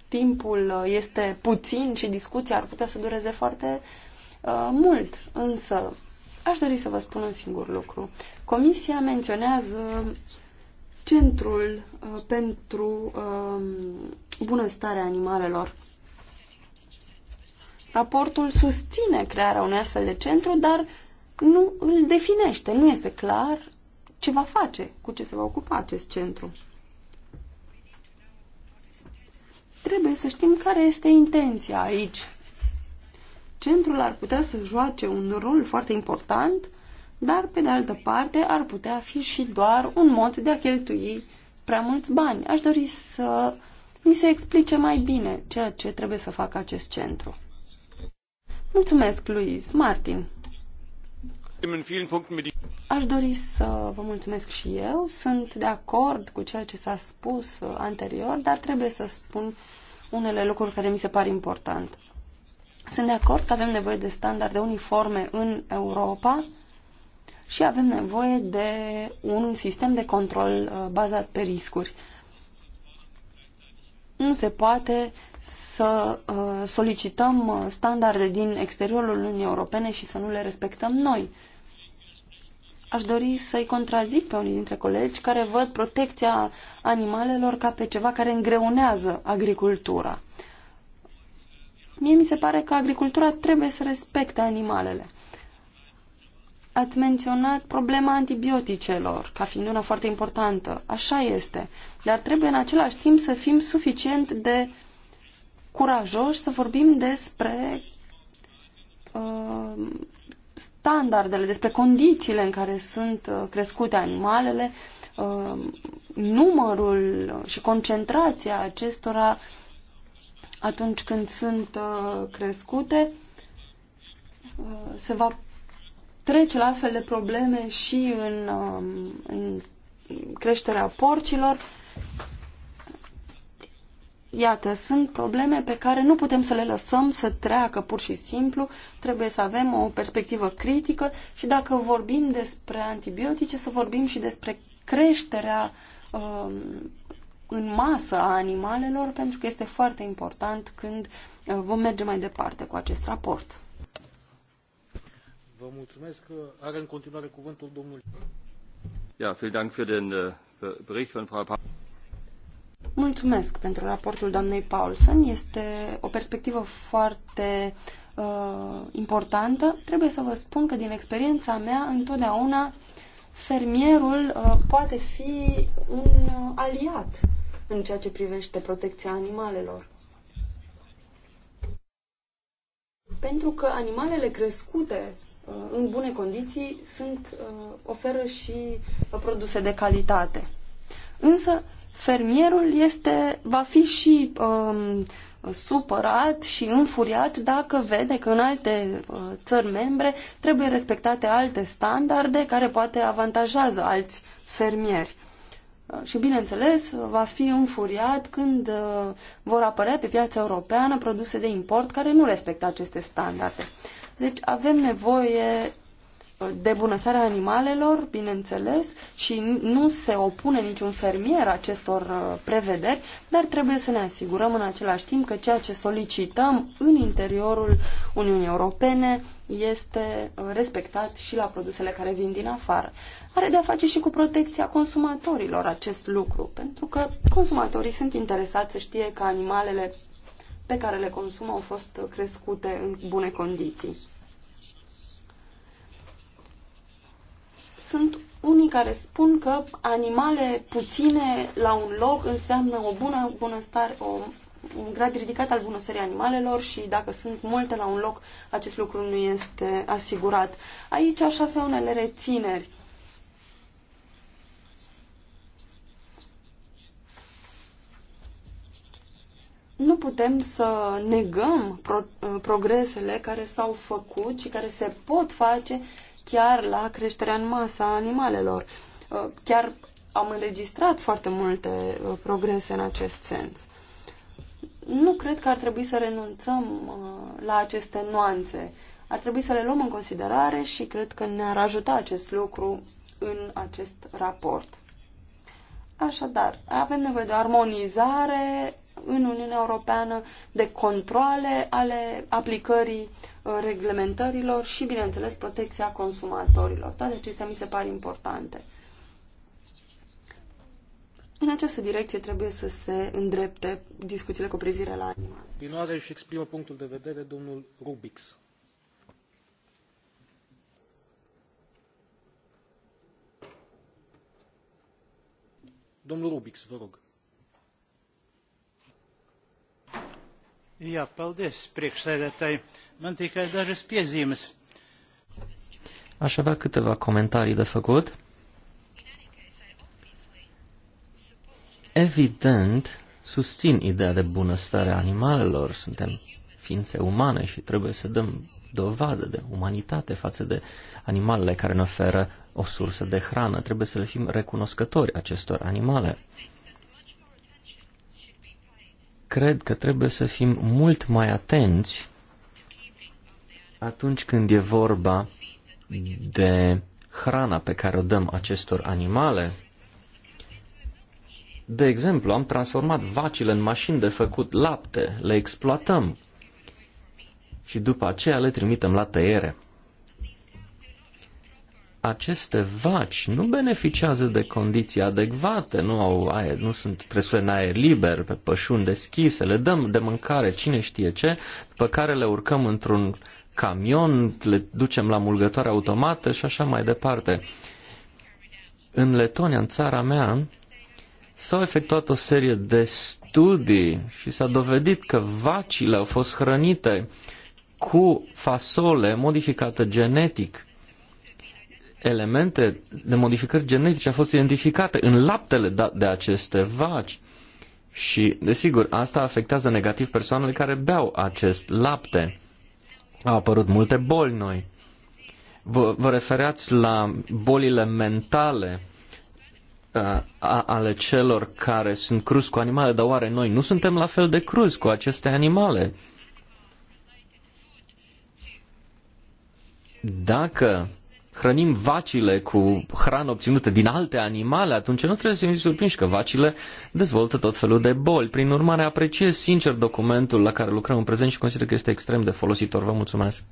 timpul este puțin și discuția ar putea să dureze foarte uh, mult, însă aș dori să vă spun un singur lucru. Comisia menționează Centrul uh, pentru um, bunăstarea animalelor. Raportul susține crearea unui astfel de centru, dar nu îl definește, nu este clar ce va face, cu ce se va ocupa acest centru. Trebuie să știm care este intenția aici. Centrul ar putea să joace un rol foarte important dar, pe de altă parte, ar putea fi și doar un mod de a cheltui prea mulți bani. Aș dori să ni se explice mai bine ceea ce trebuie să facă acest centru. Mulțumesc, Luis. Martin. Aș dori să vă mulțumesc și eu. Sunt de acord cu ceea ce s-a spus anterior, dar trebuie să spun unele lucruri care mi se par important. Sunt de acord că avem nevoie de standarde uniforme în Europa, și avem nevoie de un sistem de control uh, bazat pe riscuri. Nu se poate să uh, solicităm uh, standarde din exteriorul Uniunii Europene și să nu le respectăm noi. Aș dori să-i contrazic pe unii dintre colegi care văd protecția animalelor ca pe ceva care îngreunează agricultura. Mie mi se pare că agricultura trebuie să respecte animalele. Ați menționat problema antibioticelor ca fiind una foarte importantă. Așa este. Dar trebuie în același timp să fim suficient de curajoși să vorbim despre uh, standardele, despre condițiile în care sunt uh, crescute animalele, uh, numărul și concentrația acestora atunci când sunt uh, crescute uh, se va trece la astfel de probleme și în, um, în creșterea porcilor. Iată, sunt probleme pe care nu putem să le lăsăm să treacă pur și simplu, trebuie să avem o perspectivă critică și dacă vorbim despre antibiotice, să vorbim și despre creșterea um, în masă a animalelor, pentru că este foarte important când uh, vom merge mai departe cu acest raport. Vă mulțumesc. Are în continuare cuvântul domnul. Ja, vielen Dank für den äh, Bericht von Frau Mulțumesc pentru raportul doamnei Paulsen. Este o perspectivă foarte uh, importantă. Trebuie să vă spun că din experiența mea întotdeauna fermierul uh, poate fi un uh, aliat în ceea ce privește protecția animalelor. Pentru că animalele crescute Uh, în bune condiții sunt, uh, oferă și uh, produse de calitate. Însă fermierul este, va fi și um, supărat și înfuriat dacă vede că în alte țări membre trebuie respectate alte standarde care poate avantajează alți fermieri. și bineînțeles, va fi înfuriat când vor apărea pe piața europeană produse de import care nu respectă aceste standarde. Deci avem nevoie uh, de bunăstarea animalelor, bineînțeles, și nu se opune niciun fermier acestor uh, prevederi, dar trebuie să ne asigurăm în același timp că ceea ce solicităm în interiorul Uniunii Europene este uh, respectat și la produsele care vin din afară. Are de-a face și cu protecția consumatorilor acest lucru, pentru că consumatorii sunt interesați să știe că animalele pe care le consumă au fost crescute în bune condiții. Sunt unii care spun că animale puține la un loc înseamnă o bună bunăstare, o, un grad ridicat al bunăstării animalelor și dacă sunt multe la un loc, acest lucru nu este asigurat. Aici aș avea unele rețineri nu putem să negăm pro, uh, progresele care s-au făcut și care se pot face chiar la creșterea în masă a animalelor. Uh, chiar am înregistrat foarte multe uh, progrese în acest sens. Nu cred că ar trebui să renunțăm la aceste nuanțe. Ar trebui să le luăm în considerare și cred că ne-ar ajuta acest lucru în acest raport. Așadar, avem nevoie de o armonizare în Uniunea Europeană, de controle ale aplicării uh, reglementărilor și, bineînțeles, protecția consumatorilor. Toate acestea mi se par importante. În această direcție trebuie să se îndrepte discuțiile cu privire la animale. Continuare și exprimă punctul de vedere domnul Rubix. Domnul Rubix, vă rog. Jā, paldies, priekšsēdētāji. Man tikai dažas piezīmes. Aș avea câteva comentarii de făcut. Evident, susțin ideea de bunăstare a animalelor. Suntem ființe umane și trebuie să dăm dovadă de umanitate față de animalele care ne oferă o sursă de hrană. Trebuie să le fim recunoscători acestor animale cred că trebuie să fim mult mai atenți atunci când e vorba de hrana pe care o dăm acestor animale. De exemplu, am transformat vacile în mașini de făcut lapte, le exploatăm și după aceea le trimitem la tăiere aceste vaci nu beneficiază de condiții adecvate, nu, au aer, nu sunt presuri în aer liber, pe pășuni deschise, le dăm de mâncare cine știe ce, după care le urcăm într-un camion, le ducem la mulgătoare automată și așa mai departe. În Letonia, în țara mea, s-au efectuat o serie de studii și s-a dovedit că vacile au fost hrănite cu fasole modificată genetic elemente de modificări genetice au fost identificate în laptele dat de aceste vaci. Și, desigur, asta afectează negativ persoanele care beau acest lapte. Au apărut multe boli noi. Vă, vă refereați la bolile mentale uh, a, ale celor care sunt cruzi cu animale, dar oare noi nu suntem la fel de cruzi cu aceste animale? Dacă hrănim vacile cu hrană obținută din alte animale, atunci nu trebuie să fim surprinși că vacile dezvoltă tot felul de boli. Prin urmare, apreciez sincer documentul la care lucrăm în prezent și consider că este extrem de folositor. Vă mulțumesc.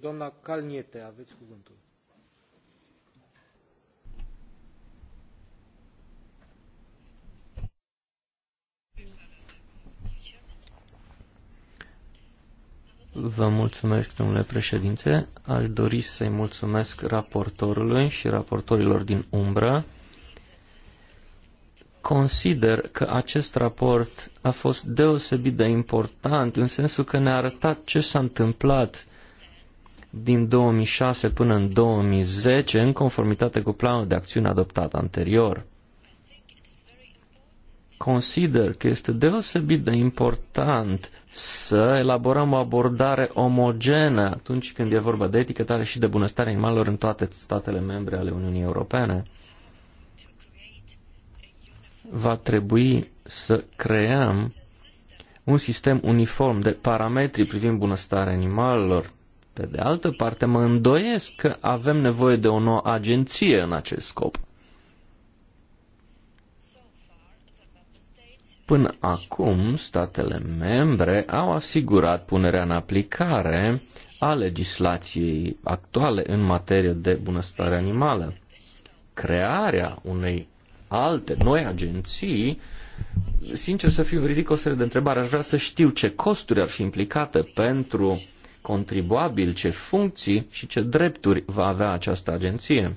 Doamna Calniete, aveți cuvântul. Vă mulțumesc, domnule președinte. Aș dori să-i mulțumesc raportorului și raportorilor din umbră. Consider că acest raport a fost deosebit de important în sensul că ne-a arătat ce s-a întâmplat din 2006 până în 2010 în conformitate cu planul de acțiune adoptat anterior. Consider că este deosebit de important să elaborăm o abordare omogenă atunci când e vorba de etichetare și de bunăstare animalelor în toate statele membre ale Uniunii Europene. Va trebui să creăm un sistem uniform de parametri privind bunăstarea animalelor. Pe de altă parte, mă îndoiesc că avem nevoie de o nouă agenție în acest scop. Până acum, statele membre au asigurat punerea în aplicare a legislației actuale în materie de bunăstare animală. Crearea unei alte noi agenții, sincer să fiu, ridic o serie de întrebări. Aș vrea să știu ce costuri ar fi implicate pentru contribuabil, ce funcții și ce drepturi va avea această agenție.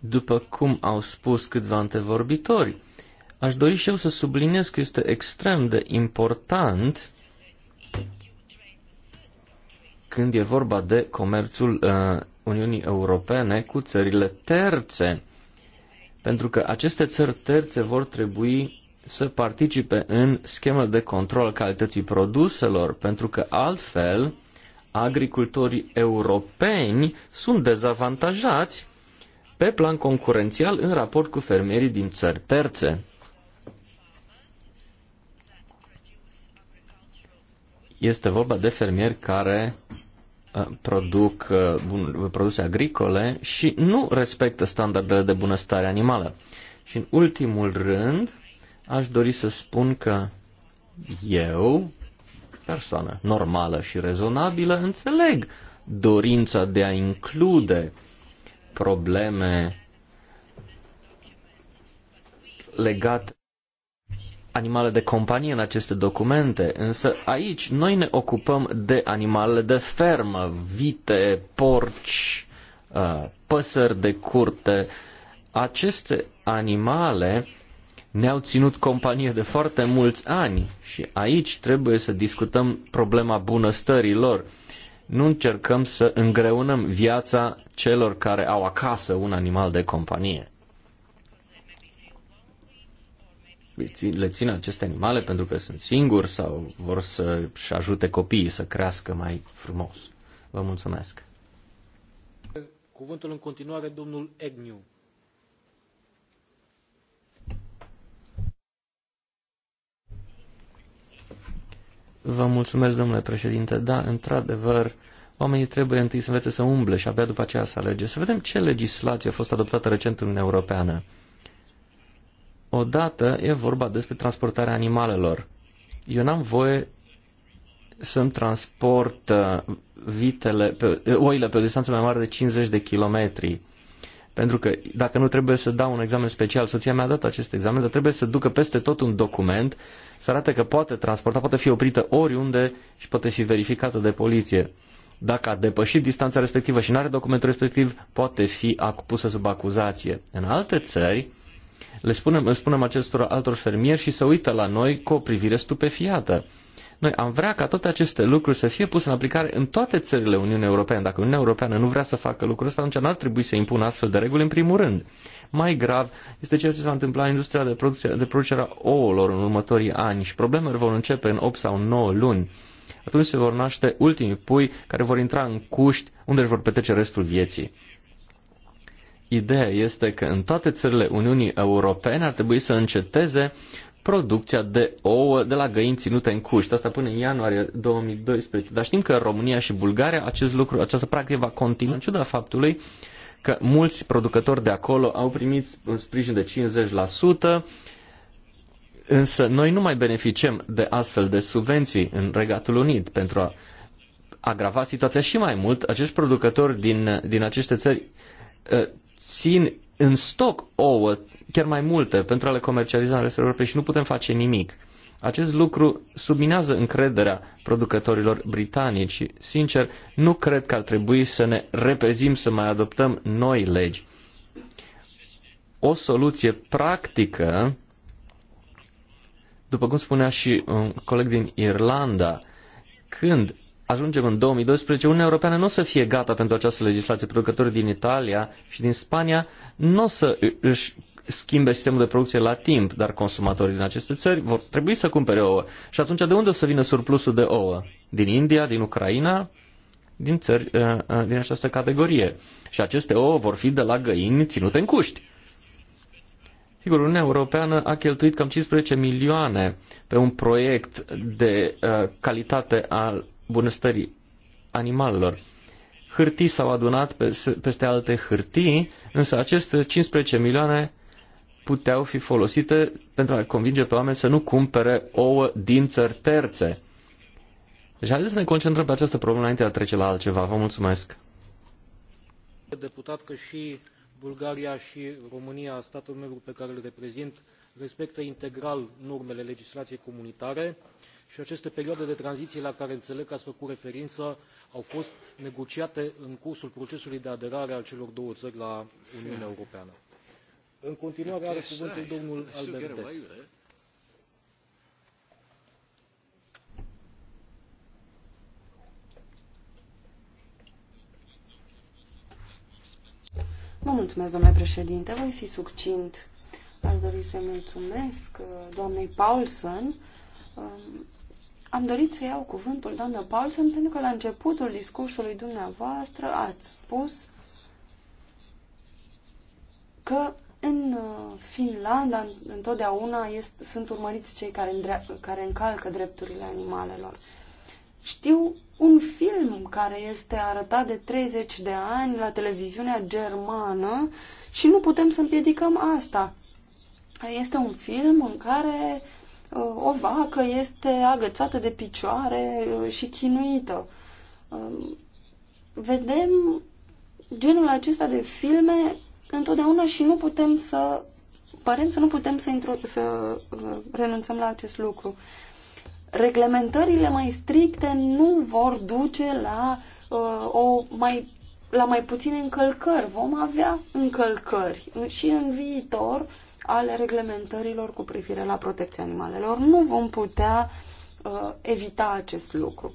după cum au spus câțiva antevorbitori. Aș dori și eu să subliniez că este extrem de important când e vorba de comerțul uh, Uniunii Europene cu țările terțe, pentru că aceste țări terțe vor trebui să participe în schemă de control al calității produselor, pentru că altfel agricultorii europeni sunt dezavantajați pe plan concurențial în raport cu fermierii din țări terțe. Este vorba de fermieri care uh, produc uh, bun, produse agricole și nu respectă standardele de bunăstare animală. Și în ultimul rând, aș dori să spun că eu, persoană normală și rezonabilă, înțeleg dorința de a include uh, probleme legate animale de companie în aceste documente, însă aici noi ne ocupăm de animalele de fermă, vite, porci, uh, păsări de curte. Aceste animale ne-au ținut companie de foarte mulți ani și aici trebuie să discutăm problema bunăstării lor nu încercăm să îngreunăm viața celor care au acasă un animal de companie. Le țin aceste animale pentru că sunt singuri sau vor să-și ajute copiii să crească mai frumos. Vă mulțumesc. Cuvântul în continuare, domnul Egniu. Vă mulțumesc, domnule președinte. Da, într-adevăr, oamenii trebuie întâi să învețe să umble și abia după aceea să alege. Să vedem ce legislație a fost adoptată recent în Uniunea Europeană. Odată e vorba despre transportarea animalelor. Eu n-am voie să-mi transport uh, vitele, pe, uh, oile pe o distanță mai mare de 50 de kilometri. Pentru că dacă nu trebuie să dau un examen special, soția mea a dat acest examen, dar trebuie să ducă peste tot un document să arate că poate transporta, poate fi oprită oriunde și poate fi verificată de poliție. Dacă a depășit distanța respectivă și nu are documentul respectiv, poate fi pusă sub acuzație. În alte țări, le spunem, le spunem acestor altor fermieri și să uită la noi cu o privire stupefiată. Noi am vrea ca toate aceste lucruri să fie puse în aplicare în toate țările Uniunii Europene. Dacă Uniunea Europeană nu vrea să facă lucrul ăsta, atunci n-ar trebui să impună astfel de reguli în primul rând. Mai grav este ceea ce s-a întâmplat în industria de de producere a ouălor în următorii ani și problemele vor începe în 8 sau 9 luni. Atunci se vor naște ultimii pui care vor intra în cuști unde își vor petrece restul vieții. Ideea este că în toate țările Uniunii Europene ar trebui să înceteze producția de ouă de la găini ținute în cuști. Asta până în ianuarie 2012. Dar știm că în România și Bulgaria acest lucru, această practică va continua în ciuda faptului că mulți producători de acolo au primit un sprijin de 50%, însă noi nu mai beneficiem de astfel de subvenții în Regatul Unit pentru a agrava situația și mai mult. Acești producători din, din aceste țări ă, țin în stoc ouă chiar mai multe pentru a le comercializa în restul Europei și nu putem face nimic. Acest lucru subminează încrederea producătorilor britanici și, sincer, nu cred că ar trebui să ne repezim să mai adoptăm noi legi. O soluție practică, după cum spunea și un coleg din Irlanda, când ajungem în 2012, Uniunea Europeană nu o să fie gata pentru această legislație. Producătorii din Italia și din Spania nu o să își schimbe sistemul de producție la timp, dar consumatorii din aceste țări vor trebui să cumpere ouă. Și atunci de unde o să vină surplusul de ouă? Din India, din Ucraina, din țări uh, uh, din această categorie. Și aceste ouă vor fi de la găini ținute în cuști. Sigur, Uniunea Europeană a cheltuit cam 15 milioane pe un proiect de uh, calitate al bunăstării animalelor hârtii s-au adunat peste alte hârtii, însă aceste 15 milioane puteau fi folosite pentru a convinge pe oameni să nu cumpere ouă din țări terțe. Deci haideți să ne concentrăm pe această problemă înainte de a trece la altceva. Vă mulțumesc. Deputat că și Bulgaria și România, statul membru pe care îl reprezint, respectă integral normele legislației comunitare. Uh, și aceste perioade de tranziție la care înțeleg că ați făcut referință au fost negociate în cursul procesului de aderare al celor două țări la Uniunea Europeană. În continuare are cuvântul domnul Albertes. Eh? Vă mulțumesc, domnule președinte. Voi fi succint. Aș dori să mulțumesc eh, doamnei Paulson am dorit să iau cuvântul, doamnă Paulson, pentru că la începutul discursului dumneavoastră ați spus că în uh, Finlanda întotdeauna este, sunt urmăriți cei care, îndrea, care încalcă drepturile animalelor. Știu un film care este arătat de 30 de ani la televiziunea germană și nu putem să împiedicăm asta. Este un film în care Uh, o vacă este agățată de picioare uh, și chinuită. Um, vedem genul acesta de filme întotdeauna și nu putem să părem să nu putem să, intru, să uh, renunțăm la acest lucru. Reglementările mai stricte nu vor duce la uh, o mai la mai puține încălcări. Vom avea încălcări și în viitor uh, ale reglementărilor cu privire la protecția animalelor. Nu vom putea uh, evita acest lucru.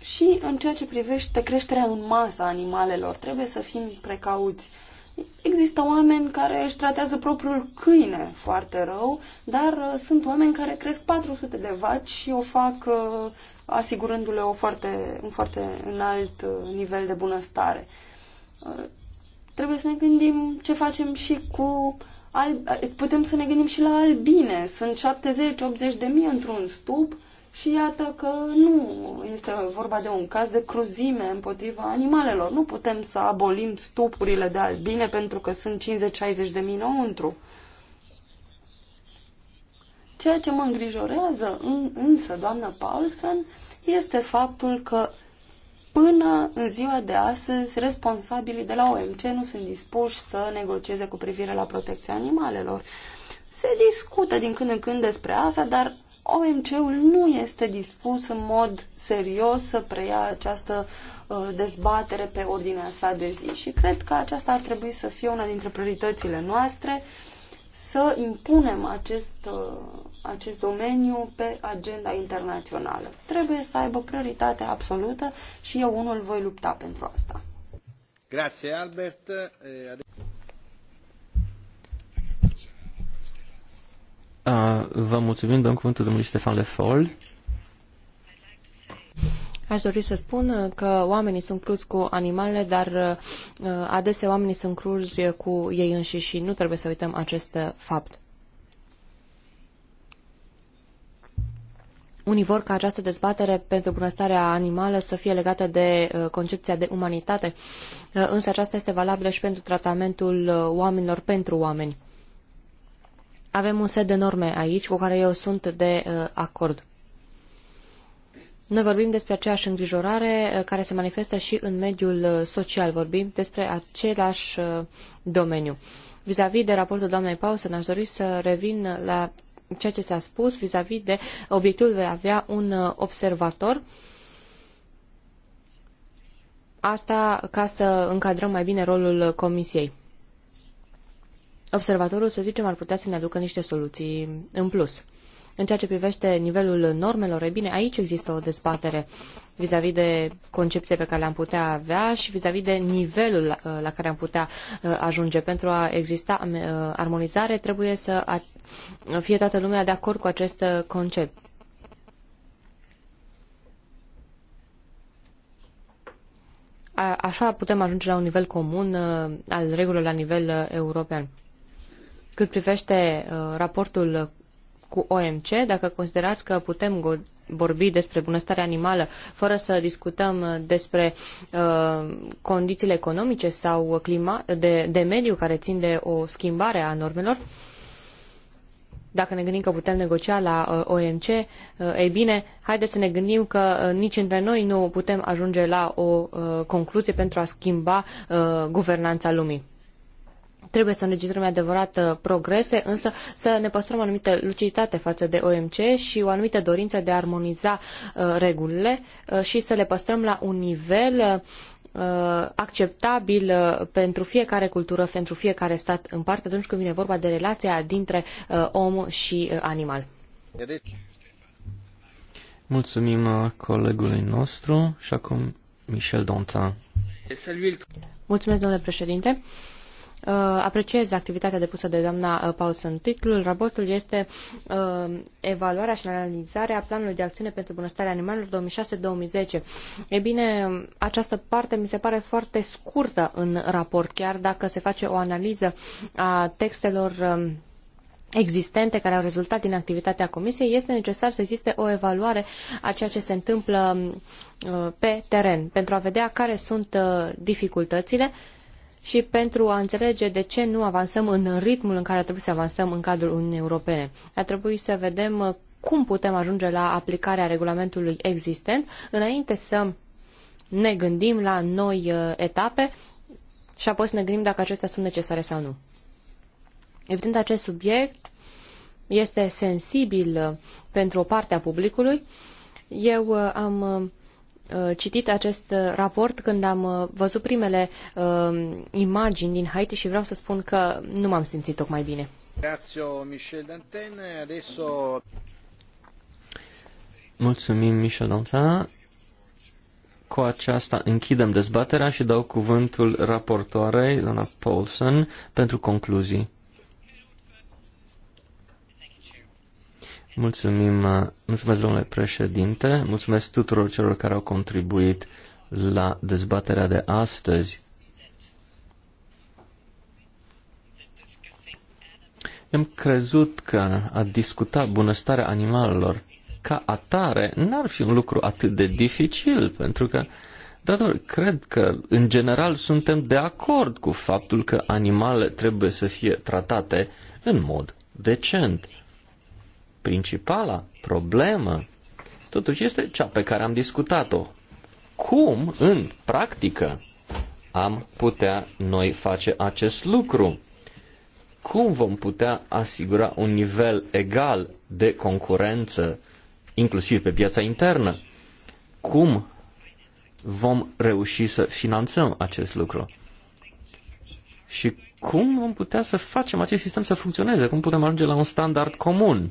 Și în ceea ce privește creșterea în masă a animalelor, trebuie să fim precauți. Există oameni care își tratează propriul câine foarte rău, dar uh, sunt oameni care cresc 400 de vaci și o fac uh, asigurându-le o foarte, un foarte înalt uh, nivel de bunăstare. Uh, Trebuie să ne gândim ce facem și cu putem să ne gândim și la albine. Sunt 70-80 de mii într-un stup și iată că nu este vorba de un caz de cruzime împotriva animalelor. Nu putem să abolim stupurile de albine pentru că sunt 50-60 de mii înăuntru. Ceea ce mă îngrijorează însă, doamnă Paulsen, este faptul că Până în ziua de astăzi, responsabilii de la OMC nu sunt dispuși să negocieze cu privire la protecția animalelor. Se discută din când în când despre asta, dar OMC-ul nu este dispus în mod serios să preia această uh, dezbatere pe ordinea sa de zi și cred că aceasta ar trebui să fie una dintre prioritățile noastre uh, să impunem acest, uh, acest domeniu pe agenda internațională. Trebuie să aibă prioritate absolută și eu unul voi lupta pentru asta. Grazie, Albert. vă mulțumim, domnul cuvântul domnului Stefan Lefol. Aș dori să spun uh, că oamenii sunt cruzi cu animale, dar uh, uh, adesea oamenii sunt cruzi cu ei înșiși și nu trebuie să uităm acest fapt. Unii vor ca această dezbatere pentru bunăstarea animală să fie legată de concepția de umanitate, însă aceasta este valabilă și pentru tratamentul oamenilor pentru oameni. Avem un set de norme aici cu care eu sunt de acord. Noi vorbim despre aceeași îngrijorare uh, care se manifestă și în mediul uh, social. Vorbim despre același uh, domeniu. Vis-a-vis -vis de raportul doamnei Pausen, aș dori să revin la ceea ce s-a spus vis-a-vis -vis de obiectul de a avea un observator. Asta ca să încadrăm mai bine rolul comisiei. Observatorul, să zicem, ar putea să ne aducă niște soluții în plus. În ceea ce privește nivelul normelor, e bine, aici există o dezbatere vis-a-vis -vis de concepție pe care le-am putea avea și vis-a-vis -vis de nivelul la, uh, la care am putea uh, ajunge. Pentru a exista uh, armonizare, trebuie să fie toată lumea de acord cu acest concept. așa putem ajunge la un nivel comun al regulilor la nivel european. Cât privește raportul cu OMC, dacă considerați că putem vorbi despre bunăstare animală fără să discutăm despre uh, condițiile economice sau clima, de, de mediu care țin de o schimbare a normelor, dacă ne gândim că putem negocia la uh, OMC, uh, ei bine, haideți să ne gândim că uh, nici între noi nu putem ajunge la o uh, concluzie pentru a schimba uh, guvernanța lumii. Trebuie să înregistrăm adevărat uh, progrese, însă să ne păstrăm o anumită luciditate față de OMC și o anumită dorință de a armoniza uh, regulile uh, și să le păstrăm la un nivel uh, acceptabil uh, pentru fiecare cultură, pentru fiecare stat în parte atunci când vine vorba de relația dintre uh, om și animal. Mulțumim colegului nostru și acum Michel Dontan. Mulțumesc, domnule președinte. Uh, apreciez activitatea depusă de doamna uh, Paulson. Titlul raportul este uh, Evaluarea și analizarea planului de acțiune pentru bunăstarea animalelor 2006-2010. E bine, această parte mi se pare foarte scurtă în raport, chiar dacă se face o analiză a textelor um, existente care au rezultat din activitatea comisiei, este necesar să existe o evaluare a ceea ce se întâmplă pe teren pentru a vedea care sunt dificultățile uh, și pentru a înțelege de ce nu avansăm în ritmul în care trebuie să avansăm în cadrul Uniunii Europene. A trebuit să vedem uh, cum putem ajunge la aplicarea regulamentului existent înainte să ne gândim la noi uh, etape și apoi să ne gândim dacă acestea sunt necesare sau nu. Evident, acest subiect este sensibil uh, pentru o parte a publicului. Eu am Uh, citit acest uh, raport când am uh, văzut primele imagini din Haiti și vreau să spun că nu m-am simțit tocmai bine. Mulțumim, Michel Dantin. Cu aceasta închidem dezbaterea și dau cuvântul raportoarei, doamna Paulson, pentru concluzii. Mulțumim, uh, mulțumesc, domnule președinte, mulțumesc tuturor celor care au contribuit la dezbaterea de astăzi. Am crezut că a discuta bunăstarea animalelor ca atare n-ar fi un lucru atât de dificil, pentru că, dator, cred că, în general, suntem de acord cu faptul că animalele trebuie să fie tratate în mod decent. Principala problemă, totuși, este cea pe care am discutat-o. Cum, în practică, am putea noi face acest lucru? Cum vom putea asigura un nivel egal de concurență, inclusiv pe piața internă? Cum vom reuși să finanțăm acest lucru? Și cum vom putea să facem acest sistem să funcționeze? Cum putem ajunge la un standard comun?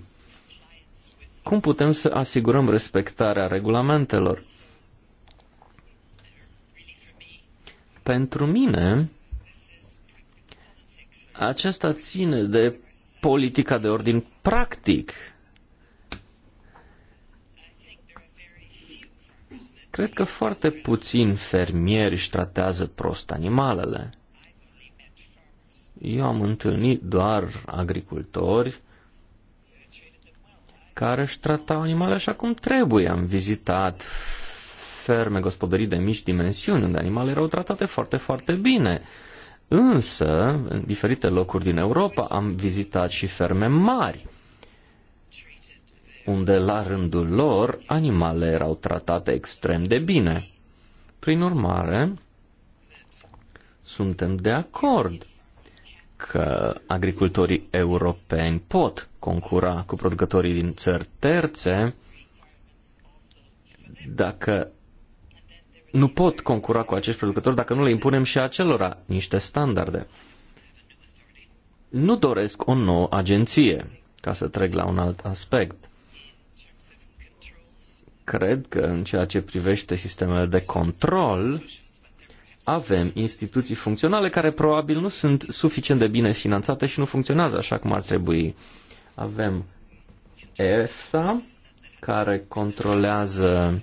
cum putem să asigurăm respectarea regulamentelor? Pentru mine, aceasta ține de politica de ordin practic. Cred că foarte puțin fermieri își tratează prost animalele. Eu am întâlnit doar agricultori care își tratau animale așa cum trebuie. Am vizitat ferme, gospodării de mici dimensiuni, unde animalele erau tratate foarte, foarte bine. Însă, în diferite locuri din Europa, am vizitat și ferme mari, unde, la rândul lor, animalele erau tratate extrem de bine. Prin urmare, suntem de acord că agricultorii europeni pot concura cu producătorii din țări terțe dacă nu pot concura cu acești producători dacă nu le impunem și acelora niște standarde. Nu doresc o nouă agenție, ca să trec la un alt aspect. Cred că în ceea ce privește sistemele de control, avem instituții funcționale care probabil nu sunt suficient de bine finanțate și nu funcționează așa cum ar trebui. Avem EFSA, care controlează,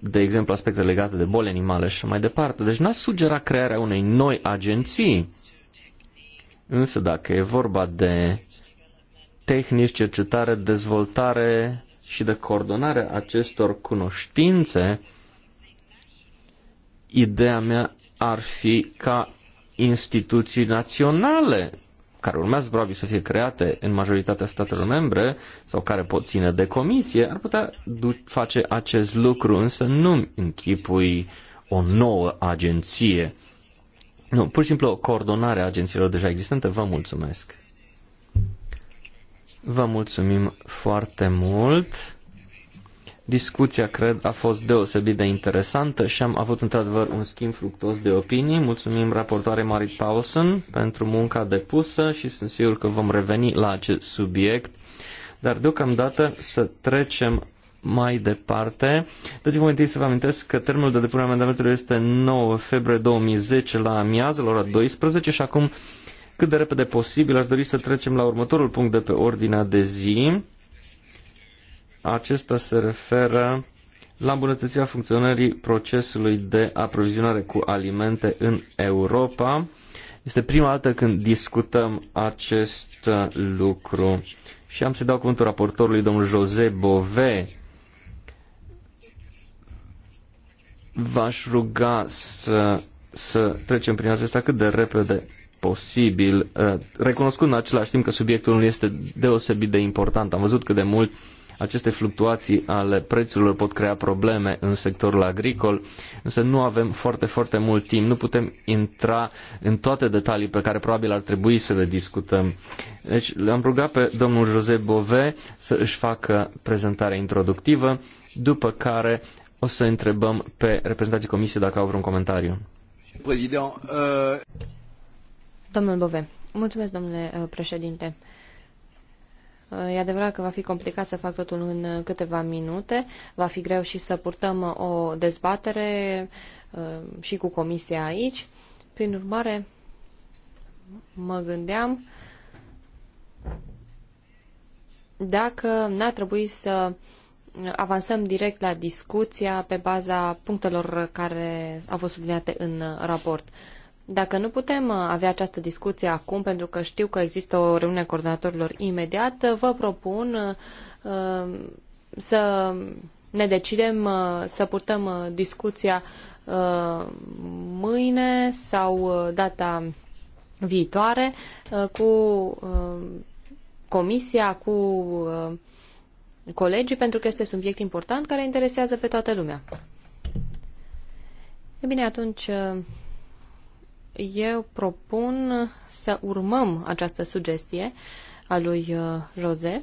de exemplu, aspecte legate de boli animale și mai departe. Deci n-a sugera crearea unei noi agenții, însă dacă e vorba de tehnici, cercetare, dezvoltare și de coordonare acestor cunoștințe, Ideea mea ar fi ca instituții naționale care urmează probabil să fie create în majoritatea statelor membre sau care pot ține de comisie, ar putea face acest lucru, însă nu închipui o nouă agenție. Nu, pur și simplu o coordonare a agențiilor deja existente. Vă mulțumesc! Vă mulțumim foarte mult! Discuția, cred, a fost deosebit de interesantă și am avut într-adevăr un schimb fructos de opinii. Mulțumim raportoare Marit Paulsen pentru munca depusă și sunt sigur că vom reveni la acest subiect. Dar deocamdată să trecem mai departe. Dați-vă întâi să vă amintesc că termenul de depunere a amendamentului este 9 februarie 2010 la amiază, la ora 12 și acum cât de repede posibil aș dori să trecem la următorul punct de pe ordinea de zi acesta se referă la îmbunătățirea funcționării procesului de aprovizionare cu alimente în Europa. Este prima dată când discutăm acest uh, lucru și am să dau cuvântul raportorului domnul Jose Bove. V-aș ruga să, să trecem prin acesta cât de repede posibil, uh, recunoscând în același timp că subiectul nu este deosebit de important. Am văzut cât de mult uh, aceste fluctuații ale prețurilor pot crea probleme în sectorul agricol, însă nu avem foarte, foarte mult timp. Nu putem intra în toate detalii pe care probabil ar trebui să le discutăm. Deci l-am rugat pe domnul Jose Bove să își facă prezentarea introductivă, după care o să întrebăm pe reprezentanții comisiei dacă au vreun comentariu. uh... Domnul Bove, mulțumesc, domnule uh, președinte. E adevărat că va fi complicat să fac totul în câteva minute, va fi greu și să purtăm o dezbatere uh, și cu comisia aici. Prin urmare, mă gândeam dacă n-ar trebui să avansăm direct la discuția pe baza punctelor care au fost subliniate în raport. Dacă nu putem uh, avea această discuție acum, pentru că știu că există o reuniune coordonatorilor imediat, uh, vă propun uh, să ne decidem să purtăm discuția mâine sau data viitoare cu comisia, cu colegii, pentru că este subiect important care interesează pe toată lumea. E bine, atunci eu propun să urmăm această sugestie a lui uh, Jose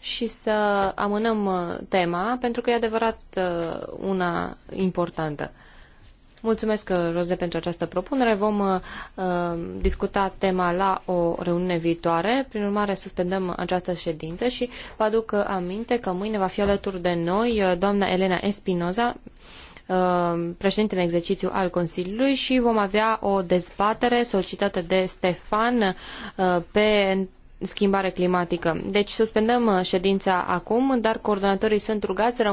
și să amânăm uh, tema, pentru că e adevărat uh, una importantă. Mulțumesc, Roze, pentru această propunere. Vom uh, discuta tema la o reuniune viitoare. Prin urmare, suspendăm această ședință și vă aduc aminte că mâine va fi alături de noi doamna Elena Espinoza, Uh, președinte în exercițiu al Consiliului și vom avea o dezbatere solicitată de Stefan uh, pe schimbare climatică. Deci suspendăm uh, ședința acum, dar coordonatorii sunt rugați să